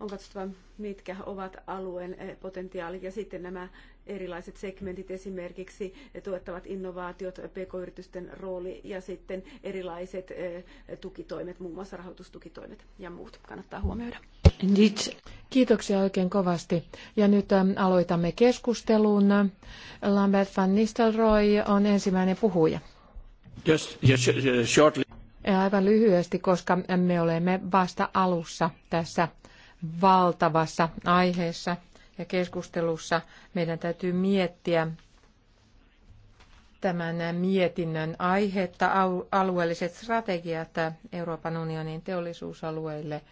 on katsottava, mitkä ovat alueen eh, potentiaalit ja sitten nämä erilaiset segmentit, esimerkiksi tuettavat innovaatiot, pk-yritysten rooli ja sitten erilaiset eh, tukitoimet, muun muassa rahoitustukitoimet ja muut kannattaa huomioida. Kiitoksia oikein kovasti. Ja nyt eh, aloitamme keskustelun. Lambert van Nistelrooy on ensimmäinen puhuja. Just, just shortly. Aivan lyhyesti, koska me olemme vasta alussa tässä valtavassa aiheessa ja keskustelussa. Meidän täytyy miettiä tämän mietinnön aihetta, alueelliset strategiat Euroopan unionin teollisuusalueille.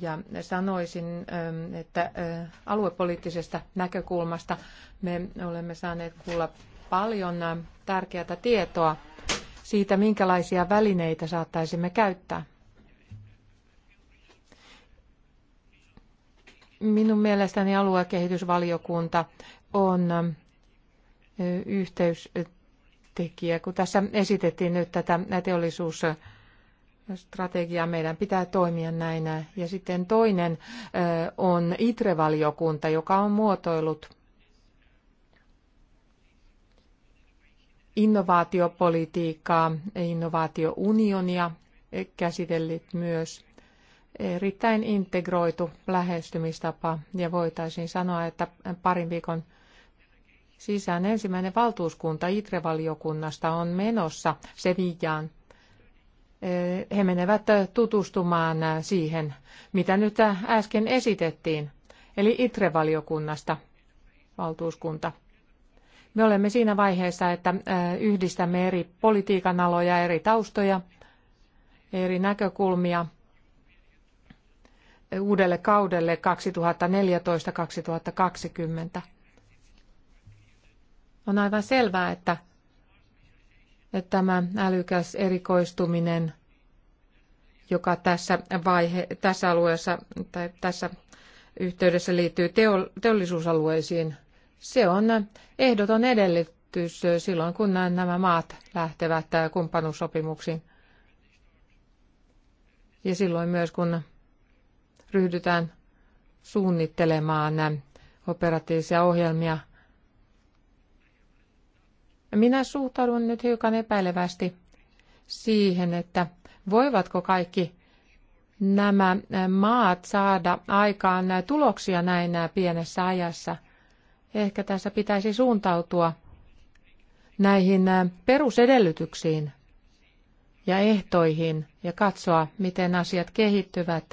Ja sanoisin, ähm, että äh, aluepoliittisesta näkökulmasta me olemme saaneet kuulla paljon äh, tärkeää tietoa siitä, minkälaisia välineitä saattaisimme käyttää. Minun mielestäni aluekehitysvaliokunta on yhteystekijä. Kun tässä esitettiin nyt tätä teollisuus strategia meidän pitää toimia näin. Ja sitten toinen on ITRE-valiokunta, joka on muotoillut innovaatiopolitiikkaa, innovaatiounionia käsitellyt myös erittäin integroitu lähestymistapa ja voitaisiin sanoa, että parin viikon sisään ensimmäinen valtuuskunta ITRE-valiokunnasta on menossa Sevillaan. He menevät tutustumaan siihen, mitä nyt äsken esitettiin, eli ITRE-valiokunnasta valtuuskunta. Me olemme siinä vaiheessa, että yhdistämme eri politiikan aloja, eri taustoja, eri näkökulmia uudelle kaudelle 2014-2020. On aivan selvää, että, että tämä älykäs erikoistuminen, joka tässä, vaihe, tässä alueessa tai tässä yhteydessä liittyy teollisuusalueisiin, se on ehdoton edellytys silloin, kun nämä maat lähtevät kumppanuussopimuksiin. Ja silloin myös, kun ryhdytään suunnittelemaan operatiivisia ohjelmia. Minä suhtaudun nyt hiukan epäilevästi siihen, että voivatko kaikki nämä maat saada aikaan tuloksia näin pienessä ajassa – Ehkä tässä pitäisi suuntautua näihin äh, perusedellytyksiin ja ehtoihin ja katsoa, miten asiat kehittyvät.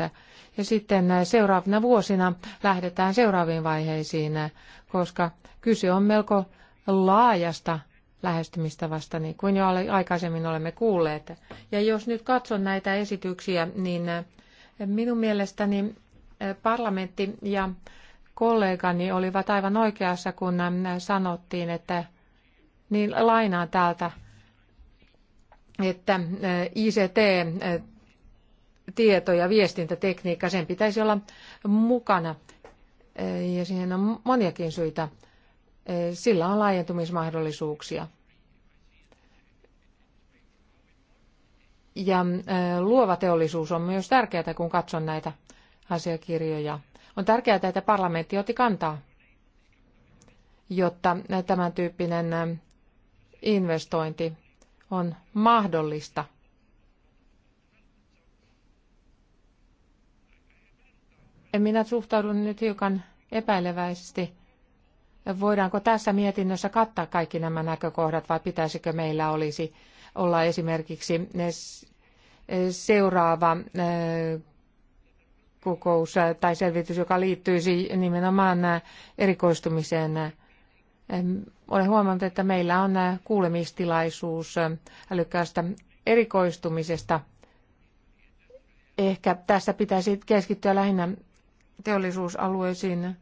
Ja sitten äh, seuraavina vuosina lähdetään seuraaviin vaiheisiin, äh, koska kyse on melko laajasta lähestymistavasta, niin kuin jo aikaisemmin olemme kuulleet. Ja jos nyt katson näitä esityksiä, niin minun mielestäni parlamentti ja kollegani olivat aivan oikeassa, kun sanottiin, että niin lainaan täältä, että eh, ICT eh, tieto- ja viestintätekniikka, sen pitäisi olla mukana. Eh, ja siihen on moniakin syitä. Sillä on laajentumismahdollisuuksia. Ja luova teollisuus on myös tärkeää, kun katson näitä asiakirjoja. On tärkeää, että parlamentti otti kantaa, jotta tämän tyyppinen investointi on mahdollista. Minä suhtaudun nyt hiukan epäileväisesti. Voidaanko tässä mietinnössä kattaa kaikki nämä näkökohdat vai pitäisikö meillä olisi olla esimerkiksi seuraava kokous tai selvitys, joka liittyisi nimenomaan erikoistumiseen. Olen huomannut, että meillä on kuulemistilaisuus älykkäästä erikoistumisesta. Ehkä tässä pitäisi keskittyä lähinnä teollisuusalueisiin,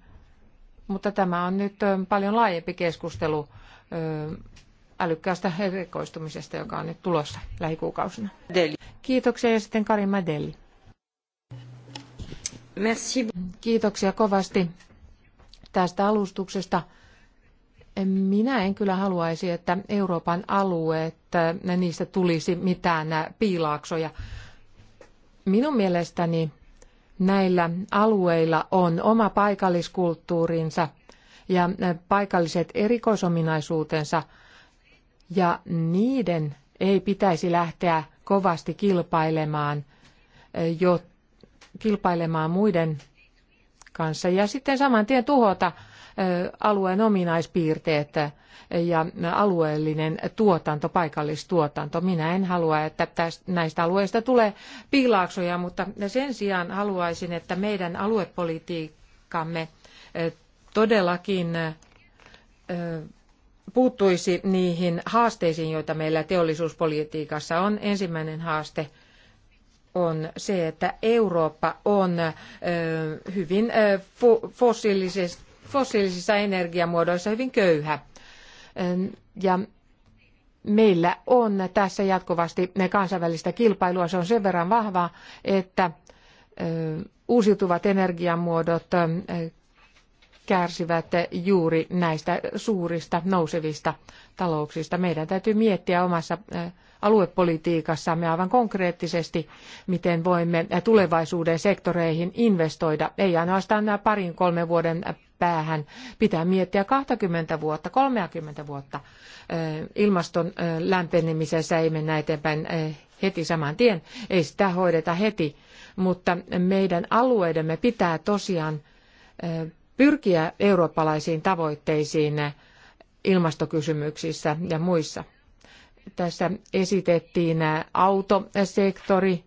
mutta tämä on nyt paljon laajempi keskustelu älykkäästä erikoistumisesta, joka on nyt tulossa lähikuukausina. Kiitoksia ja sitten Karin Mädeli. Merci. Kiitoksia kovasti tästä alustuksesta. Minä en kyllä haluaisi, että Euroopan alueet, niistä tulisi mitään piilaaksoja. Minun mielestäni näillä alueilla on oma paikalliskulttuurinsa ja paikalliset erikoisominaisuutensa, ja niiden ei pitäisi lähteä kovasti kilpailemaan, jotta kilpailemaan muiden kanssa ja sitten saman tien tuhota alueen ominaispiirteet ja alueellinen tuotanto, paikallistuotanto. Minä en halua, että näistä alueista tulee piilaaksoja, mutta sen sijaan haluaisin, että meidän aluepolitiikkamme todellakin puuttuisi niihin haasteisiin, joita meillä teollisuuspolitiikassa on. Ensimmäinen haaste – on se, että Eurooppa on hyvin fossiilisissa, energiamuodoissa hyvin köyhä. Ja meillä on tässä jatkuvasti kansainvälistä kilpailua. Se on sen verran vahvaa, että uusiutuvat energiamuodot kärsivät juuri näistä suurista nousevista talouksista. Meidän täytyy miettiä omassa aluepolitiikassamme aivan konkreettisesti, miten voimme tulevaisuuden sektoreihin investoida, ei ainoastaan nämä parin kolmen vuoden päähän. Pitää miettiä 20 vuotta, 30 vuotta. Ilmaston lämpenemisessä ei mennä eteenpäin heti saman tien, ei sitä hoideta heti, mutta meidän alueidemme pitää tosiaan pyrkiä eurooppalaisiin tavoitteisiin ilmastokysymyksissä ja muissa tässä esitettiin autosektori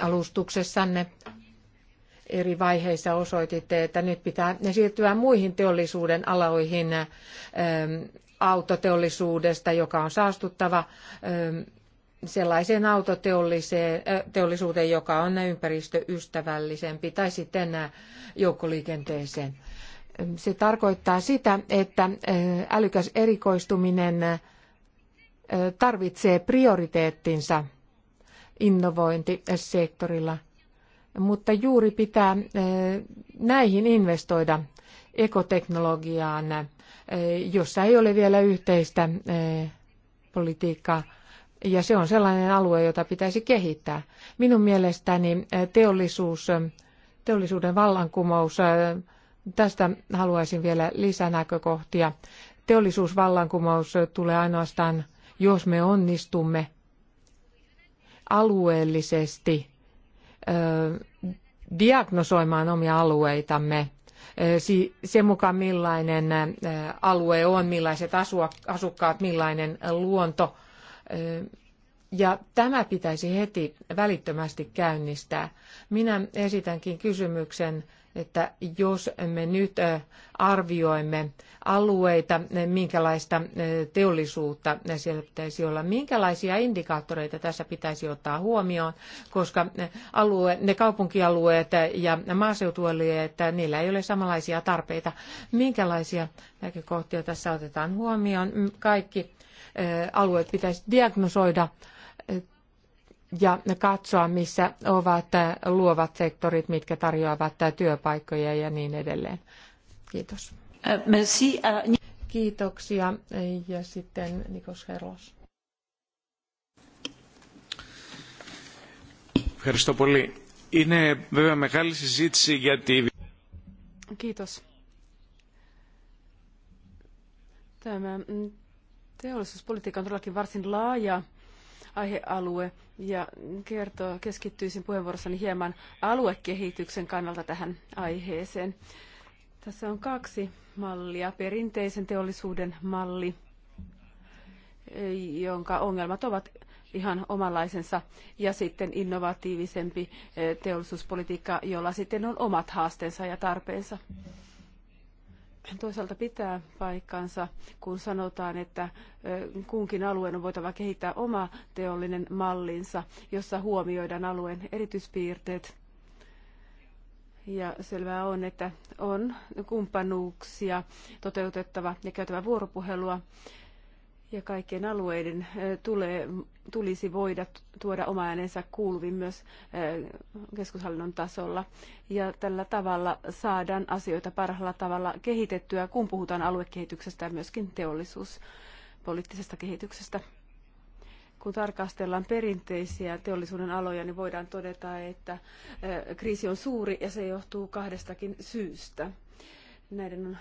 alustuksessanne eri vaiheissa osoititte, että nyt pitää siirtyä muihin teollisuuden aloihin autoteollisuudesta, joka on saastuttava sellaiseen autoteollisuuteen, joka on ympäristöystävällisempi tai sitten joukkoliikenteeseen. Se tarkoittaa sitä, että älykäs erikoistuminen tarvitsee prioriteettinsa innovointisektorilla, mutta juuri pitää näihin investoida ekoteknologiaan, jossa ei ole vielä yhteistä politiikkaa. Ja se on sellainen alue, jota pitäisi kehittää. Minun mielestäni teollisuus, teollisuuden vallankumous, tästä haluaisin vielä lisänäkökohtia. Teollisuusvallankumous tulee ainoastaan jos me onnistumme alueellisesti diagnosoimaan omia alueitamme sen mukaan millainen alue on, millaiset asukkaat, millainen luonto. Ja tämä pitäisi heti välittömästi käynnistää. Minä esitänkin kysymyksen että jos me nyt arvioimme alueita, minkälaista teollisuutta siellä pitäisi olla, minkälaisia indikaattoreita tässä pitäisi ottaa huomioon, koska alue, ne kaupunkialueet ja maaseutualueet, niillä ei ole samanlaisia tarpeita. Minkälaisia näkökohtia tässä otetaan huomioon? Kaikki alueet pitäisi diagnosoida ja katsoa, missä ovat äh, luovat sektorit, mitkä tarjoavat äh, työpaikkoja ja niin edelleen. Kiitos. Äh, Kiitoksia. Ja sitten Nikos Herlos. Ευχαριστώ πολύ. Είναι βέβαια μεγάλη συζήτηση για τη... Kiitos. Tämä mm, teollisuuspolitiikka on todellakin varsin laaja aihealue ja kertoo, keskittyisin puheenvuorossani hieman aluekehityksen kannalta tähän aiheeseen. Tässä on kaksi mallia. Perinteisen teollisuuden malli, jonka ongelmat ovat ihan omanlaisensa, ja sitten innovatiivisempi eh, teollisuuspolitiikka, jolla sitten on omat haasteensa ja tarpeensa toisaalta pitää paikkansa, kun sanotaan, että kunkin alueen on voitava kehittää oma teollinen mallinsa, jossa huomioidaan alueen erityispiirteet. Ja selvää on, että on kumppanuuksia toteutettava ja käytävä vuoropuhelua ja kaikkien alueiden tulee, tulisi voida tuoda oma äänensä kuuluviin myös keskushallinnon tasolla. Ja tällä tavalla saadaan asioita parhaalla tavalla kehitettyä, kun puhutaan aluekehityksestä ja myöskin teollisuuspoliittisesta kehityksestä. Kun tarkastellaan perinteisiä teollisuuden aloja, niin voidaan todeta, että kriisi on suuri ja se johtuu kahdestakin syystä. Näiden on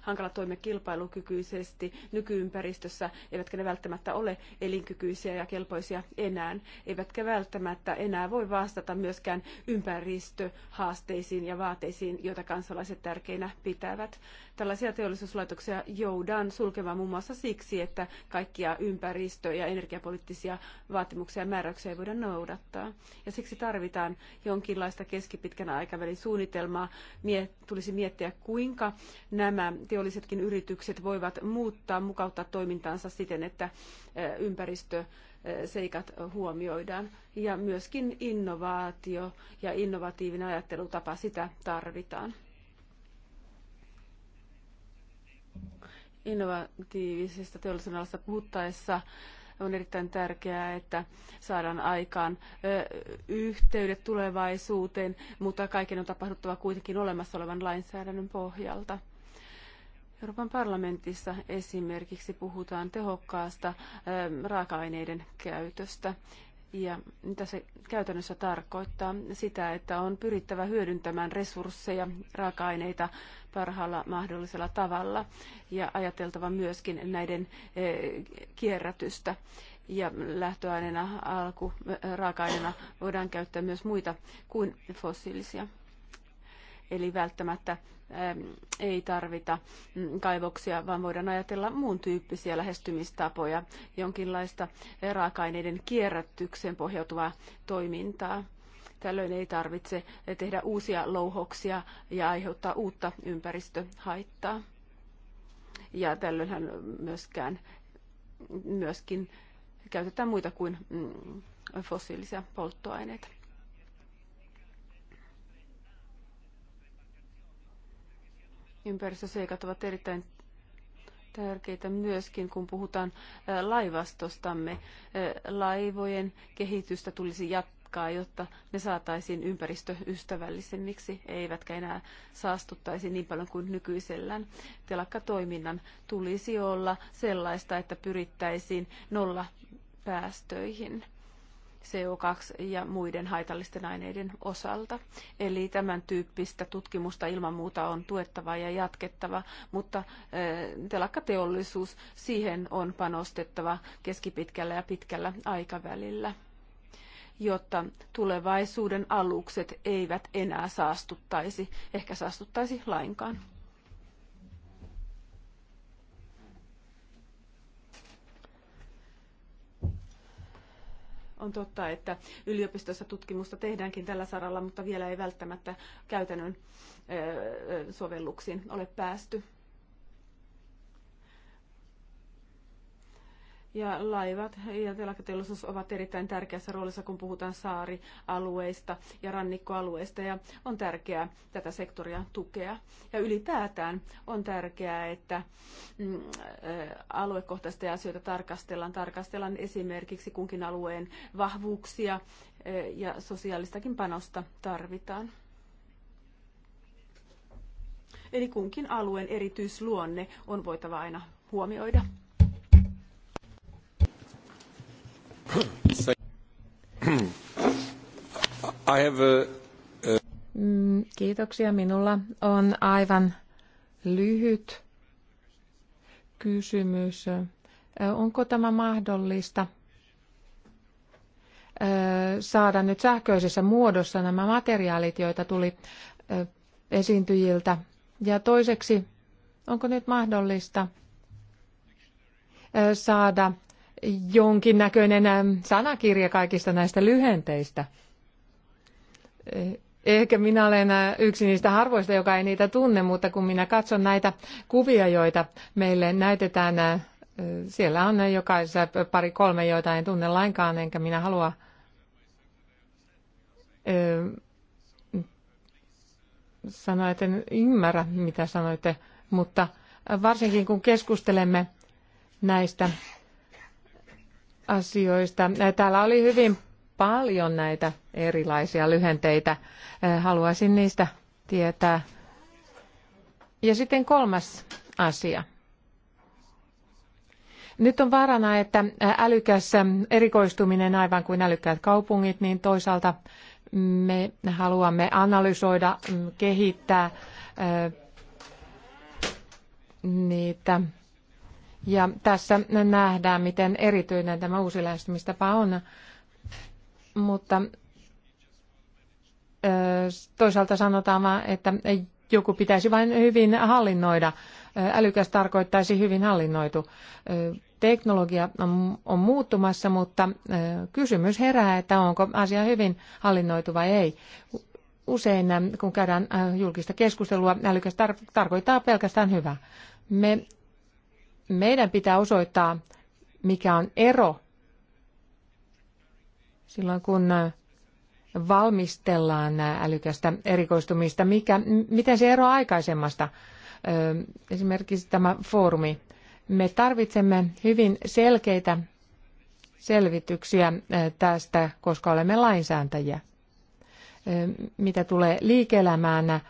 hankala toimia kilpailukykyisesti nykyympäristössä, eivätkä ne välttämättä ole elinkykyisiä ja kelpoisia enää, eivätkä välttämättä enää voi vastata myöskään ympäristöhaasteisiin ja vaateisiin, joita kansalaiset tärkeinä pitävät. Tällaisia teollisuuslaitoksia joudaan sulkemaan muun muassa siksi, että kaikkia ympäristö- ja energiapoliittisia vaatimuksia ja määräyksiä ei voida noudattaa. Ja siksi tarvitaan jonkinlaista keskipitkän aikavälin suunnitelmaa. Tulisi miettiä, kuinka nämä teollisetkin yritykset voivat muuttaa, mukauttaa toimintaansa siten, että ympäristö seikat huomioidaan. Ja myöskin innovaatio ja innovatiivinen ajattelutapa, sitä tarvitaan. Innovatiivisesta teollisuuden alasta puhuttaessa on erittäin tärkeää, että saadaan aikaan yhteydet tulevaisuuteen, mutta kaiken on tapahduttava kuitenkin olemassa olevan lainsäädännön pohjalta. Euroopan parlamentissa esimerkiksi puhutaan tehokkaasta ähm, raaka-aineiden käytöstä. Ja mitä se käytännössä tarkoittaa? Sitä, että on pyrittävä hyödyntämään resursseja, raaka-aineita parhaalla mahdollisella tavalla ja ajateltava myöskin näiden äh, kierrätystä. Ja lähtöaineena, alku, äh, raaka-aineena voidaan käyttää myös muita kuin fossiilisia Eli välttämättä ähm, ei tarvita mm, kaivoksia, vaan voidaan ajatella muun tyyppisiä lähestymistapoja, jonkinlaista eh, raaka-aineiden kierrätykseen pohjautuvaa toimintaa. Tällöin ei tarvitse eh, tehdä uusia louhoksia ja aiheuttaa uutta ympäristöhaittaa. Ja tällöinhän myöskään, myöskin käytetään muita kuin mm, fossiilisia polttoaineita. Ympäristöseikat ovat erittäin tärkeitä myöskin, kun puhutaan laivastostamme. Laivojen kehitystä tulisi jatkaa, jotta ne saataisiin ympäristöystävällisemmiksi, eivätkä enää saastuttaisi niin paljon kuin nykyisellään. Telakkatoiminnan tulisi olla sellaista, että pyrittäisiin nolla päästöihin. CO2 ja muiden haitallisten aineiden osalta. Eli tämän tyyppistä tutkimusta ilman muuta on tuettava ja jatkettava, mutta eh, telakkateollisuus, siihen on panostettava keskipitkällä ja pitkällä aikavälillä jotta tulevaisuuden alukset eivät enää saastuttaisi, ehkä saastuttaisi lainkaan. On totta, että yliopistossa tutkimusta tehdäänkin tällä saralla, mutta vielä ei välttämättä käytännön sovelluksiin ole päästy. ja laivat ja telakateollisuus ovat erittäin tärkeässä roolissa, kun puhutaan saarialueista ja rannikkoalueista. Ja on tärkeää tätä sektoria tukea. Ja ylipäätään on tärkeää, että mm, äh, aluekohtaisia asioita tarkastellaan. Tarkastellaan esimerkiksi kunkin alueen vahvuuksia äh, ja sosiaalistakin panosta tarvitaan. Eli kunkin alueen erityisluonne on voitava aina huomioida. Mm, kiitoksia. Minulla on aivan lyhyt kysymys. Onko tämä mahdollista saada nyt sähköisessä muodossa nämä materiaalit, joita tuli esiintyjiltä? Ja toiseksi, onko nyt mahdollista saada jonkinnäköinen ähm, sanakirja kaikista näistä lyhenteistä. Eh, ehkä minä olen äh, yksi niistä harvoista, joka ei niitä tunne, mutta kun minä katson näitä kuvia, joita meille näytetään, äh, siellä on jokaisessa pari kolme, joita en tunne lainkaan, enkä minä halua äh, sanoa, että en ymmärrä, mitä sanoitte, mutta varsinkin kun keskustelemme näistä asioista. Täällä oli hyvin paljon näitä erilaisia lyhenteitä. Haluaisin niistä tietää. Ja sitten kolmas asia. Nyt on vaarana, että älykäs erikoistuminen, aivan kuin älykkäät kaupungit, niin toisaalta me haluamme analysoida, kehittää niitä ja tässä nähdään, miten erityinen tämä uusi lähestymistapa on. Mutta toisaalta sanotaan että joku pitäisi vain hyvin hallinnoida. Älykäs tarkoittaisi hyvin hallinnoitu. Teknologia on muuttumassa, mutta kysymys herää, että onko asia hyvin hallinnoitu vai ei. Usein kun käydään julkista keskustelua, älykäs tar- tarkoittaa pelkästään hyvää. Me meidän pitää osoittaa, mikä on ero silloin, kun äh, valmistellaan äh, älykästä erikoistumista, mikä, miten se ero aikaisemmasta. Äh, esimerkiksi tämä foorumi. Me tarvitsemme hyvin selkeitä selvityksiä tästä, koska olemme lainsääntäjiä. Mitä tulee liike-elämään,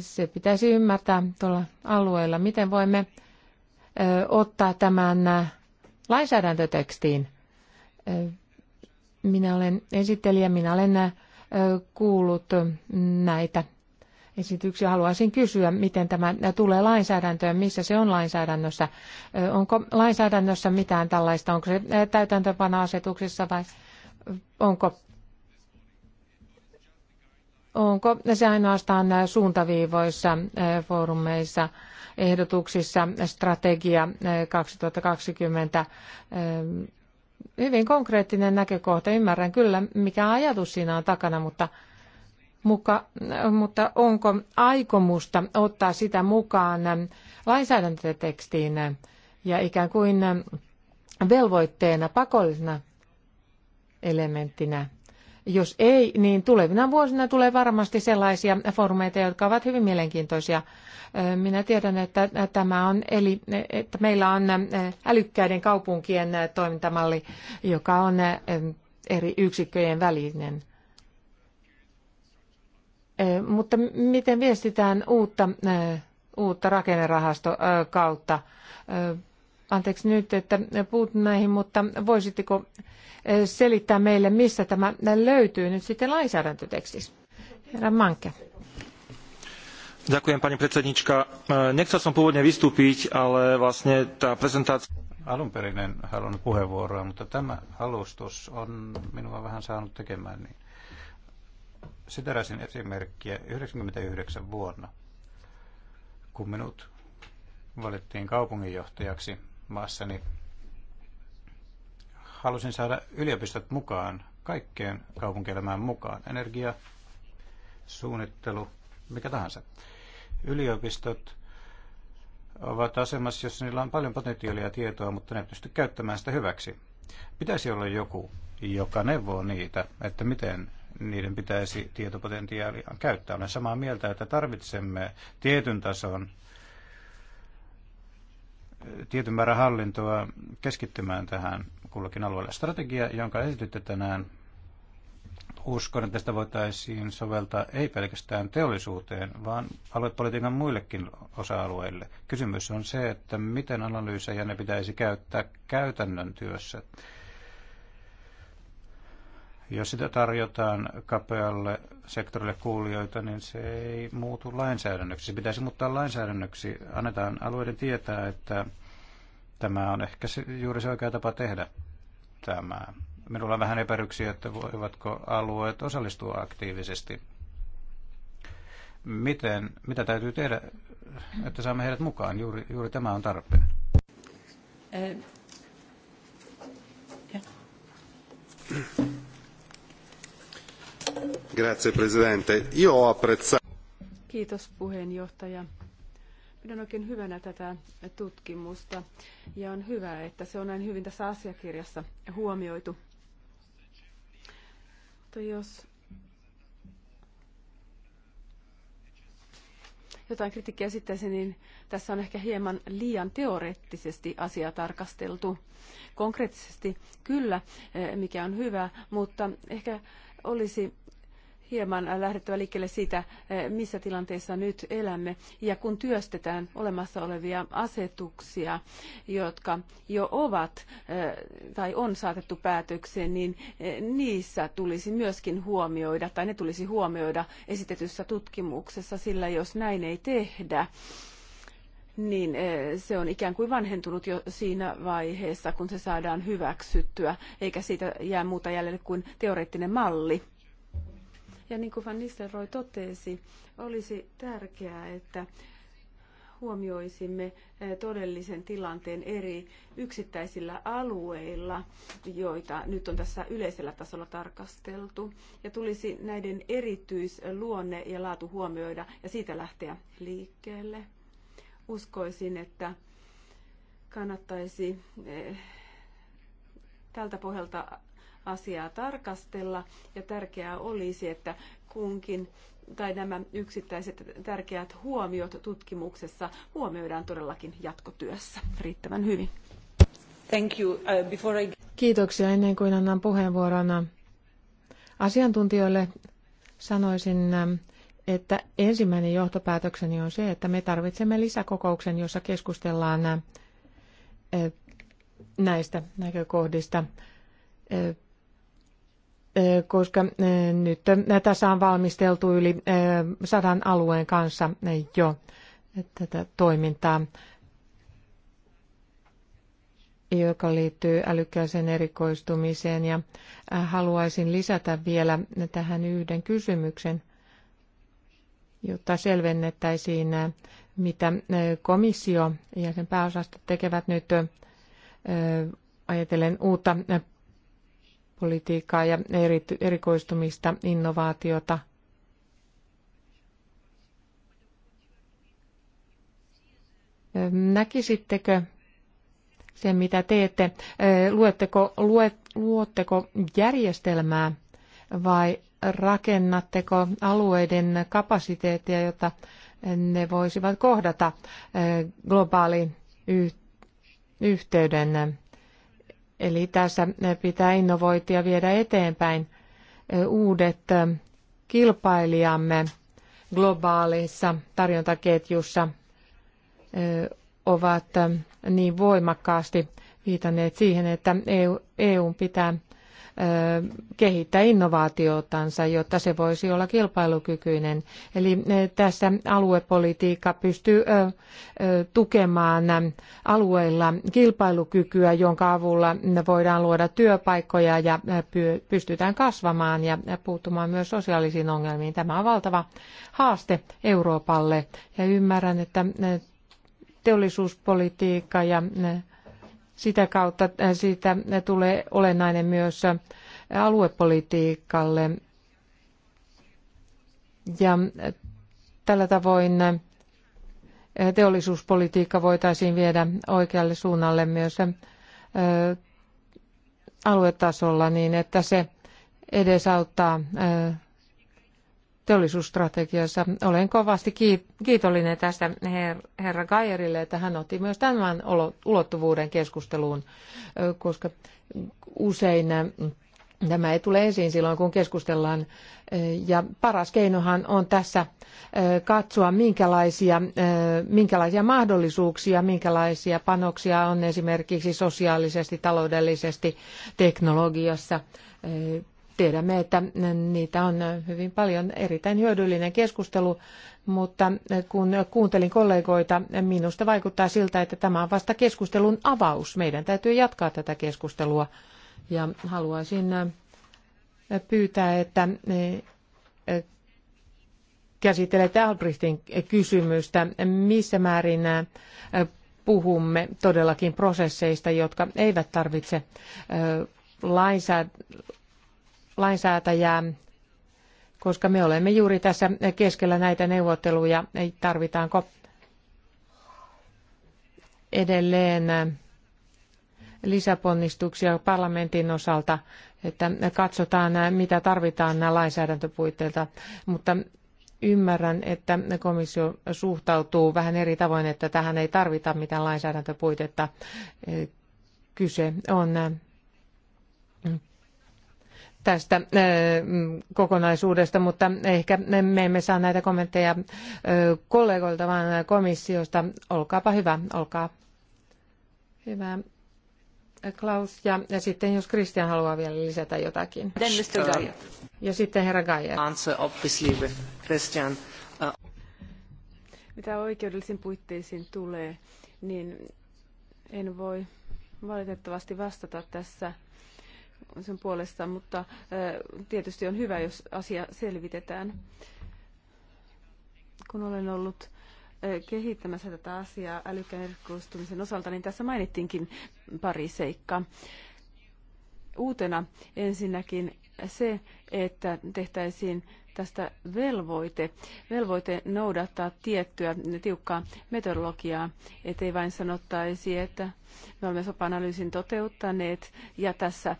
se pitäisi ymmärtää tuolla alueella, miten voimme ottaa tämän lainsäädäntötekstiin. Minä olen esittelijä, minä olen kuullut näitä esityksiä. Haluaisin kysyä, miten tämä tulee lainsäädäntöön, missä se on lainsäädännössä. Onko lainsäädännössä mitään tällaista, onko se täytäntöpanoasetuksessa vai onko, onko se ainoastaan suuntaviivoissa, foorumeissa – ehdotuksissa strategia 2020 eh, eh, hyvin konkreettinen näkökohta. Ymmärrän kyllä, mikä ajatus siinä on takana, mutta, muka, eh, mutta onko aikomusta ottaa sitä mukaan lainsäädäntötekstiin ja ikään kuin velvoitteena, pakollisena elementtinä jos ei, niin tulevina vuosina tulee varmasti sellaisia foorumeita, jotka ovat hyvin mielenkiintoisia. Minä tiedän, että tämä on, eli että meillä on älykkäiden kaupunkien toimintamalli, joka on eri yksikköjen välinen. Mutta miten viestitään uutta, uutta rakennerahasto kautta? anteeksi nyt, että puutun näihin, mutta voisitteko eh, selittää meille, missä tämä löytyy nyt sitten lainsäädäntötekstissä? Herra Manke. Ďakujem, pani predsednička. Eh, nechcel som pôvodne vystúpiť, ale vlastne tá prezentácia... Alun perin en halunnut puheenvuoroa, mutta tämä alustus on minua vähän saanut tekemään niin. Siteräsin esimerkkiä 1999 vuonna, kun minut valittiin kaupunginjohtajaksi niin halusin saada yliopistot mukaan, kaikkeen kaupunkielämään mukaan. Energia, suunnittelu, mikä tahansa. Yliopistot ovat asemassa, jossa niillä on paljon potentiaalia ja tietoa, mutta ne pysty käyttämään sitä hyväksi. Pitäisi olla joku, joka neuvoo niitä, että miten niiden pitäisi tietopotentiaalia käyttää. Olen samaa mieltä, että tarvitsemme tietyn tason tietyn määrän hallintoa keskittymään tähän kullakin alueella. Strategia, jonka esititte tänään, uskon, että sitä voitaisiin soveltaa ei pelkästään teollisuuteen, vaan aluepolitiikan muillekin osa-alueille. Kysymys on se, että miten analyysejä ne pitäisi käyttää käytännön työssä jos sitä tarjotaan kapealle sektorille kuulijoita, niin se ei muutu lainsäädännöksi. Se pitäisi muuttaa lainsäädännöksi. Annetaan alueiden tietää, että tämä on ehkä juuri se oikea tapa tehdä tämä. Minulla on vähän epäryksiä, että voivatko alueet osallistua aktiivisesti. Miten, mitä täytyy tehdä, että saamme heidät mukaan? Juuri, juuri tämä on tarpeen. Eh. Ja. Kiitos puheenjohtaja. Pidän oikein hyvänä tätä tutkimusta ja on hyvä, että se on näin hyvin tässä asiakirjassa huomioitu. Mutta jos jotain kritiikkiä esittäisin, niin tässä on ehkä hieman liian teoreettisesti asiaa tarkasteltu. Konkreettisesti kyllä, eh, mikä on hyvä, mutta ehkä olisi hieman lähdettävä liikkeelle siitä, eh, missä tilanteessa nyt elämme. Ja kun työstetään olemassa olevia asetuksia, jotka jo ovat eh, tai on saatettu päätökseen, niin eh, niissä tulisi myöskin huomioida, tai ne tulisi huomioida esitetyssä tutkimuksessa, sillä jos näin ei tehdä, niin eh, se on ikään kuin vanhentunut jo siinä vaiheessa, kun se saadaan hyväksyttyä, eikä siitä jää muuta jäljelle kuin teoreettinen malli. Ja niin kuin Van Nistelrooy totesi, olisi tärkeää, että huomioisimme eh, todellisen tilanteen eri yksittäisillä alueilla, joita nyt on tässä yleisellä tasolla tarkasteltu. Ja tulisi näiden erityisluonne ja laatu huomioida ja siitä lähteä liikkeelle uskoisin, että kannattaisi eh, tältä pohjalta asiaa tarkastella ja tärkeää olisi, että kunkin tai nämä yksittäiset tärkeät huomiot tutkimuksessa huomioidaan todellakin jatkotyössä riittävän hyvin. Thank you. Uh, before I... Kiitoksia ennen kuin annan puheenvuorona asiantuntijoille. Sanoisin ähm, että ensimmäinen johtopäätökseni on se, että me tarvitsemme lisäkokouksen, jossa keskustellaan näistä näkökohdista, koska nyt tässä on valmisteltu yli sadan alueen kanssa jo tätä toimintaa, joka liittyy älykkääseen erikoistumiseen. Ja haluaisin lisätä vielä tähän yhden kysymyksen – jotta selvennettäisiin, äh, mitä äh, komissio ja sen pääosasta tekevät nyt äh, ajatellen uutta politiikkaa ja erikoistumista, innovaatiota. Ähm, näkisittekö sen, mitä teette? Luetteko, luet, luotteko järjestelmää vai rakennatteko alueiden kapasiteettia, jotta ne voisivat kohdata eh, globaalin yhteyden. Eli tässä pitää innovoida ja viedä eteenpäin eh, uudet eh, kilpailijamme globaalissa tarjontaketjussa ovat niin voimakkaasti viitanneet siihen, että EU, e pitää kehittää innovaatiotansa, jotta se voisi olla kilpailukykyinen. Eli tässä aluepolitiikka pystyy tukemaan alueilla kilpailukykyä, jonka avulla voidaan luoda työpaikkoja ja pystytään kasvamaan ja puuttumaan myös sosiaalisiin ongelmiin. Tämä on valtava haaste Euroopalle ja ymmärrän, että teollisuuspolitiikka ja sitä kautta äh, siitä tulee olennainen myös äh, aluepolitiikalle. Ja äh, tällä tavoin teollisuuspolitiikka voitaisiin viedä oikealle suunnalle myös aluetasolla niin, että se edesauttaa teollisuusstrategiassa. Olen kovasti kiitollinen tästä herra Gaierille, että hän otti myös tämän ulottuvuuden keskusteluun, koska usein Tämä ei tule esiin silloin, kun keskustellaan. Ja paras keinohan on tässä katsoa, minkälaisia, minkälaisia mahdollisuuksia, minkälaisia panoksia on esimerkiksi sosiaalisesti, taloudellisesti, teknologiassa, Tiedämme, että niitä on hyvin paljon erittäin hyödyllinen keskustelu, mutta kun kuuntelin kollegoita, minusta vaikuttaa siltä, että tämä on vasta keskustelun avaus. Meidän täytyy jatkaa tätä keskustelua ja haluaisin pyytää, että eh, käsittelette Albrechtin kysymystä, missä määrin eh, puhumme todellakin prosesseista, jotka eivät tarvitse eh, lainsäädäntöä lainsäätäjää, koska me olemme juuri tässä keskellä näitä neuvotteluja, tarvitaanko edelleen lisäponnistuksia parlamentin osalta, että katsotaan, mitä tarvitaan nämä lainsäädäntöpuitteilta, mutta ymmärrän, että komissio suhtautuu vähän eri tavoin, että tähän ei tarvita mitään lainsäädäntöpuitetta. Kyse on tästä kokonaisuudesta, mutta ehkä me emme saa näitä kommentteja kollegoilta, vaan komissiosta. Olkaapa hyvä, olkaa hyvä. Klaus ja, ja sitten jos Christian haluaa vielä lisätä jotakin. Then Mr. Ja sitten herra Gaia. Answer obviously with Christian. Uh... Mitä oikeudellisiin puitteisiin tulee, niin en voi valitettavasti vastata tässä sen puolesta, mutta tietysti on hyvä, jos asia selvitetään. Kun olen ollut kehittämässä tätä asiaa älykkään erikoistumisen osalta, niin tässä mainittiinkin pari seikkaa. Uutena ensinnäkin se, että tehtäisiin tästä velvoite, velvoite noudattaa tiettyä tiukkaa metodologiaa, ettei vain sanottaisi, että me olemme sopanalyysin toteuttaneet ja tässä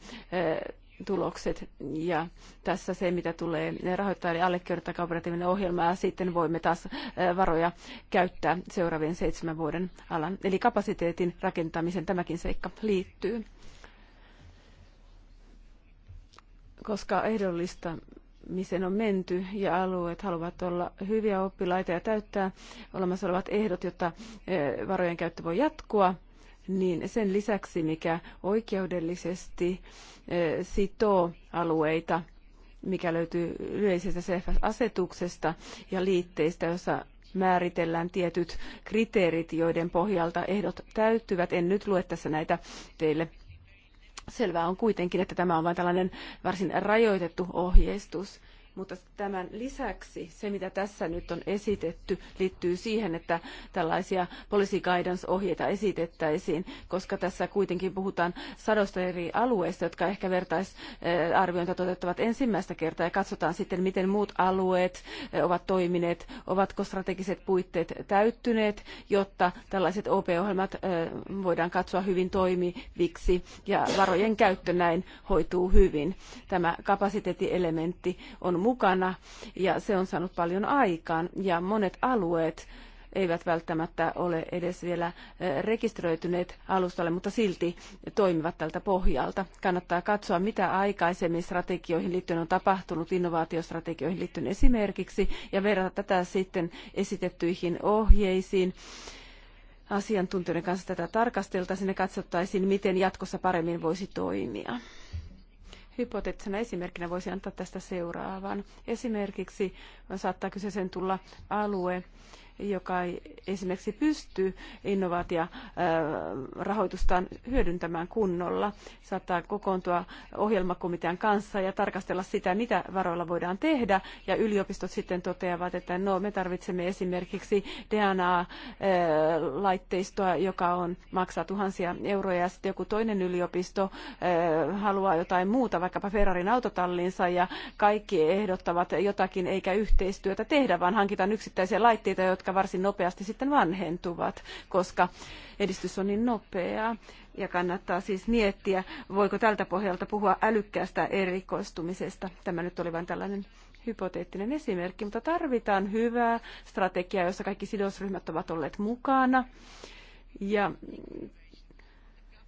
tulokset ja tässä se, mitä tulee rahoittaa, eli allekirjoittaa kooperatiivinen ohjelma ja sitten voimme taas varoja käyttää seuraavien seitsemän vuoden alan. Eli kapasiteetin rakentamisen tämäkin seikka liittyy. Koska ehdollista missä on menty ja alueet haluavat olla hyviä oppilaita ja täyttää olemassa olevat ehdot, jotta eh, varojen käyttö voi jatkua, niin sen lisäksi, mikä oikeudellisesti eh, sitoo alueita, mikä löytyy yleisestä CFS-asetuksesta ja liitteistä, jossa määritellään tietyt kriteerit, joiden pohjalta ehdot täyttyvät. En nyt lue tässä näitä teille Selvää on kuitenkin, että tämä on vain tällainen varsin rajoitettu ohjeistus. Mutta tämän lisäksi se, mitä tässä nyt on esitetty, liittyy siihen, että tällaisia policy guidance-ohjeita esitettäisiin, koska tässä kuitenkin puhutaan sadosta eri alueista, jotka ehkä vertaisarviointa toteuttavat ensimmäistä kertaa ja katsotaan sitten, miten muut alueet eh, ovat toimineet, ovatko strategiset puitteet täyttyneet, jotta tällaiset OP-ohjelmat eh, voidaan katsoa hyvin toimiviksi ja varojen käyttö näin hoituu hyvin. Tämä kapasiteettielementti on mukana ja se on saanut paljon aikaan ja monet alueet eivät välttämättä ole edes vielä rekisteröityneet alustalle, mutta silti toimivat tältä pohjalta. Kannattaa katsoa, mitä aikaisemmin strategioihin liittyen on tapahtunut, innovaatiostrategioihin liittyen esimerkiksi, ja verrata tätä sitten esitettyihin ohjeisiin asiantuntijoiden kanssa tätä tarkasteltaisiin ja katsottaisiin, miten jatkossa paremmin voisi toimia hypoteettisena esimerkkinä voisi antaa tästä seuraavan. Esimerkiksi saattaa kyseeseen tulla alue, joka ei esimerkiksi pysty innovaatiorahoitustaan äh, hyödyntämään kunnolla, saattaa kokoontua ohjelmakomitean kanssa ja tarkastella sitä, mitä varoilla voidaan tehdä. Ja yliopistot sitten toteavat, että no, me tarvitsemme esimerkiksi DNA-laitteistoa, joka on, maksaa tuhansia euroja, ja sitten joku toinen yliopisto äh, haluaa jotain muuta, vaikkapa Ferrarin autotallinsa, ja kaikki ehdottavat jotakin eikä yhteistyötä tehdä, vaan hankitaan yksittäisiä laitteita, jotka jotka varsin nopeasti sitten vanhentuvat, koska edistys on niin nopeaa. Ja kannattaa siis miettiä, voiko tältä pohjalta puhua älykkäästä erikoistumisesta. Tämä nyt oli vain tällainen hypoteettinen esimerkki, mutta tarvitaan hyvää strategiaa, jossa kaikki sidosryhmät ovat olleet mukana. Ja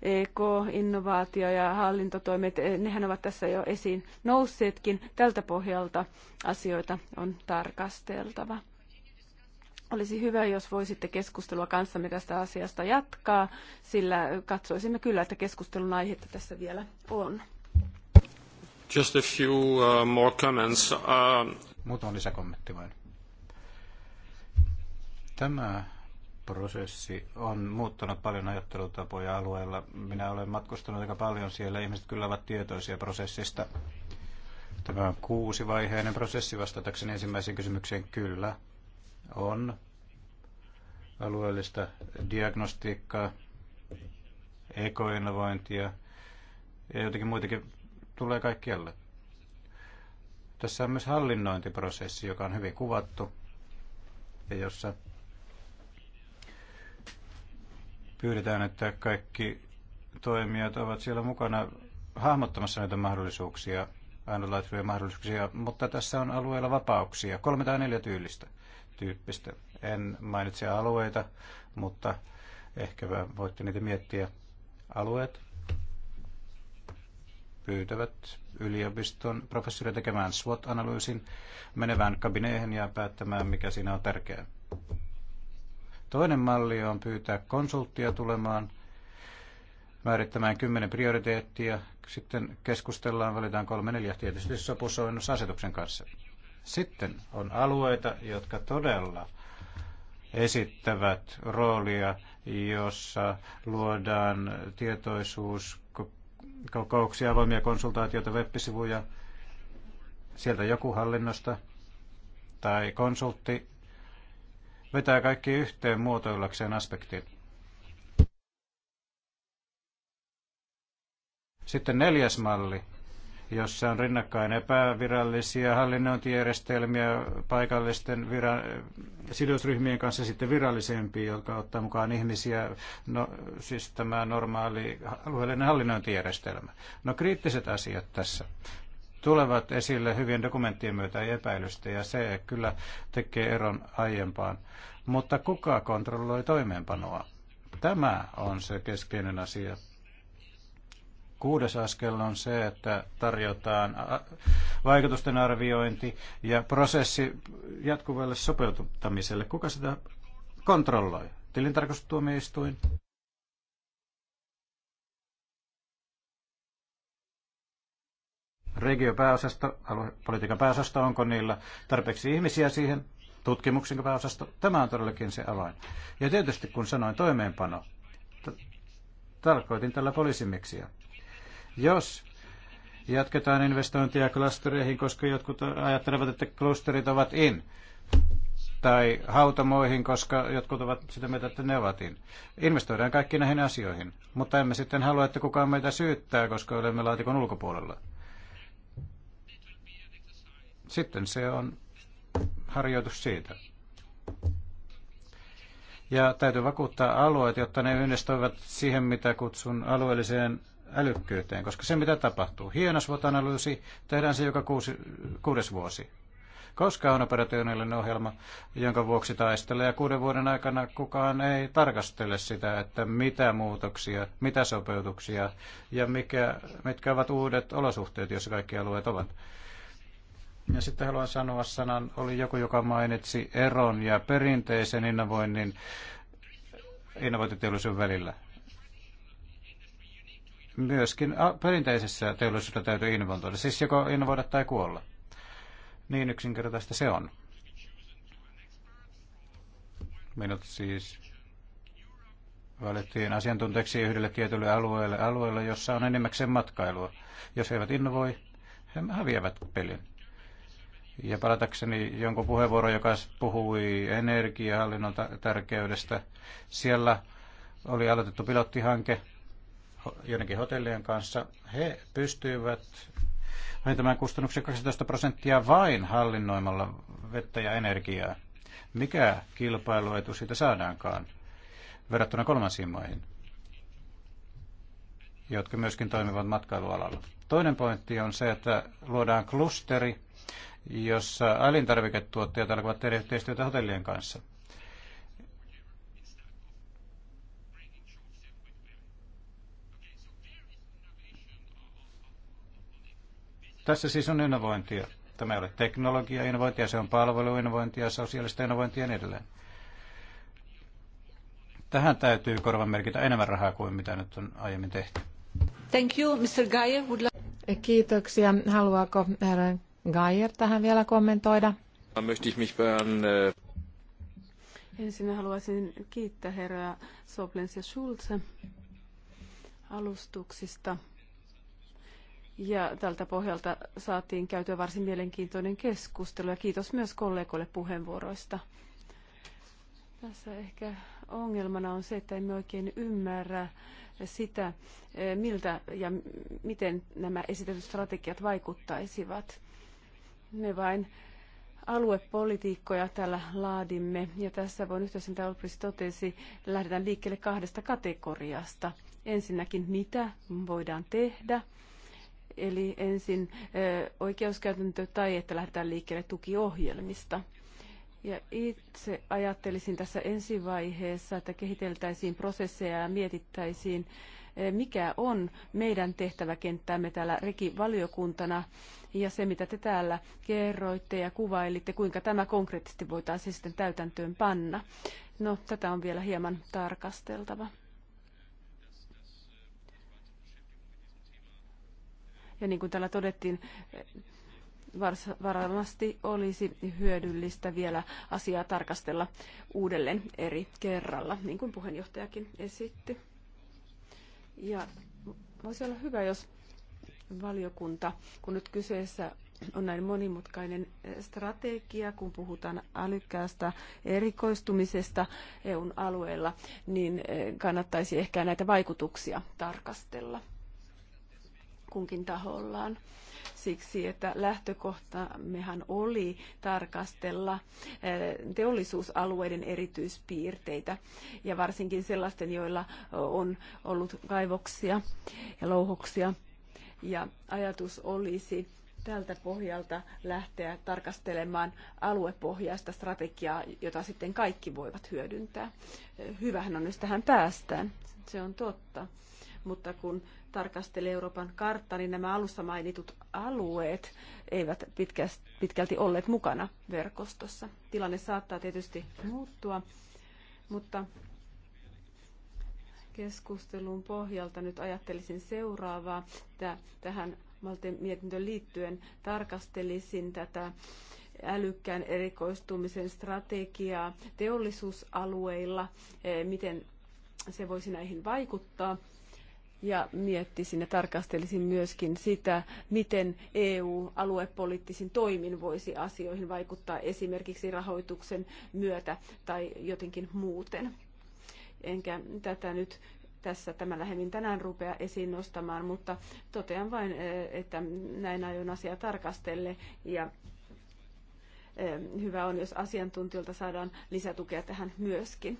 EK, innovaatio ja hallintotoimet, nehän ovat tässä jo esiin nousseetkin. Tältä pohjalta asioita on tarkasteltava. Olisi hyvä, jos voisitte keskustelua kanssamme tästä asiasta jatkaa, sillä katsoisimme kyllä, että keskustelun aihetta tässä vielä on. Just a few uh, more comments. Uh... Muutama lisäkommentti vain. Tämä prosessi on muuttanut paljon ajattelutapoja alueella. Minä olen matkustanut aika paljon siellä. Ihmiset kyllä ovat tietoisia prosessista. Tämä on kuusivaiheinen prosessi vastatakseni ensimmäiseen kysymykseen. Kyllä, on alueellista diagnostiikkaa, ekoinnovointia ja jotenkin muitakin tulee kaikkialle. Tässä on myös hallinnointiprosessi, joka on hyvin kuvattu ja jossa pyydetään, että kaikki toimijat ovat siellä mukana hahmottamassa näitä mahdollisuuksia, ainutlaatuisia mahdollisuuksia, mutta tässä on alueella vapauksia, kolme tai neljä tyylistä tyyppistä. En mainitse alueita, mutta ehkä voitte niitä miettiä. Alueet pyytävät yliopiston professoria tekemään SWOT-analyysin, menevään kabineihin ja päättämään, mikä siinä on tärkeää. Toinen malli on pyytää konsulttia tulemaan määrittämään kymmenen prioriteettia. Sitten keskustellaan, valitaan kolme neljä tietysti sopusoinnussa asetuksen kanssa. Sitten on alueita, jotka todella esittävät roolia, jossa luodaan tietoisuuskokouksia, avoimia konsultaatioita, web-sivuja, sieltä joku hallinnosta tai konsultti vetää kaikki yhteen muotoillakseen aspektin. Sitten neljäs malli jossa on rinnakkain epävirallisia hallinnointijärjestelmiä paikallisten vira- sidosryhmien kanssa sitten virallisempi, joka ottaa mukaan ihmisiä, no, siis tämä normaali alueellinen hallinnointijärjestelmä. No kriittiset asiat tässä tulevat esille hyvien dokumenttien myötä epäilystä ja se kyllä tekee eron aiempaan. Mutta kuka kontrolloi toimeenpanoa? Tämä on se keskeinen asia Kuudes askel on se, että tarjotaan vaikutusten arviointi ja prosessi jatkuvalle sopeutumiselle. Kuka sitä kontrolloi? Tilintarkastustuomioistuin? Regiopääosasto, politiikan pääosasto, onko niillä tarpeeksi ihmisiä siihen? Tutkimuksen pääosasto, tämä on todellakin se avain. Ja tietysti kun sanoin toimeenpano, tarkoitin tällä poliisimiksiä. Jos jatketaan investointia klastereihin, koska jotkut ajattelevat, että klusterit ovat in, tai hautamoihin, koska jotkut ovat sitä mieltä, että ne ovat in. Investoidaan kaikki näihin asioihin, mutta emme sitten halua, että kukaan meitä syyttää, koska olemme laatikon ulkopuolella. Sitten se on harjoitus siitä. Ja täytyy vakuuttaa alueet, jotta ne yhdistävät siihen, mitä kutsun alueelliseen älykkyyteen, koska se mitä tapahtuu, hienosvuotanalyysi tehdään se joka kuusi, kuudes vuosi. Koska on operatiivinen ohjelma, jonka vuoksi taistelee ja kuuden vuoden aikana kukaan ei tarkastele sitä, että mitä muutoksia, mitä sopeutuksia ja mikä, mitkä ovat uudet olosuhteet, joissa kaikki alueet ovat. Ja sitten haluan sanoa sanan, oli joku, joka mainitsi eron ja perinteisen innovoinnin innovointiteollisuuden välillä myöskin perinteisessä teollisuudessa täytyy innovoida, siis joko innovoida tai kuolla. Niin yksinkertaista se on. Minut siis valittiin asiantuntijaksi yhdelle tietylle alueelle, alueelle, jossa on enimmäkseen matkailua. Jos he eivät innovoi, he häviävät pelin. Ja palatakseni jonkun puheenvuoron, joka puhui energiahallinnon tärkeydestä. Siellä oli aloitettu pilottihanke, joidenkin hotellien kanssa, he pystyivät vähentämään kustannuksia 12 prosenttia vain hallinnoimalla vettä ja energiaa. Mikä kilpailuetu siitä saadaankaan verrattuna kolmansiin maihin, jotka myöskin toimivat matkailualalla? Toinen pointti on se, että luodaan klusteri, jossa elintarviketuottajat alkavat tehdä yhteistyötä hotellien kanssa – Tässä siis on innovointia. Tämä ei ole teknologia, innovointia, se on palveluinnovointia, sosiaalista innovointia ja niin edelleen. Tähän täytyy korvan merkitä enemmän rahaa kuin mitä nyt on aiemmin tehty. Thank you, Mr. Geyer. Would like... Kiitoksia. Haluaako herra Geyer tähän vielä kommentoida? Äh, Ensin haluaisin kiittää herra Soblens ja Schulze alustuksista. Ja tältä pohjalta saatiin käytyä varsin mielenkiintoinen keskustelu ja kiitos myös kollegoille puheenvuoroista. Tässä ehkä ongelmana on se, että emme oikein ymmärrä sitä, miltä ja miten nämä esitetyt strategiat vaikuttaisivat. Me vain aluepolitiikkoja täällä laadimme, ja tässä voin yhteydessä, mitä Olpris totesi, lähdetään liikkeelle kahdesta kategoriasta. Ensinnäkin, mitä voidaan tehdä, Eli ensin oikeuskäytäntö tai että lähdetään liikkeelle tukiohjelmista. Ja itse ajattelisin tässä ensivaiheessa, että kehiteltäisiin prosesseja ja mietittäisiin, mikä on meidän tehtäväkenttämme täällä rekivaliokuntana ja se, mitä te täällä kerroitte ja kuvailitte, kuinka tämä konkreettisesti voitaisiin sitten täytäntöön panna. No, tätä on vielä hieman tarkasteltava. Ja niin kuin täällä todettiin, varmasti olisi hyödyllistä vielä asiaa tarkastella uudelleen eri kerralla, niin kuin puheenjohtajakin esitti. Ja voisi olla hyvä, jos valiokunta, kun nyt kyseessä on näin monimutkainen strategia, kun puhutaan älykkäästä erikoistumisesta EUn alueella, niin eh, kannattaisi ehkä näitä vaikutuksia tarkastella kunkin tahollaan siksi, että lähtökohtammehan oli tarkastella eh, teollisuusalueiden erityispiirteitä ja varsinkin sellaisten, joilla on ollut kaivoksia ja louhoksia. Ja ajatus olisi tältä pohjalta lähteä tarkastelemaan aluepohjaista strategiaa, jota sitten kaikki voivat hyödyntää. Eh, hyvähän on, jos tähän päästään. Se on totta. Mutta kun tarkasteli Euroopan karttaa, niin nämä alussa mainitut alueet eivät pitkälti olleet mukana verkostossa. Tilanne saattaa tietysti muuttua, mutta keskustelun pohjalta nyt ajattelisin seuraavaa. Tähän Malten mietintöön liittyen tarkastelisin tätä älykkään erikoistumisen strategiaa teollisuusalueilla, eh, miten se voisi näihin vaikuttaa ja miettisin ja tarkastelisin myöskin sitä, miten EU-aluepoliittisin toimin voisi asioihin vaikuttaa esimerkiksi rahoituksen myötä tai jotenkin muuten. Enkä tätä nyt tässä tämä lähemmin tänään rupea esiin nostamaan, mutta totean vain, e, että näin aion asiaa tarkastelle ja e, hyvä on, jos asiantuntijoilta saadaan lisätukea tähän myöskin.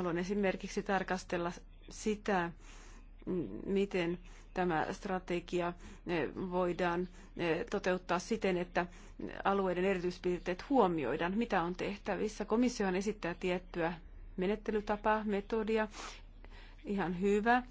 Haluan esimerkiksi tarkastella sitä, miten tämä strategia eh, voidaan eh, toteuttaa siten, että alueiden erityispiirteet huomioidaan, mitä on tehtävissä. Komissio esittää tiettyä menettelytapaa, metodia, ihan hyvä.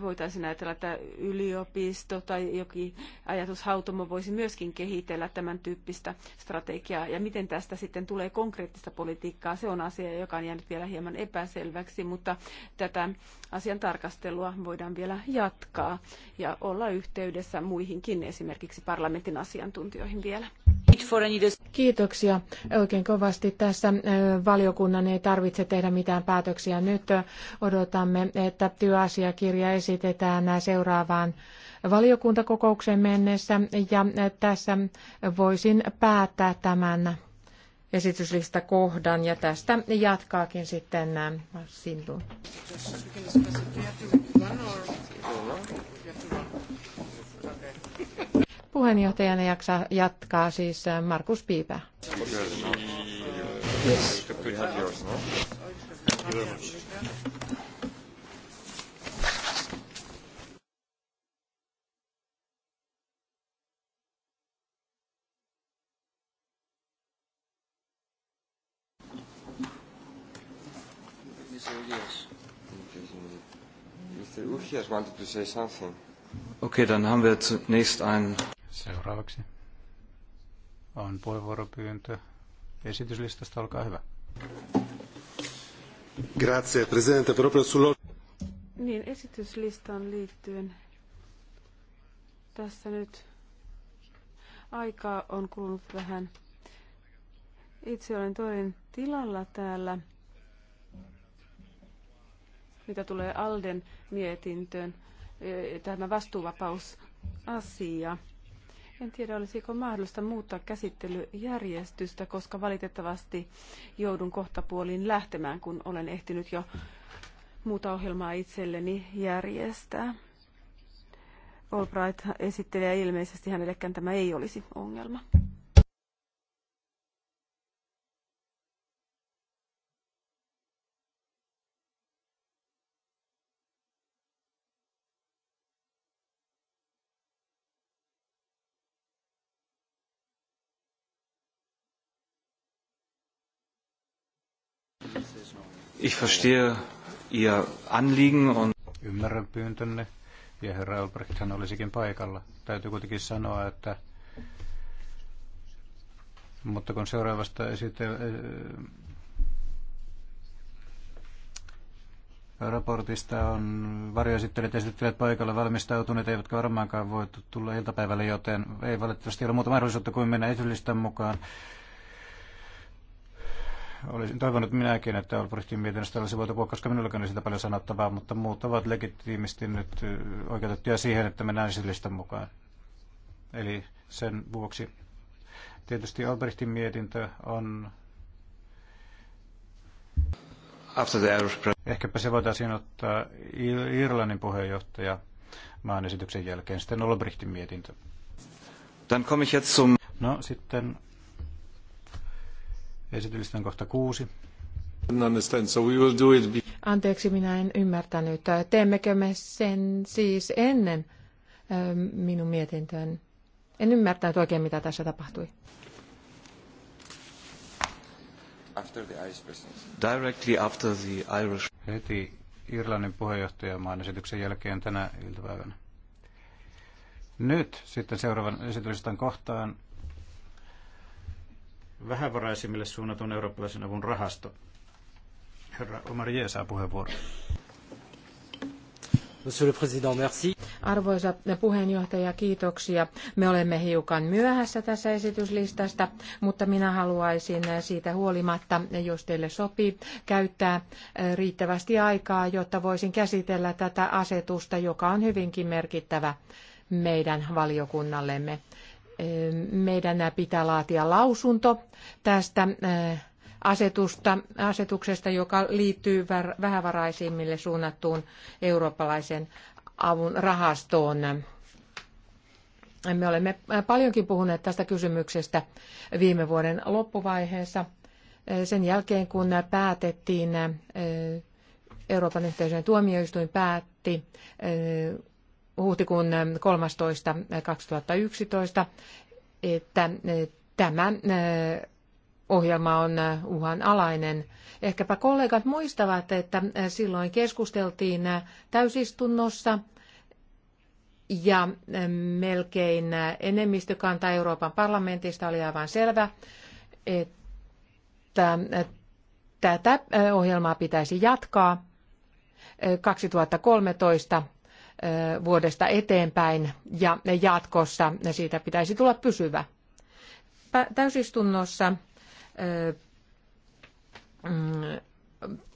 Voitaisiin ajatella, että yliopisto tai jokin ajatushautomo voisi myöskin kehitellä tämän tyyppistä strategiaa. Ja miten tästä sitten tulee konkreettista politiikkaa, se on asia, joka on jäänyt vielä hieman epäselväksi, mutta tätä asian tarkastelua voidaan vielä jatkaa ja olla yhteydessä muihinkin, esimerkiksi parlamentin asiantuntijoihin vielä. Kiitoksia oikein kovasti. Tässä valiokunnan ei tarvitse tehdä mitään päätöksiä. Nyt odotamme, että työasiakirja esitetään seuraavaan valiokuntakokoukseen mennessä. Ja tässä voisin päättää tämän esityslistakohdan ja tästä jatkaakin sitten Sindun. Puheenjohtajana jaksaa, jatkaa siis äh, Markus Piipä. Yes. Mr. Ufias wanted to say something. Okay, dann haben wir zunächst einen Seuraavaksi on puheenvuoropyyntö esityslistasta. Olkaa hyvä. Grazie, Presidente. Proprio sullo... Niin, esityslistaan liittyen tässä nyt aikaa on kulunut vähän. Itse olen toinen tilalla täällä, mitä tulee Alden mietintöön, eh, tämä vastuuvapausasia. En tiedä, olisiko mahdollista muuttaa käsittelyjärjestystä, koska valitettavasti joudun kohtapuoliin lähtemään, kun olen ehtinyt jo muuta ohjelmaa itselleni järjestää. Albright esittelee ilmeisesti hänellekään tämä ei olisi ongelma. Ich verstehe Ihr Anliegen und Ymmärrän pyyntönne, ja herra hän olisikin paikalla. Täytyy kuitenkin sanoa, että mutta kun seuraavasta esite, eh, raportista on varjoesittelijät esittelijät paikalla valmistautuneet, eivätkä varmaankaan voi tulla iltapäivälle, joten ei valitettavasti ole muuta mahdollisuutta kuin mennä esitysten mukaan. Olisin toivonut minäkin, että Olbrichtin mietinnöstä olisi voitu puhua, koska minullakin oli sitä paljon sanottavaa, mutta muut ovat legitiimisti nyt oikeutettuja siihen, että mennään sillistä mukaan. Eli sen vuoksi tietysti Olbrichtin mietintö on Ehkäpä se voitaisiin ottaa Irlannin puheenjohtaja maan esityksen jälkeen, sitten Olbrichtin mietintö. No sitten Esitellään kohta kuusi. Anteeksi, minä en ymmärtänyt. Teemmekö me sen siis ennen ähm, minun mietintöön? En ymmärtänyt oikein, mitä tässä tapahtui. After the Irish Directly after the Irish... Heti Irlannin puheenjohtajamaan esityksen jälkeen tänä iltapäivänä. Nyt sitten seuraavan esityslistan kohtaan vähävaraisimmille suunnatun eurooppalaisen avun rahasto. Herra Omar Jee saa puheenvuoron. Monsieur Arvoisa puheenjohtaja, kiitoksia. Me olemme hiukan myöhässä tässä esityslistasta, mutta minä haluaisin siitä huolimatta, jos teille sopii, käyttää riittävästi aikaa, jotta voisin käsitellä tätä asetusta, joka on hyvinkin merkittävä meidän valiokunnallemme meidän pitää laatia lausunto tästä asetusta, asetuksesta, joka liittyy vähävaraisimmille suunnattuun eurooppalaisen avun rahastoon. Me olemme paljonkin puhuneet tästä kysymyksestä viime vuoden loppuvaiheessa. Sen jälkeen, kun päätettiin, Euroopan yhteisöjen tuomioistuin päätti huhtikuun 13. 2011, että tämä ohjelma on uhanalainen. Ehkäpä kollegat muistavat, että silloin keskusteltiin täysistunnossa ja melkein enemmistökanta Euroopan parlamentista oli aivan selvä, että tätä ohjelmaa pitäisi jatkaa 2013 vuodesta eteenpäin ja jatkossa siitä pitäisi tulla pysyvä. Täysistunnossa mm,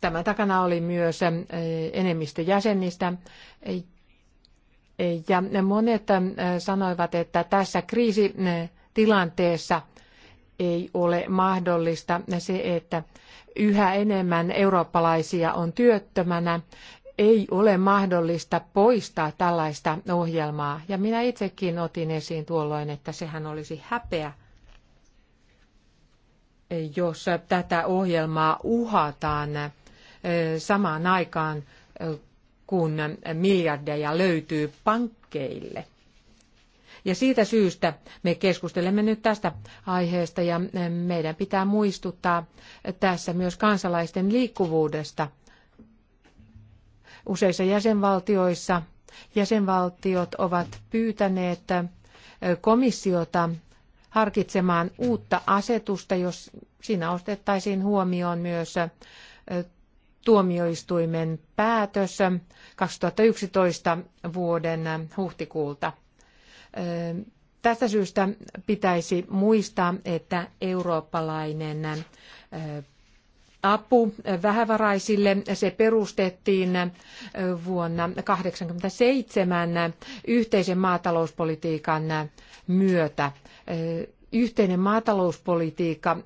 tämän takana oli myös enemmistö jäsenistä ja monet sanoivat, että tässä kriisitilanteessa ei ole mahdollista se, että yhä enemmän eurooppalaisia on työttömänä ei ole mahdollista poistaa tällaista ohjelmaa. Ja minä itsekin otin esiin tuolloin, että sehän olisi häpeä, jos tätä ohjelmaa uhataan samaan aikaan, kun miljardeja löytyy pankkeille. Ja siitä syystä me keskustelemme nyt tästä aiheesta ja meidän pitää muistuttaa tässä myös kansalaisten liikkuvuudesta – useissa jäsenvaltioissa. Jäsenvaltiot ovat pyytäneet komissiota harkitsemaan uutta asetusta, jos siinä otettaisiin huomioon myös tuomioistuimen päätös 2011 vuoden huhtikuulta. Tästä syystä pitäisi muistaa, että eurooppalainen apu vähävaraisille. Se perustettiin vuonna 1987 yhteisen maatalouspolitiikan myötä. Yhteinen maatalouspolitiikka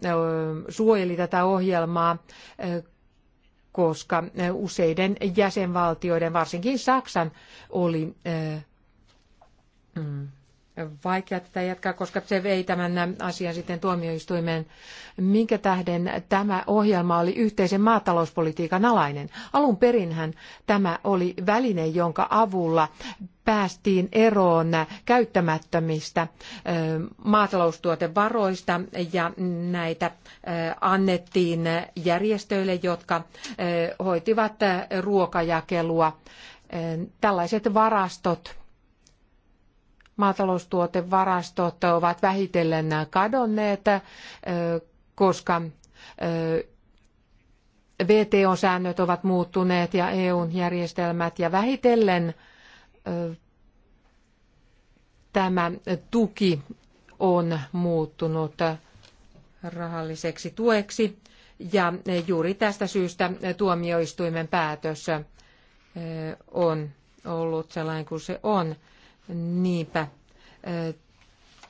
suojeli tätä ohjelmaa koska useiden jäsenvaltioiden, varsinkin Saksan, oli mm, vaikea tätä jatkaa, koska se vei tämän asian sitten tuomioistuimeen. Minkä tähden tämä ohjelma oli yhteisen maatalouspolitiikan alainen? Alun perinhän tämä oli väline, jonka avulla päästiin eroon käyttämättömistä maataloustuotevaroista ja näitä annettiin järjestöille, jotka hoitivat ruokajakelua. Tällaiset varastot maataloustuotevarastot ovat vähitellen kadonneet, koska VTO-säännöt ovat muuttuneet ja EUn järjestelmät ja vähitellen tämä tuki on muuttunut rahalliseksi tueksi ja juuri tästä syystä tuomioistuimen päätös on ollut sellainen kuin se on. Niinpä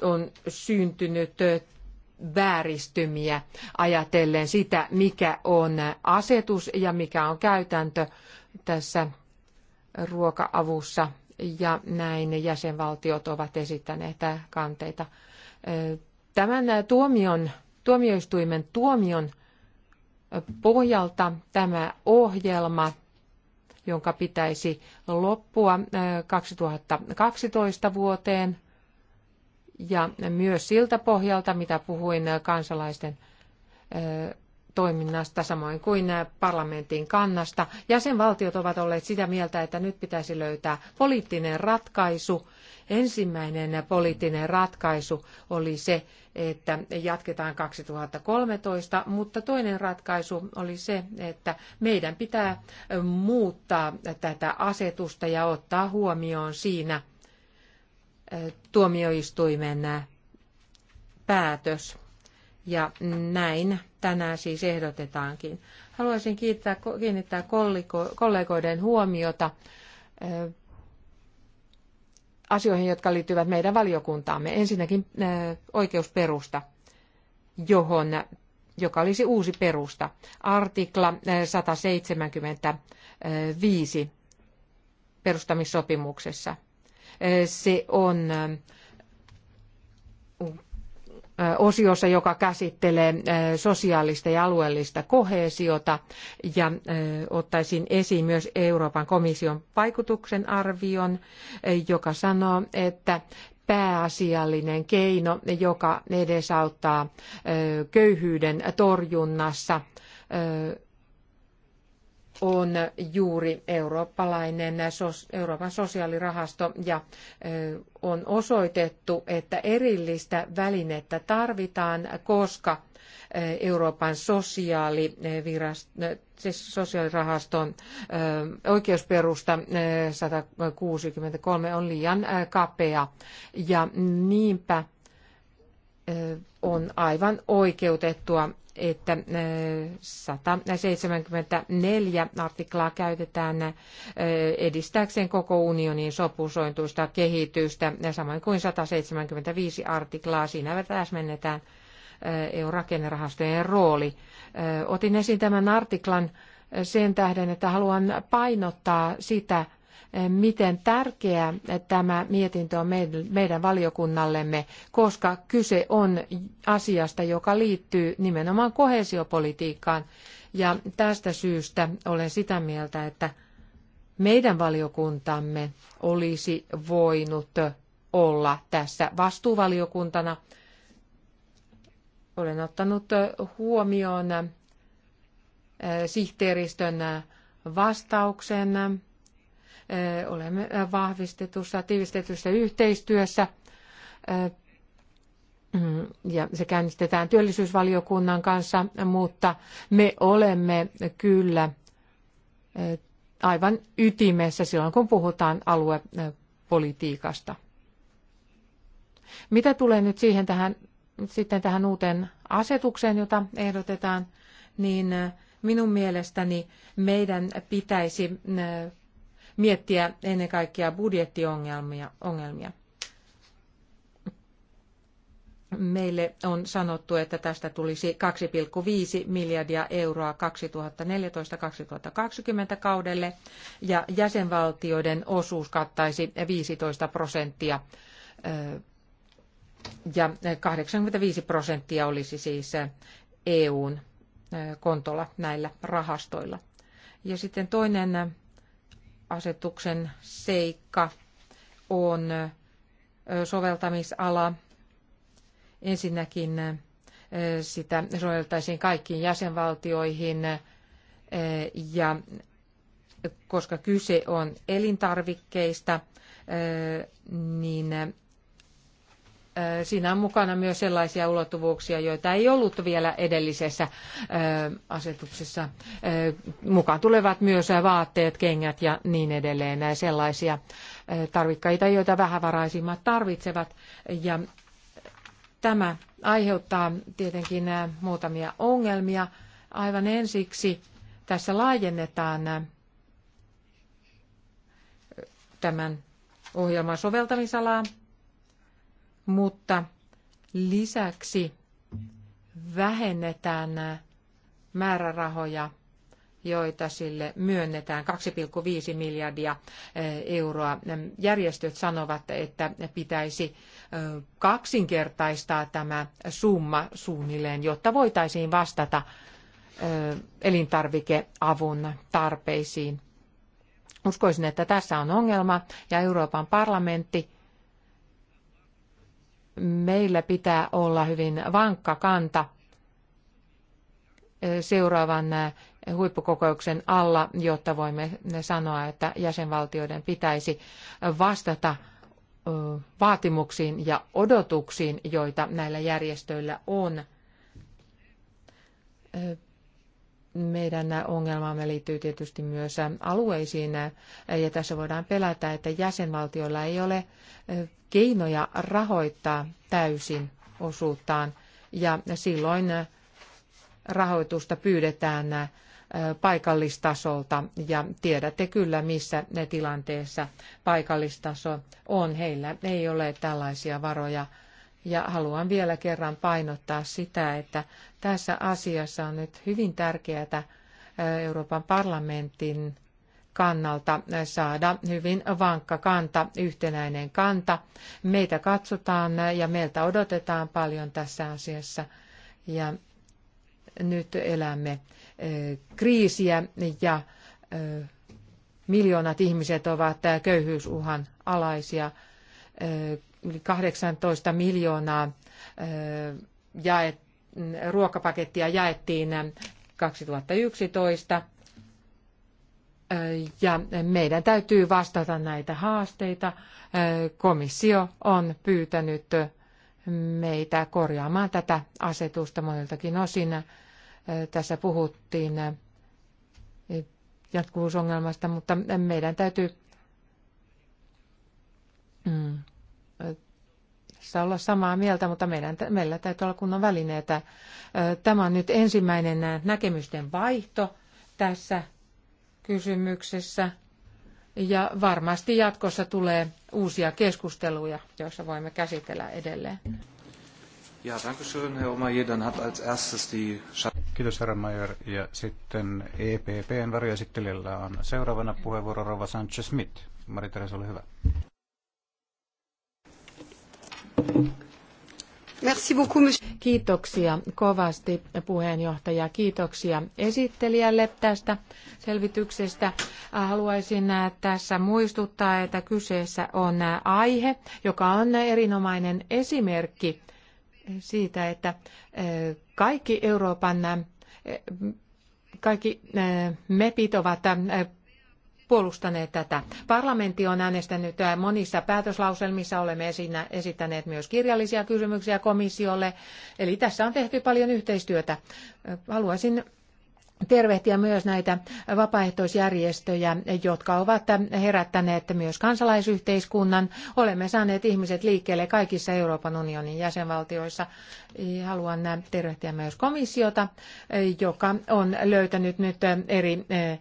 on syntynyt vääristymiä ajatellen sitä, mikä on asetus ja mikä on käytäntö tässä ruoka-avussa. Ja näin jäsenvaltiot ovat esittäneet kanteita. Tämän tuomion, tuomioistuimen tuomion pohjalta tämä ohjelma jonka pitäisi loppua 2012 äh, vuoteen. Ja myös siltä pohjalta, mitä puhuin äh, kansalaisten äh, toiminnasta, samoin kuin parlamentin kannasta. Jäsenvaltiot ovat olleet sitä mieltä, että nyt pitäisi löytää poliittinen ratkaisu. Ensimmäinen poliittinen ratkaisu oli se, että jatketaan 2013, mutta toinen ratkaisu oli se, että meidän pitää muuttaa tätä asetusta ja ottaa huomioon siinä tuomioistuimen päätös ja näin tänään siis ehdotetaankin. Haluaisin kiittää, kiinnittää kollegoiden huomiota asioihin, jotka liittyvät meidän valiokuntaamme. Ensinnäkin oikeusperusta, johon, joka olisi uusi perusta. Artikla 175 perustamissopimuksessa. Se on osiossa, joka käsittelee sosiaalista ja alueellista koheesiota ja ottaisin esiin myös Euroopan komission vaikutuksen arvion, joka sanoo, että pääasiallinen keino, joka edesauttaa köyhyyden torjunnassa on juuri eurooppalainen Euroopan sosiaalirahasto ja on osoitettu, että erillistä välinettä tarvitaan, koska Euroopan siis sosiaalirahaston oikeusperusta 163 on liian kapea ja niinpä on aivan oikeutettua, että 174 artiklaa käytetään edistääkseen koko unionin sopusointuista kehitystä, samoin kuin 175 artiklaa. Siinä täsmennetään EU-rakennerahastojen rooli. Otin esiin tämän artiklan sen tähden, että haluan painottaa sitä, miten tärkeä tämä mietintö on meidän valiokunnallemme, koska kyse on asiasta, joka liittyy nimenomaan koheesiopolitiikkaan Ja tästä syystä olen sitä mieltä, että meidän valiokuntamme olisi voinut olla tässä vastuuvaliokuntana. Olen ottanut huomioon sihteeristön vastauksen Olemme vahvistetussa, tiivistetyssä yhteistyössä ja se käynnistetään työllisyysvaliokunnan kanssa, mutta me olemme kyllä aivan ytimessä silloin, kun puhutaan aluepolitiikasta. Mitä tulee nyt siihen tähän, sitten tähän uuteen asetukseen, jota ehdotetaan, niin minun mielestäni meidän pitäisi miettiä ennen kaikkea budjettiongelmia. Ongelmia. Meille on sanottu, että tästä tulisi 2,5 miljardia euroa 2014-2020 kaudelle ja jäsenvaltioiden osuus kattaisi 15 prosenttia ja 85 prosenttia olisi siis EUn kontolla näillä rahastoilla. Ja sitten toinen asetuksen seikka on soveltamisala. Ensinnäkin sitä soveltaisiin kaikkiin jäsenvaltioihin ja koska kyse on elintarvikkeista, niin Siinä on mukana myös sellaisia ulottuvuuksia, joita ei ollut vielä edellisessä asetuksessa. Mukaan tulevat myös vaatteet, kengät ja niin edelleen sellaisia tarvikkeita, joita vähävaraisimmat tarvitsevat. Ja tämä aiheuttaa tietenkin muutamia ongelmia. Aivan ensiksi tässä laajennetaan tämän ohjelman soveltamisalaa mutta lisäksi vähennetään määrärahoja, joita sille myönnetään 2,5 miljardia eh, euroa. Järjestöt sanovat, että pitäisi eh, kaksinkertaistaa tämä summa suunnilleen, jotta voitaisiin vastata eh, elintarvikeavun tarpeisiin. Uskoisin, että tässä on ongelma ja Euroopan parlamentti meillä pitää olla hyvin vankka kanta eh, seuraavan eh, huippukokouksen alla, jotta voimme sanoa, että jäsenvaltioiden pitäisi vastata eh, vaatimuksiin ja odotuksiin, joita näillä järjestöillä on meidän ongelmaamme liittyy tietysti myös alueisiin, ja tässä voidaan pelätä, että jäsenvaltioilla ei ole keinoja rahoittaa täysin osuuttaan, ja silloin rahoitusta pyydetään paikallistasolta ja tiedätte kyllä, missä ne tilanteessa paikallistaso on. Heillä ei ole tällaisia varoja ja haluan vielä kerran painottaa sitä, että tässä asiassa on nyt hyvin tärkeää Euroopan parlamentin kannalta saada hyvin vankka kanta, yhtenäinen kanta. Meitä katsotaan ja meiltä odotetaan paljon tässä asiassa. Ja nyt elämme kriisiä ja miljoonat ihmiset ovat köyhyysuhan alaisia yli 18 miljoonaa jaet, ruokapakettia jaettiin 2011. Ja meidän täytyy vastata näitä haasteita. Komissio on pyytänyt meitä korjaamaan tätä asetusta moniltakin osin. Tässä puhuttiin jatkuvuusongelmasta, mutta meidän täytyy mm, saa olla samaa mieltä, mutta meidän, meillä täytyy olla kunnon välineitä. Tämä on nyt ensimmäinen näkemysten vaihto tässä kysymyksessä. Ja varmasti jatkossa tulee uusia keskusteluja, joissa voimme käsitellä edelleen. Ja, danke schön, Herr Omayer. Dann hat als erstes die Kiitos, herra Major. Ja sitten EPPn varjoesittelijällä on seuraavana puheenvuoro Rova Sanchez-Smith. mari ole hyvä. Kiitoksia kovasti puheenjohtaja. Kiitoksia esittelijälle tästä selvityksestä. Äh, haluaisin äh, tässä muistuttaa, että kyseessä on äh, aihe, joka on erinomainen esimerkki siitä, että kaikki Euroopan kaikki MEPit ovat puolustaneet tätä. Parlamentti on äänestänyt äh, monissa päätöslauselmissa, olemme esittäneet myös kirjallisia kysymyksiä komissiolle, eli tässä on tehty paljon yhteistyötä. Äh, haluaisin tervehtiä myös näitä vapaaehtoisjärjestöjä, jotka ovat herättäneet myös kansalaisyhteiskunnan. Olemme saaneet ihmiset liikkeelle kaikissa Euroopan unionin jäsenvaltioissa. Haluan tervehtiä myös komissiota, joka on löytänyt nyt eri eh,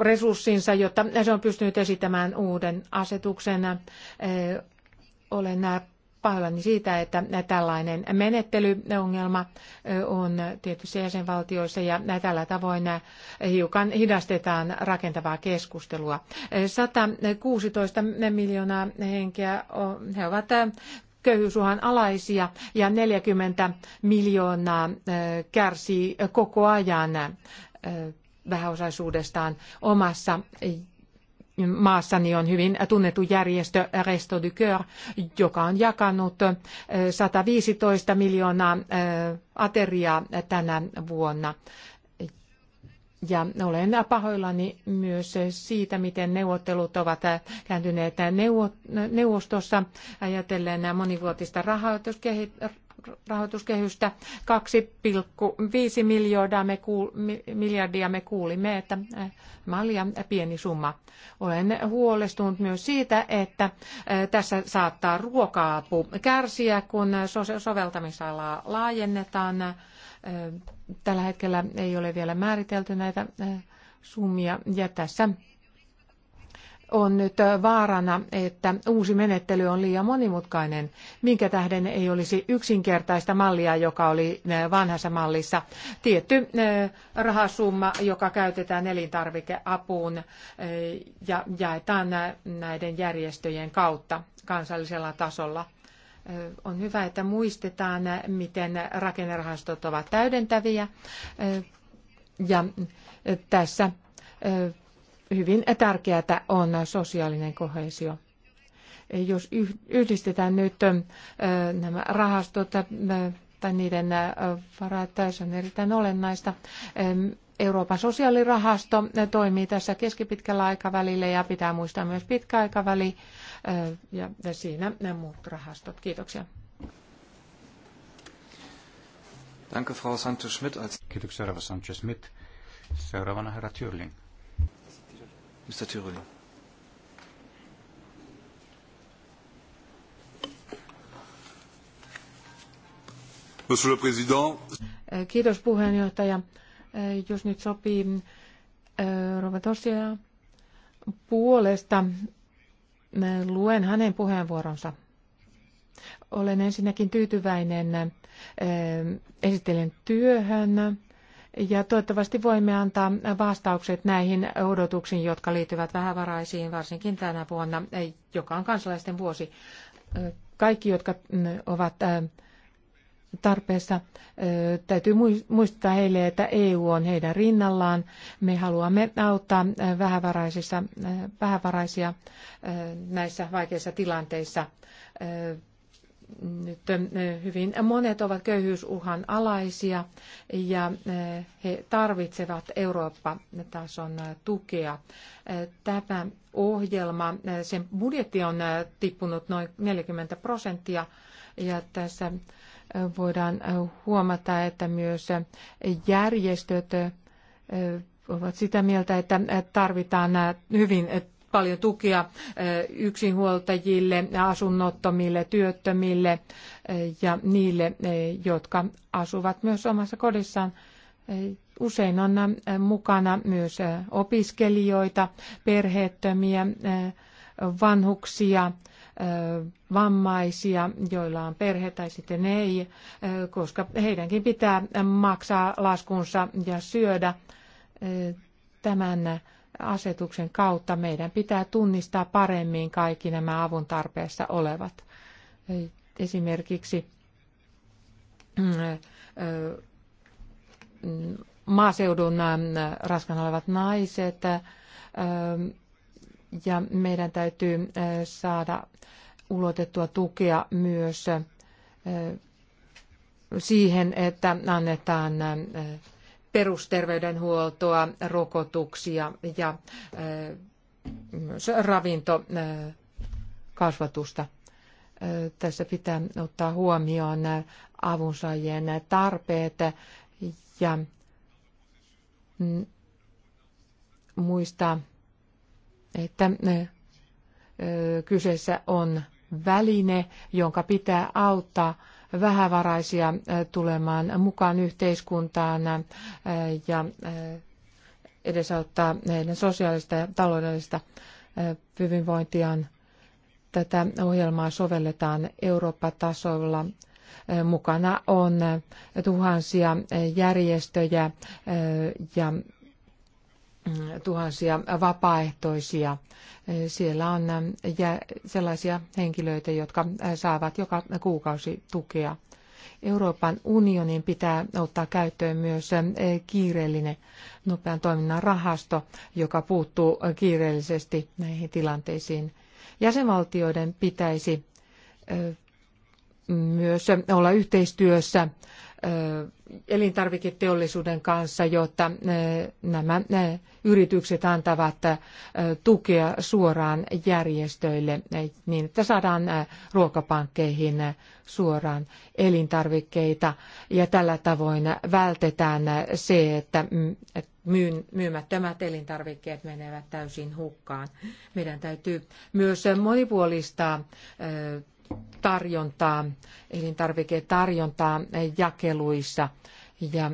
resurssinsa, jotta se on pystynyt esittämään uuden asetuksen. Olen pahoillani siitä, että tällainen menettelyongelma on tietysti jäsenvaltioissa ja tällä tavoin hiukan hidastetaan rakentavaa keskustelua. 116 miljoonaa henkeä, he ovat köyhyysuhan alaisia ja 40 miljoonaa kärsii koko ajan vähäosaisuudestaan omassa maassani on hyvin tunnettu järjestö Resto du Coeur, joka on jakanut 115 äh, miljoonaa äh, ateriaa tänä vuonna. Ja olen pahoillani myös siitä, miten neuvottelut ovat kääntyneet neuvostossa ajatellen monivuotista rahoituskehitystä rahoituskehystä 2,5 miljardia. Me, kuul, miljardia me kuulimme, että äh, tämä on liian pieni summa. Olen huolestunut myös siitä, että äh, tässä saattaa ruoka-apu kärsiä, kun soveltamisalaa laajennetaan. Äh, tällä hetkellä ei ole vielä määritelty näitä summia ja tässä on nyt vaarana, että uusi menettely on liian monimutkainen, minkä tähden ei olisi yksinkertaista mallia, joka oli vanhassa mallissa. Tietty rahasumma, joka käytetään elintarvikeapuun ja jaetaan näiden järjestöjen kautta kansallisella tasolla. On hyvä, että muistetaan, miten rakennerahastot ovat täydentäviä. Ja tässä hyvin tärkeää on sosiaalinen kohesio. Jos yhdistetään nyt nämä rahastot tai niiden varat, se on erittäin olennaista. Euroopan sosiaalirahasto toimii tässä keskipitkällä aikavälillä ja pitää muistaa myös pitkä aikaväli ja siinä nämä muut rahastot. Kiitoksia. Danke, Frau Sanchez-Schmidt. Kiitoksia, Rava Sanchez-Schmidt. Seuraavana herra Thürling. Mr. Tiroli. Monsieur le Président. Äh, kiitos puheenjohtaja. Äh, jos nyt sopii äh, Rova puolesta, luen hänen puheenvuoronsa. Olen ensinnäkin tyytyväinen esittelen työhön ja toivottavasti voimme antaa vastaukset näihin odotuksiin, jotka liittyvät vähävaraisiin, varsinkin tänä vuonna, joka on kansalaisten vuosi. Kaikki, jotka ovat äh, tarpeessa. Äh, täytyy muistaa heille, että EU on heidän rinnallaan. Me haluamme auttaa äh, vähävaraisissa, vähävaraisia näissä vaikeissa tilanteissa nyt hyvin monet ovat köyhyysuhan alaisia ja he tarvitsevat Eurooppa-tason tukea. Tämä ohjelma, sen budjetti on tippunut noin 40 prosenttia ja tässä voidaan huomata, että myös järjestöt ovat sitä mieltä, että tarvitaan hyvin paljon tukea yksinhuoltajille, asunnottomille, työttömille ja niille, jotka asuvat myös omassa kodissaan. Usein on mukana myös opiskelijoita, perheettömiä, vanhuksia, vammaisia, joilla on perhe tai sitten ei, koska heidänkin pitää maksaa laskunsa ja syödä tämän asetuksen kautta meidän pitää tunnistaa paremmin kaikki nämä avun tarpeessa olevat. Esimerkiksi mm, mm, maaseudun mm, raskan olevat naiset ja meidän täytyy saada ulotettua tukea myös siihen, että annetaan perusterveydenhuoltoa, rokotuksia ja äh, myös ravintokasvatusta. Äh, äh, tässä pitää ottaa huomioon avunsaajien tarpeet ja mm, muistaa, että kyseessä on väline, jonka pitää auttaa vähävaraisia äh, tulemaan mukaan yhteiskuntaan äh, ja äh, edesauttaa heidän sosiaalista ja taloudellista hyvinvointiaan. Tätä ohjelmaa sovelletaan Eurooppa-tasolla. Mukana on tuhansia järjestöjä ja tuhansia vapaaehtoisia. Siellä on sellaisia henkilöitä, jotka saavat joka kuukausi tukea. Euroopan unionin pitää ottaa käyttöön myös kiireellinen nopean toiminnan rahasto, joka puuttuu kiireellisesti näihin tilanteisiin. Jäsenvaltioiden pitäisi myös olla yhteistyössä elintarviketeollisuuden kanssa, jotta nämä yritykset antavat tukea suoraan järjestöille niin, että saadaan ruokapankkeihin suoraan elintarvikkeita ja tällä tavoin vältetään se, että mm, myymättömät elintarvikkeet menevät täysin hukkaan. Meidän täytyy myös monipuolistaa tarjontaa, elintarviketarjontaa jakeluissa. Ja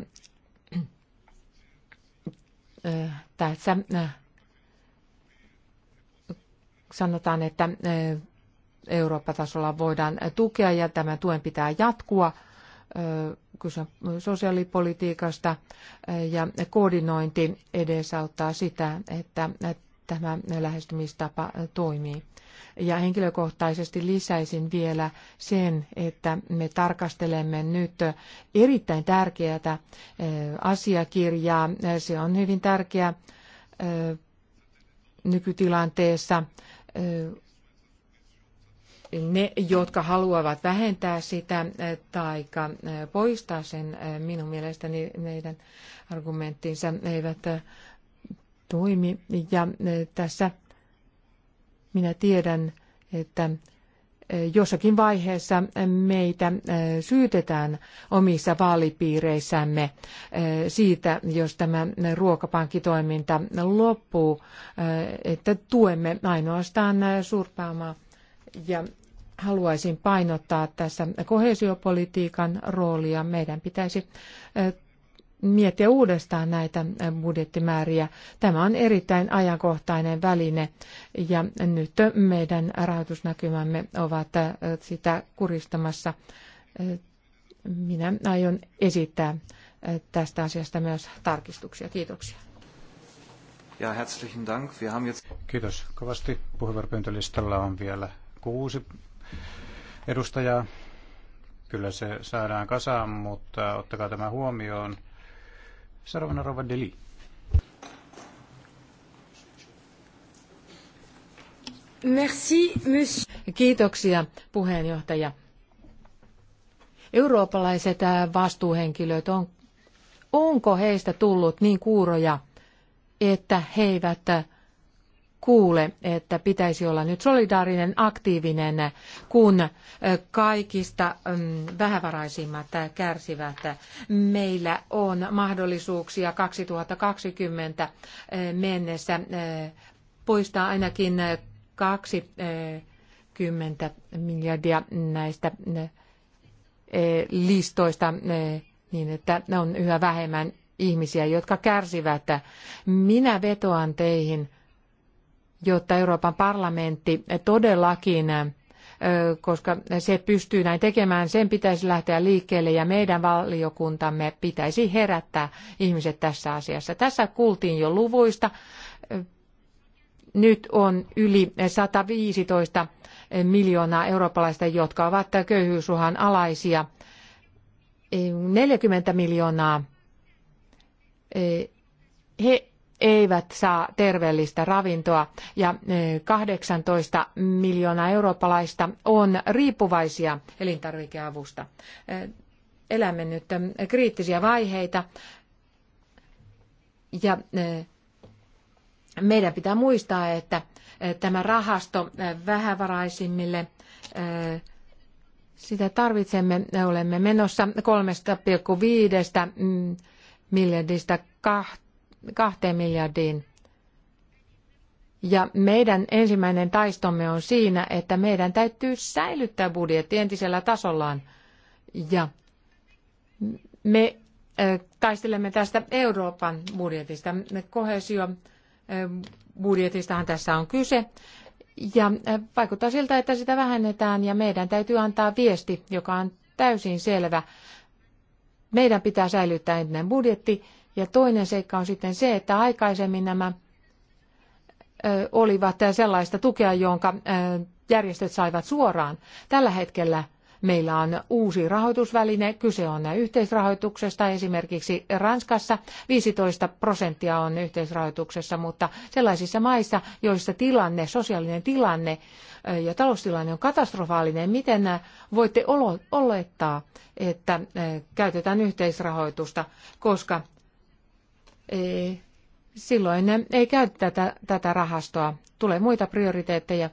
äh, tässä äh, sanotaan, että äh, Eurooppa-tasolla voidaan tukea ja tämän tuen pitää jatkua kyse sosiaalipolitiikasta ja koordinointi edesauttaa sitä, että tämä lähestymistapa toimii. Ja henkilökohtaisesti lisäisin vielä sen, että me tarkastelemme nyt erittäin tärkeää eh, asiakirjaa. Se on hyvin tärkeä eh, nykytilanteessa eh, ne, jotka haluavat vähentää sitä tai poistaa sen, minun mielestäni meidän argumenttinsa eivät toimi. Ja tässä minä tiedän, että eh, jossakin vaiheessa meitä eh, syytetään omissa vaalipiireissämme eh, siitä, jos tämä ruokapankkitoiminta loppuu, että tuemme ainoastaan suurpääomaa. Ja haluaisin painottaa tässä kohesiopolitiikan roolia. Meidän pitäisi miettiä uudestaan näitä budjettimääriä. Tämä on erittäin ajankohtainen väline ja nyt meidän rahoitusnäkymämme ovat äh, sitä kuristamassa. Äh, minä aion esittää äh, tästä asiasta myös tarkistuksia. Kiitoksia. Ja herzlichen Dank. Wir haben jetzt... Kiitos kovasti. Puheenvuoropöyntölistalla on vielä kuusi edustajaa. Kyllä se saadaan kasaan, mutta ottakaa tämä huomioon. Seuraavana Rova Merci, monsieur. Kiitoksia puheenjohtaja. Eurooppalaiset äh, vastuuhenkilöt, on, onko heistä tullut niin kuuroja, että he eivät äh, kuule, että pitäisi olla nyt solidaarinen, aktiivinen, kun kaikista mm, vähävaraisimmat kärsivät. Meillä on mahdollisuuksia 2020 mennessä poistaa ainakin 20 miljardia näistä listoista niin, että on yhä vähemmän ihmisiä, jotka kärsivät. Minä vetoan teihin jotta Euroopan parlamentti todellakin koska se pystyy näin tekemään, sen pitäisi lähteä liikkeelle ja meidän valiokuntamme pitäisi herättää ihmiset tässä asiassa. Tässä kuultiin jo luvuista. Nyt on yli 115 miljoonaa eurooppalaista, jotka ovat köyhyysuhan alaisia. 40 miljoonaa he eivät saa terveellistä ravintoa ja 18 miljoonaa eurooppalaista on riippuvaisia elintarvikeavusta. Elämme nyt kriittisiä vaiheita ja meidän pitää muistaa, että tämä rahasto vähävaraisimmille sitä tarvitsemme. Olemme menossa 3,5 mm, miljardista 2 kahteen miljardiin. Ja meidän ensimmäinen taistomme on siinä, että meidän täytyy säilyttää budjetti entisellä tasollaan. Ja me taistelemme tästä Euroopan budjetista, kohesio budjetistahan tässä on kyse. Ja vaikuttaa siltä, että sitä vähennetään ja meidän täytyy antaa viesti, joka on täysin selvä. Meidän pitää säilyttää entinen budjetti ja toinen seikka on sitten se, että aikaisemmin nämä olivat sellaista tukea, jonka järjestöt saivat suoraan. Tällä hetkellä meillä on uusi rahoitusväline. Kyse on yhteisrahoituksesta. Esimerkiksi Ranskassa 15 prosenttia on yhteisrahoituksessa, mutta sellaisissa maissa, joissa tilanne, sosiaalinen tilanne ja taloustilanne on katastrofaalinen, miten voitte olettaa, että käytetään yhteisrahoitusta, koska silloin ei käytetä tätä, tätä rahastoa. Tulee muita prioriteetteja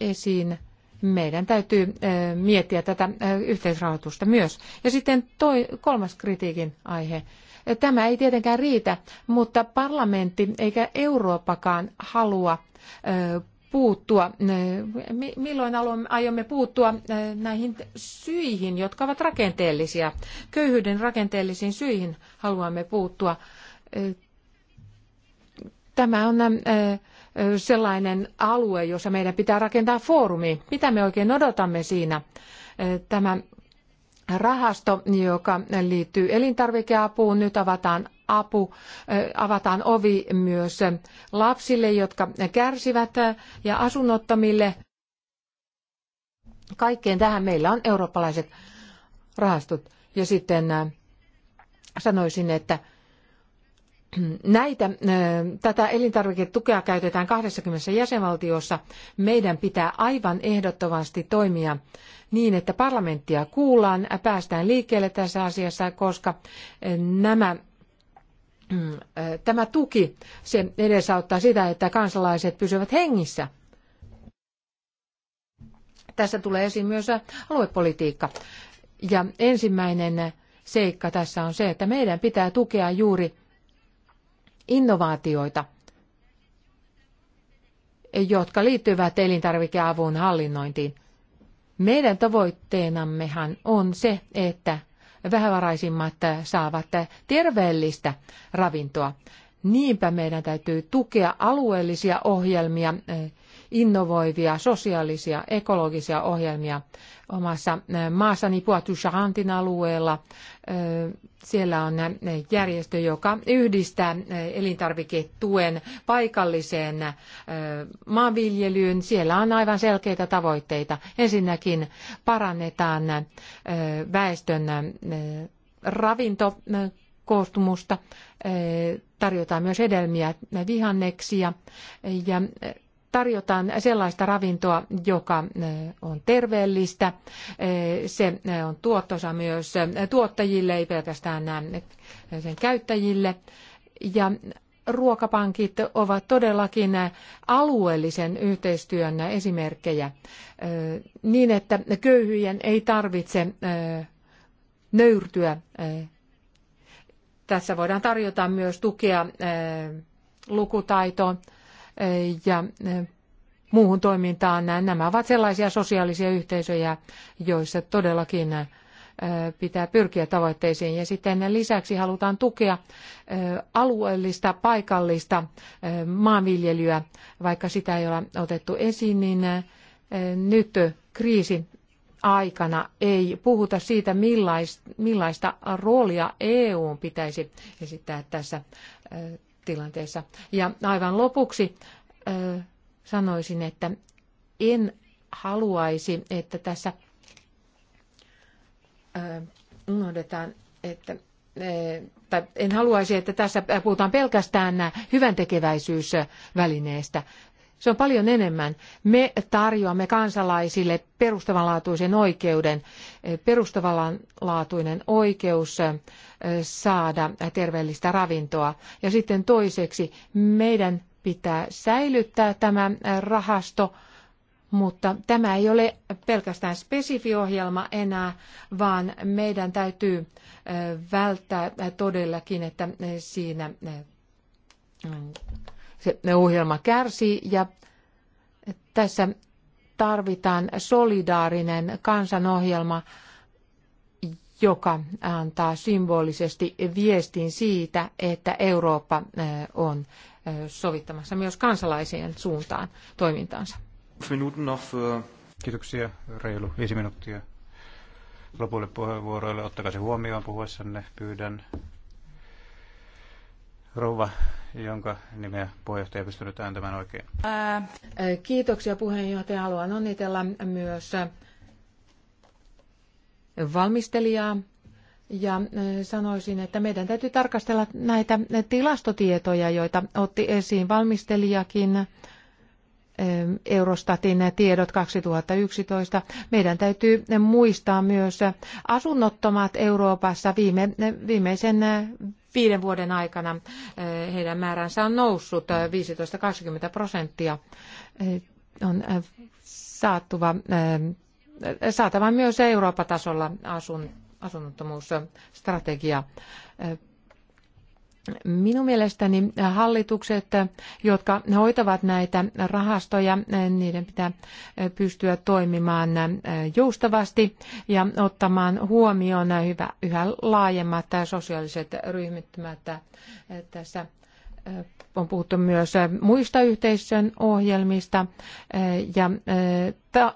esiin. Meidän täytyy miettiä tätä yhteisrahoitusta myös. Ja sitten toi, kolmas kritiikin aihe. Tämä ei tietenkään riitä, mutta parlamentti eikä Euroopakaan halua puuttua, milloin aiomme puuttua näihin syihin, jotka ovat rakenteellisia. Köyhyyden rakenteellisiin syihin haluamme puuttua. E, tämä on e, sellainen alue, jossa meidän pitää rakentaa foorumi. Mitä me oikein odotamme siinä? E, tämä rahasto, joka liittyy elintarvikeapuun, nyt avataan apu, avataan ovi myös lapsille, jotka kärsivät ja asunnottomille. Kaikkeen tähän meillä on eurooppalaiset rahastot. Ja sitten sanoisin, että näitä, tätä elintarviketukea käytetään 20 jäsenvaltiossa. Meidän pitää aivan ehdottomasti toimia niin, että parlamenttia kuullaan, päästään liikkeelle tässä asiassa, koska nämä Mm, tämä tuki, se edesauttaa sitä, että kansalaiset pysyvät hengissä. Tässä tulee esiin myös aluepolitiikka. Ja ensimmäinen seikka tässä on se, että meidän pitää tukea juuri innovaatioita, jotka liittyvät elintarvikeavun hallinnointiin. Meidän tavoitteenammehan on se, että vähävaraisimmat saavat terveellistä ravintoa. Niinpä meidän täytyy tukea alueellisia ohjelmia innovoivia sosiaalisia ekologisia ohjelmia omassa äh, maassani Poitou-Charentin alueella. Äh, siellä on äh, järjestö, joka yhdistää elintarviketuen paikalliseen maanviljelyyn. Siellä on aivan selkeitä tavoitteita. Ensinnäkin parannetaan väestön ravintokoostumusta, tarjotaan myös hedelmiä, vihanneksia ja tarjotaan sellaista ravintoa, joka eh, on terveellistä. Eh, se eh, on tuottosa myös tuottajille, ei pelkästään sen käyttäjille. Ja ruokapankit ovat todellakin alueellisen yhteistyön esimerkkejä niin, että köyhyyjen ei tarvitse nöyrtyä. Tässä voidaan tarjota myös tukea lukutaitoon ja muuhun toimintaan. Nämä ovat sellaisia sosiaalisia yhteisöjä, joissa todellakin pitää pyrkiä tavoitteisiin. Ja sitten lisäksi halutaan tukea alueellista, paikallista maanviljelyä, vaikka sitä ei ole otettu esiin, niin nyt kriisin aikana ei puhuta siitä, millaista roolia EU pitäisi esittää tässä tilanteessa. Ja aivan lopuksi sanoisin, että en haluaisi, että tässä unohdetaan, että en haluaisi, että tässä puhutaan pelkästään hyvän se on paljon enemmän. Me tarjoamme kansalaisille perustavanlaatuisen oikeuden, eh, perustavanlaatuinen oikeus eh, saada terveellistä ravintoa. Ja sitten toiseksi meidän pitää säilyttää tämä eh, rahasto, mutta tämä ei ole pelkästään spesifiohjelma enää, vaan meidän täytyy välttää todellakin, että siinä se ohjelma kärsii ja tässä tarvitaan solidaarinen kansanohjelma, joka antaa symbolisesti viestin siitä, että Eurooppa on sovittamassa myös kansalaisien suuntaan toimintaansa. Kiitoksia. Reilu viisi minuuttia lopulle puheenvuoroille. Ottakaa se huomioon puhuessanne. Pyydän rouva jonka nimeä puheenjohtaja ei pystynyt ääntämään oikein. Ää, kiitoksia puheenjohtaja. Haluan onnitella myös valmistelijaa. Ja sanoisin, että meidän täytyy tarkastella näitä tilastotietoja, joita otti esiin valmistelijakin. Eurostatin tiedot 2011. Meidän täytyy muistaa myös asunnottomat Euroopassa viime, viimeisen viiden vuoden aikana eh, heidän määränsä on noussut 15-20 eh, prosenttia. Eh, on saattuva, saatava myös Euroopan tasolla asun, asunnottomuusstrategia. Minun mielestäni hallitukset, jotka hoitavat näitä rahastoja, niiden pitää pystyä toimimaan joustavasti ja ottamaan huomioon yhä laajemmat sosiaaliset ryhmittymät. Tässä on puhuttu myös muista yhteisön ohjelmista ja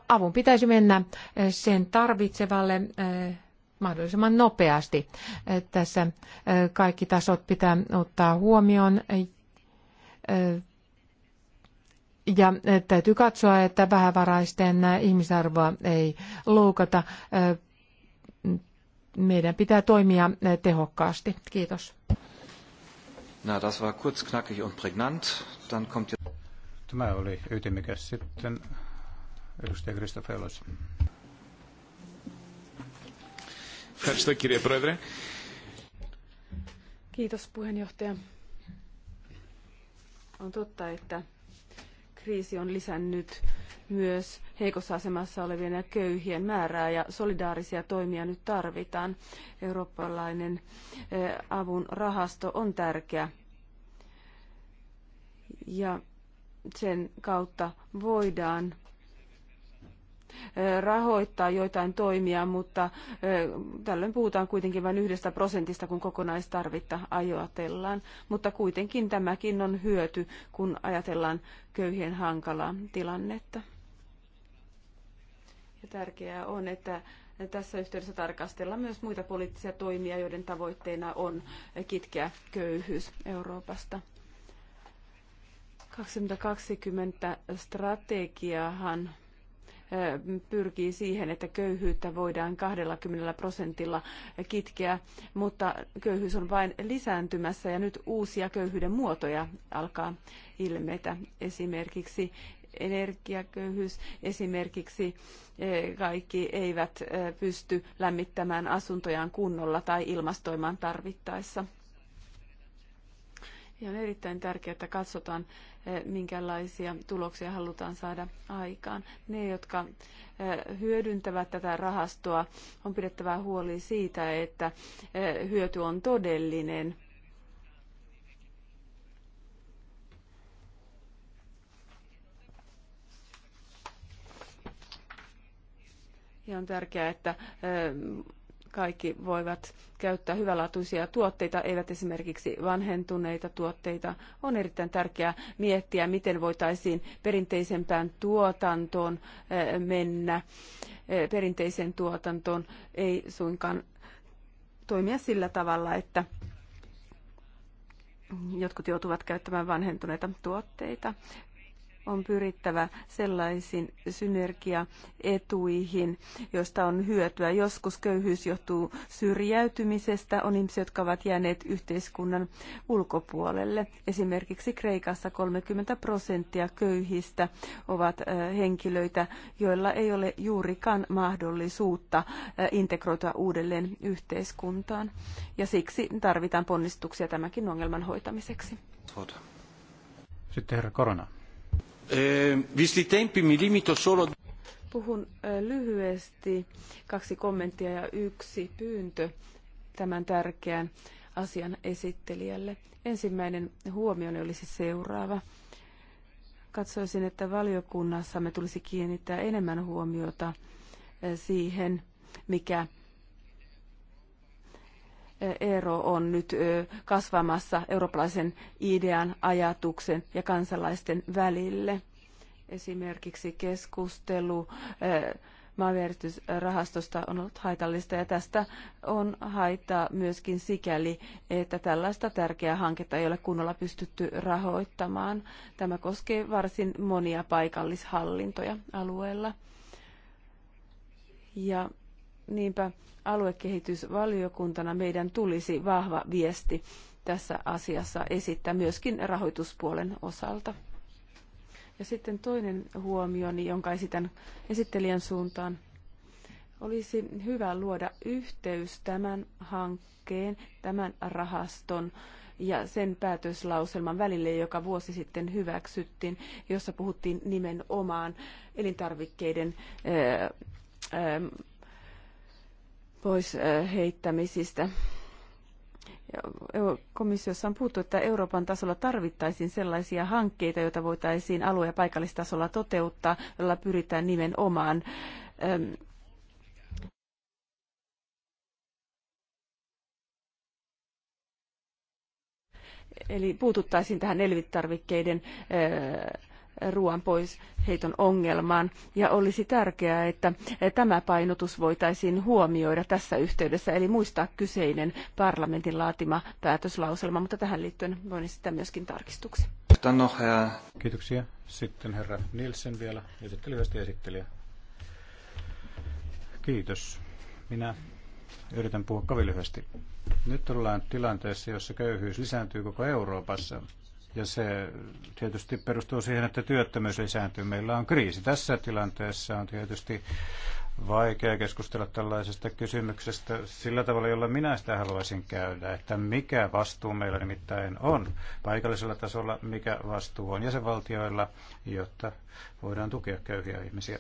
avun pitäisi mennä sen tarvitsevalle mahdollisimman nopeasti. Tässä kaikki tasot pitää ottaa huomioon ja täytyy katsoa, että vähävaraisten ihmisarvoa ei loukata. Meidän pitää toimia tehokkaasti. Kiitos. Na, das war kurz, knackig und prägnant. Dann kommt Tämä oli ytimikäs sitten edustaja Kristofelos. Ευχαριστώ κύριε Πρόεδρε. puheenjohtaja. On totta, että kriisi on lisännyt myös heikossa asemassa olevien ja köyhien määrää ja solidaarisia toimia nyt tarvitaan. Eurooppalainen eh, avun rahasto on tärkeä ja sen kautta voidaan rahoittaa joitain toimia, mutta tällöin puhutaan kuitenkin vain yhdestä prosentista, kun kokonaistarvitta ajatellaan. Mutta kuitenkin tämäkin on hyöty, kun ajatellaan köyhien hankalaa tilannetta. Ja tärkeää on, että tässä yhteydessä tarkastellaan myös muita poliittisia toimia, joiden tavoitteena on kitkeä köyhyys Euroopasta. 2020 strategiahan pyrkii siihen, että köyhyyttä voidaan 20 prosentilla kitkeä, mutta köyhyys on vain lisääntymässä ja nyt uusia köyhyyden muotoja alkaa ilmetä. Esimerkiksi energiaköyhyys, esimerkiksi kaikki eivät pysty lämmittämään asuntojaan kunnolla tai ilmastoimaan tarvittaessa. Ja on erittäin tärkeää, että katsotaan minkälaisia tuloksia halutaan saada aikaan. Ne, jotka hyödyntävät tätä rahastoa, on pidettävä huoli siitä, että hyöty on todellinen. Ja on tärkeää, että kaikki voivat käyttää hyvälaatuisia tuotteita, eivät esimerkiksi vanhentuneita tuotteita. On erittäin tärkeää miettiä, miten voitaisiin perinteisempään tuotantoon eh, mennä, eh, perinteiseen tuotantoon, ei suinkaan toimia sillä tavalla, että jotkut joutuvat käyttämään vanhentuneita tuotteita on pyrittävä sellaisiin synergiaetuihin, joista on hyötyä. Joskus köyhyys johtuu syrjäytymisestä, on ihmisiä, jotka ovat jääneet yhteiskunnan ulkopuolelle. Esimerkiksi Kreikassa 30 prosenttia köyhistä ovat henkilöitä, joilla ei ole juurikaan mahdollisuutta integroitua uudelleen yhteiskuntaan. Ja siksi tarvitaan ponnistuksia tämänkin ongelman hoitamiseksi. Tuota. Sitten herra Korona. Eh, Puhun eh, lyhyesti kaksi kommenttia ja yksi pyyntö tämän tärkeän asian esittelijälle. Ensimmäinen huomioni olisi seuraava. Katsoisin, että valiokunnassa me tulisi kiinnittää enemmän huomiota eh, siihen, mikä ero on nyt kasvamassa eurooppalaisen idean, ajatuksen ja kansalaisten välille. Esimerkiksi keskustelu maanvieristysrahastosta on ollut haitallista ja tästä on haittaa myöskin sikäli, että tällaista tärkeää hanketta ei ole kunnolla pystytty rahoittamaan. Tämä koskee varsin monia paikallishallintoja alueella. Ja Niinpä aluekehitysvaliokuntana meidän tulisi vahva viesti tässä asiassa esittää myöskin rahoituspuolen osalta. Ja sitten toinen huomio, jonka esitän esittelijän suuntaan, olisi hyvä luoda yhteys tämän hankkeen, tämän rahaston ja sen päätöslauselman välille, joka vuosi sitten hyväksyttiin, jossa puhuttiin nimenomaan elintarvikkeiden pois heittämisistä. Komissiossa on puhuttu, että Euroopan tasolla tarvittaisiin sellaisia hankkeita, joita voitaisiin alue- ja paikallistasolla toteuttaa, jolla pyritään nimenomaan Eli puututtaisiin tähän elvittarvikkeiden ruoan pois heiton ongelmaan. Ja olisi tärkeää, että tämä painotus voitaisiin huomioida tässä yhteydessä, eli muistaa kyseinen parlamentin laatima päätöslauselma, mutta tähän liittyen voin esittää myöskin tarkistuksia. Äh, Kiitoksia. Sitten herra Nielsen vielä ja lyhyesti esittelijä. Kiitos. Minä yritän puhua kovin lyhyesti. Nyt ollaan tilanteessa, jossa köyhyys lisääntyy koko Euroopassa ja se tietysti perustuu siihen, että työttömyys lisääntyy. Meillä on kriisi. Tässä tilanteessa on tietysti vaikea keskustella tällaisesta kysymyksestä sillä tavalla, jolla minä sitä haluaisin käydä, että mikä vastuu meillä nimittäin on paikallisella tasolla, mikä vastuu on jäsenvaltioilla, jotta voidaan tukea köyhiä ihmisiä.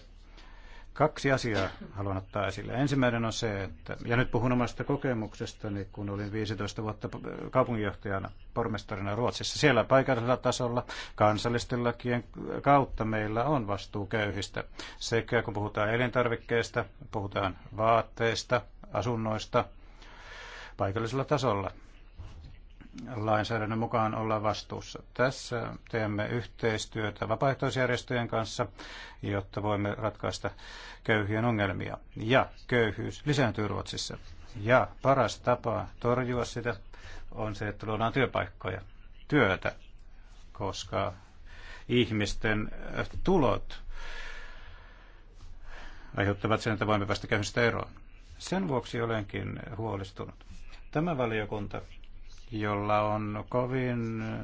Kaksi asiaa haluan ottaa esille. Ensimmäinen on se, että, ja nyt puhun omasta kokemuksestani, kun olin 15 vuotta kaupunginjohtajana, pormestarina Ruotsissa. Siellä paikallisella tasolla kansallisten lakien kautta meillä on vastuu köyhistä. Sekä kun puhutaan elintarvikkeista, puhutaan vaatteista, asunnoista, paikallisella tasolla lainsäädännön mukaan olla vastuussa. Tässä teemme yhteistyötä vapaaehtoisjärjestöjen kanssa, jotta voimme ratkaista köyhien ongelmia. Ja köyhyys lisääntyy Ruotsissa. Ja paras tapa torjua sitä on se, että luodaan työpaikkoja, työtä, koska ihmisten tulot aiheuttavat sen, että voimme päästä käymistä eroon. Sen vuoksi olenkin huolestunut. Tämä valiokunta jolla on kovin äh,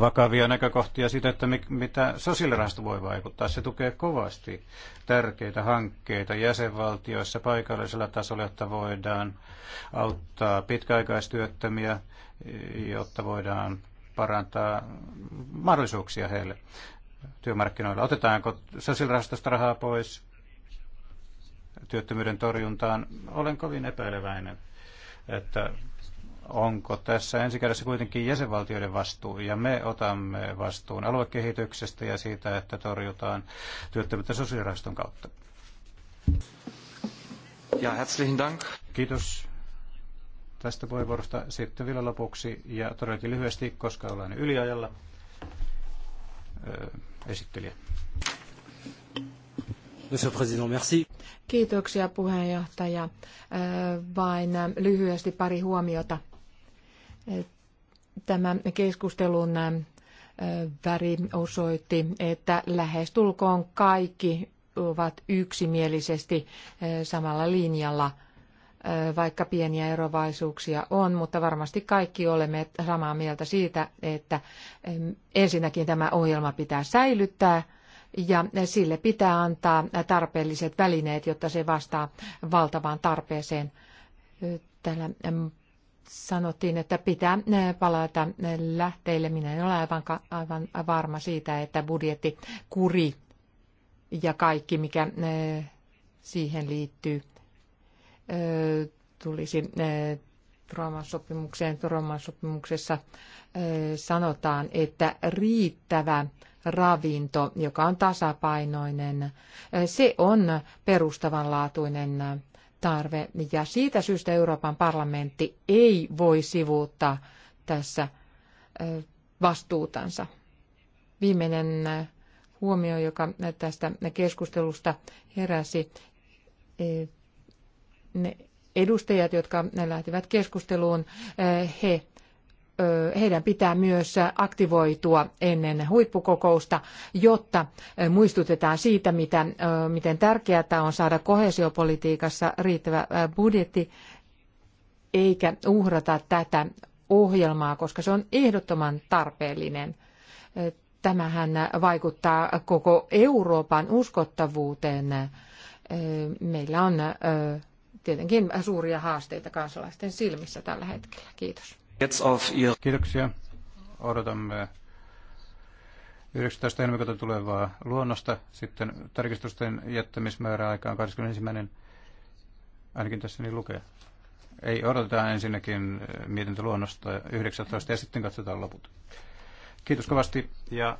vakavia näkökohtia siitä, että mitä sosiaalirahasto voi vaikuttaa. Se tukee kovasti tärkeitä hankkeita jäsenvaltioissa paikallisella tasolla, jotta voidaan auttaa pitkäaikaistyöttömiä, jotta voidaan parantaa mahdollisuuksia heille työmarkkinoilla. Otetaanko sosiaalirahastosta rahaa pois työttömyyden torjuntaan? Olen kovin epäileväinen, että onko tässä ensikädessä kuitenkin jäsenvaltioiden vastuu, ja me otamme vastuun aluekehityksestä ja siitä, että torjutaan työttömyyttä sosiaaliraston kautta. Ja herzlichen Dank. Kiitos tästä puheenvuorosta. Sitten vielä lopuksi, ja todellakin lyhyesti, koska ollaan yliajalla, äh, esittelijä. Monsieur President, merci. Kiitoksia puheenjohtaja. Äh, vain lyhyesti pari huomiota Tämä keskustelun väri osoitti, että lähestulkoon kaikki ovat yksimielisesti samalla linjalla, vaikka pieniä erovaisuuksia on, mutta varmasti kaikki olemme samaa mieltä siitä, että ensinnäkin tämä ohjelma pitää säilyttää ja sille pitää antaa tarpeelliset välineet, jotta se vastaa valtavaan tarpeeseen. Täällä sanottiin, että pitää eh, palata eh, lähteille. Minä en ole aivan, aivan varma siitä, että budjetti kuri ja kaikki, mikä eh, siihen liittyy, tulisi trauma sopimukseen. trauma sopimuksessa sanotaan, että riittävä ravinto, joka on tasapainoinen, se on perustavanlaatuinen tarve. Ja siitä syystä Euroopan parlamentti ei voi sivuuttaa tässä vastuutansa. Viimeinen huomio, joka tästä keskustelusta heräsi. Ne edustajat, jotka lähtivät keskusteluun, he heidän pitää myös aktivoitua ennen huippukokousta, jotta muistutetaan siitä, mitä, miten tärkeää on saada koheesiopolitiikassa riittävä budjetti, eikä uhrata tätä ohjelmaa, koska se on ehdottoman tarpeellinen. Tämähän vaikuttaa koko Euroopan uskottavuuteen. Meillä on tietenkin suuria haasteita kansalaisten silmissä tällä hetkellä. Kiitos. Kiitoksia. Odotamme 19. helmikuuta tulevaa luonnosta. Sitten tarkistusten jättämismäärä on 21. Ainakin tässä niin lukee. Ei odoteta ensinnäkin eh, luonnosta 19 ja sitten katsotaan loput. Kiitos kovasti ja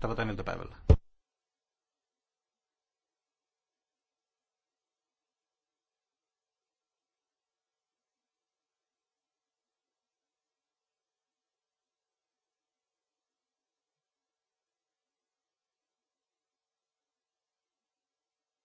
tavataan iltapäivällä.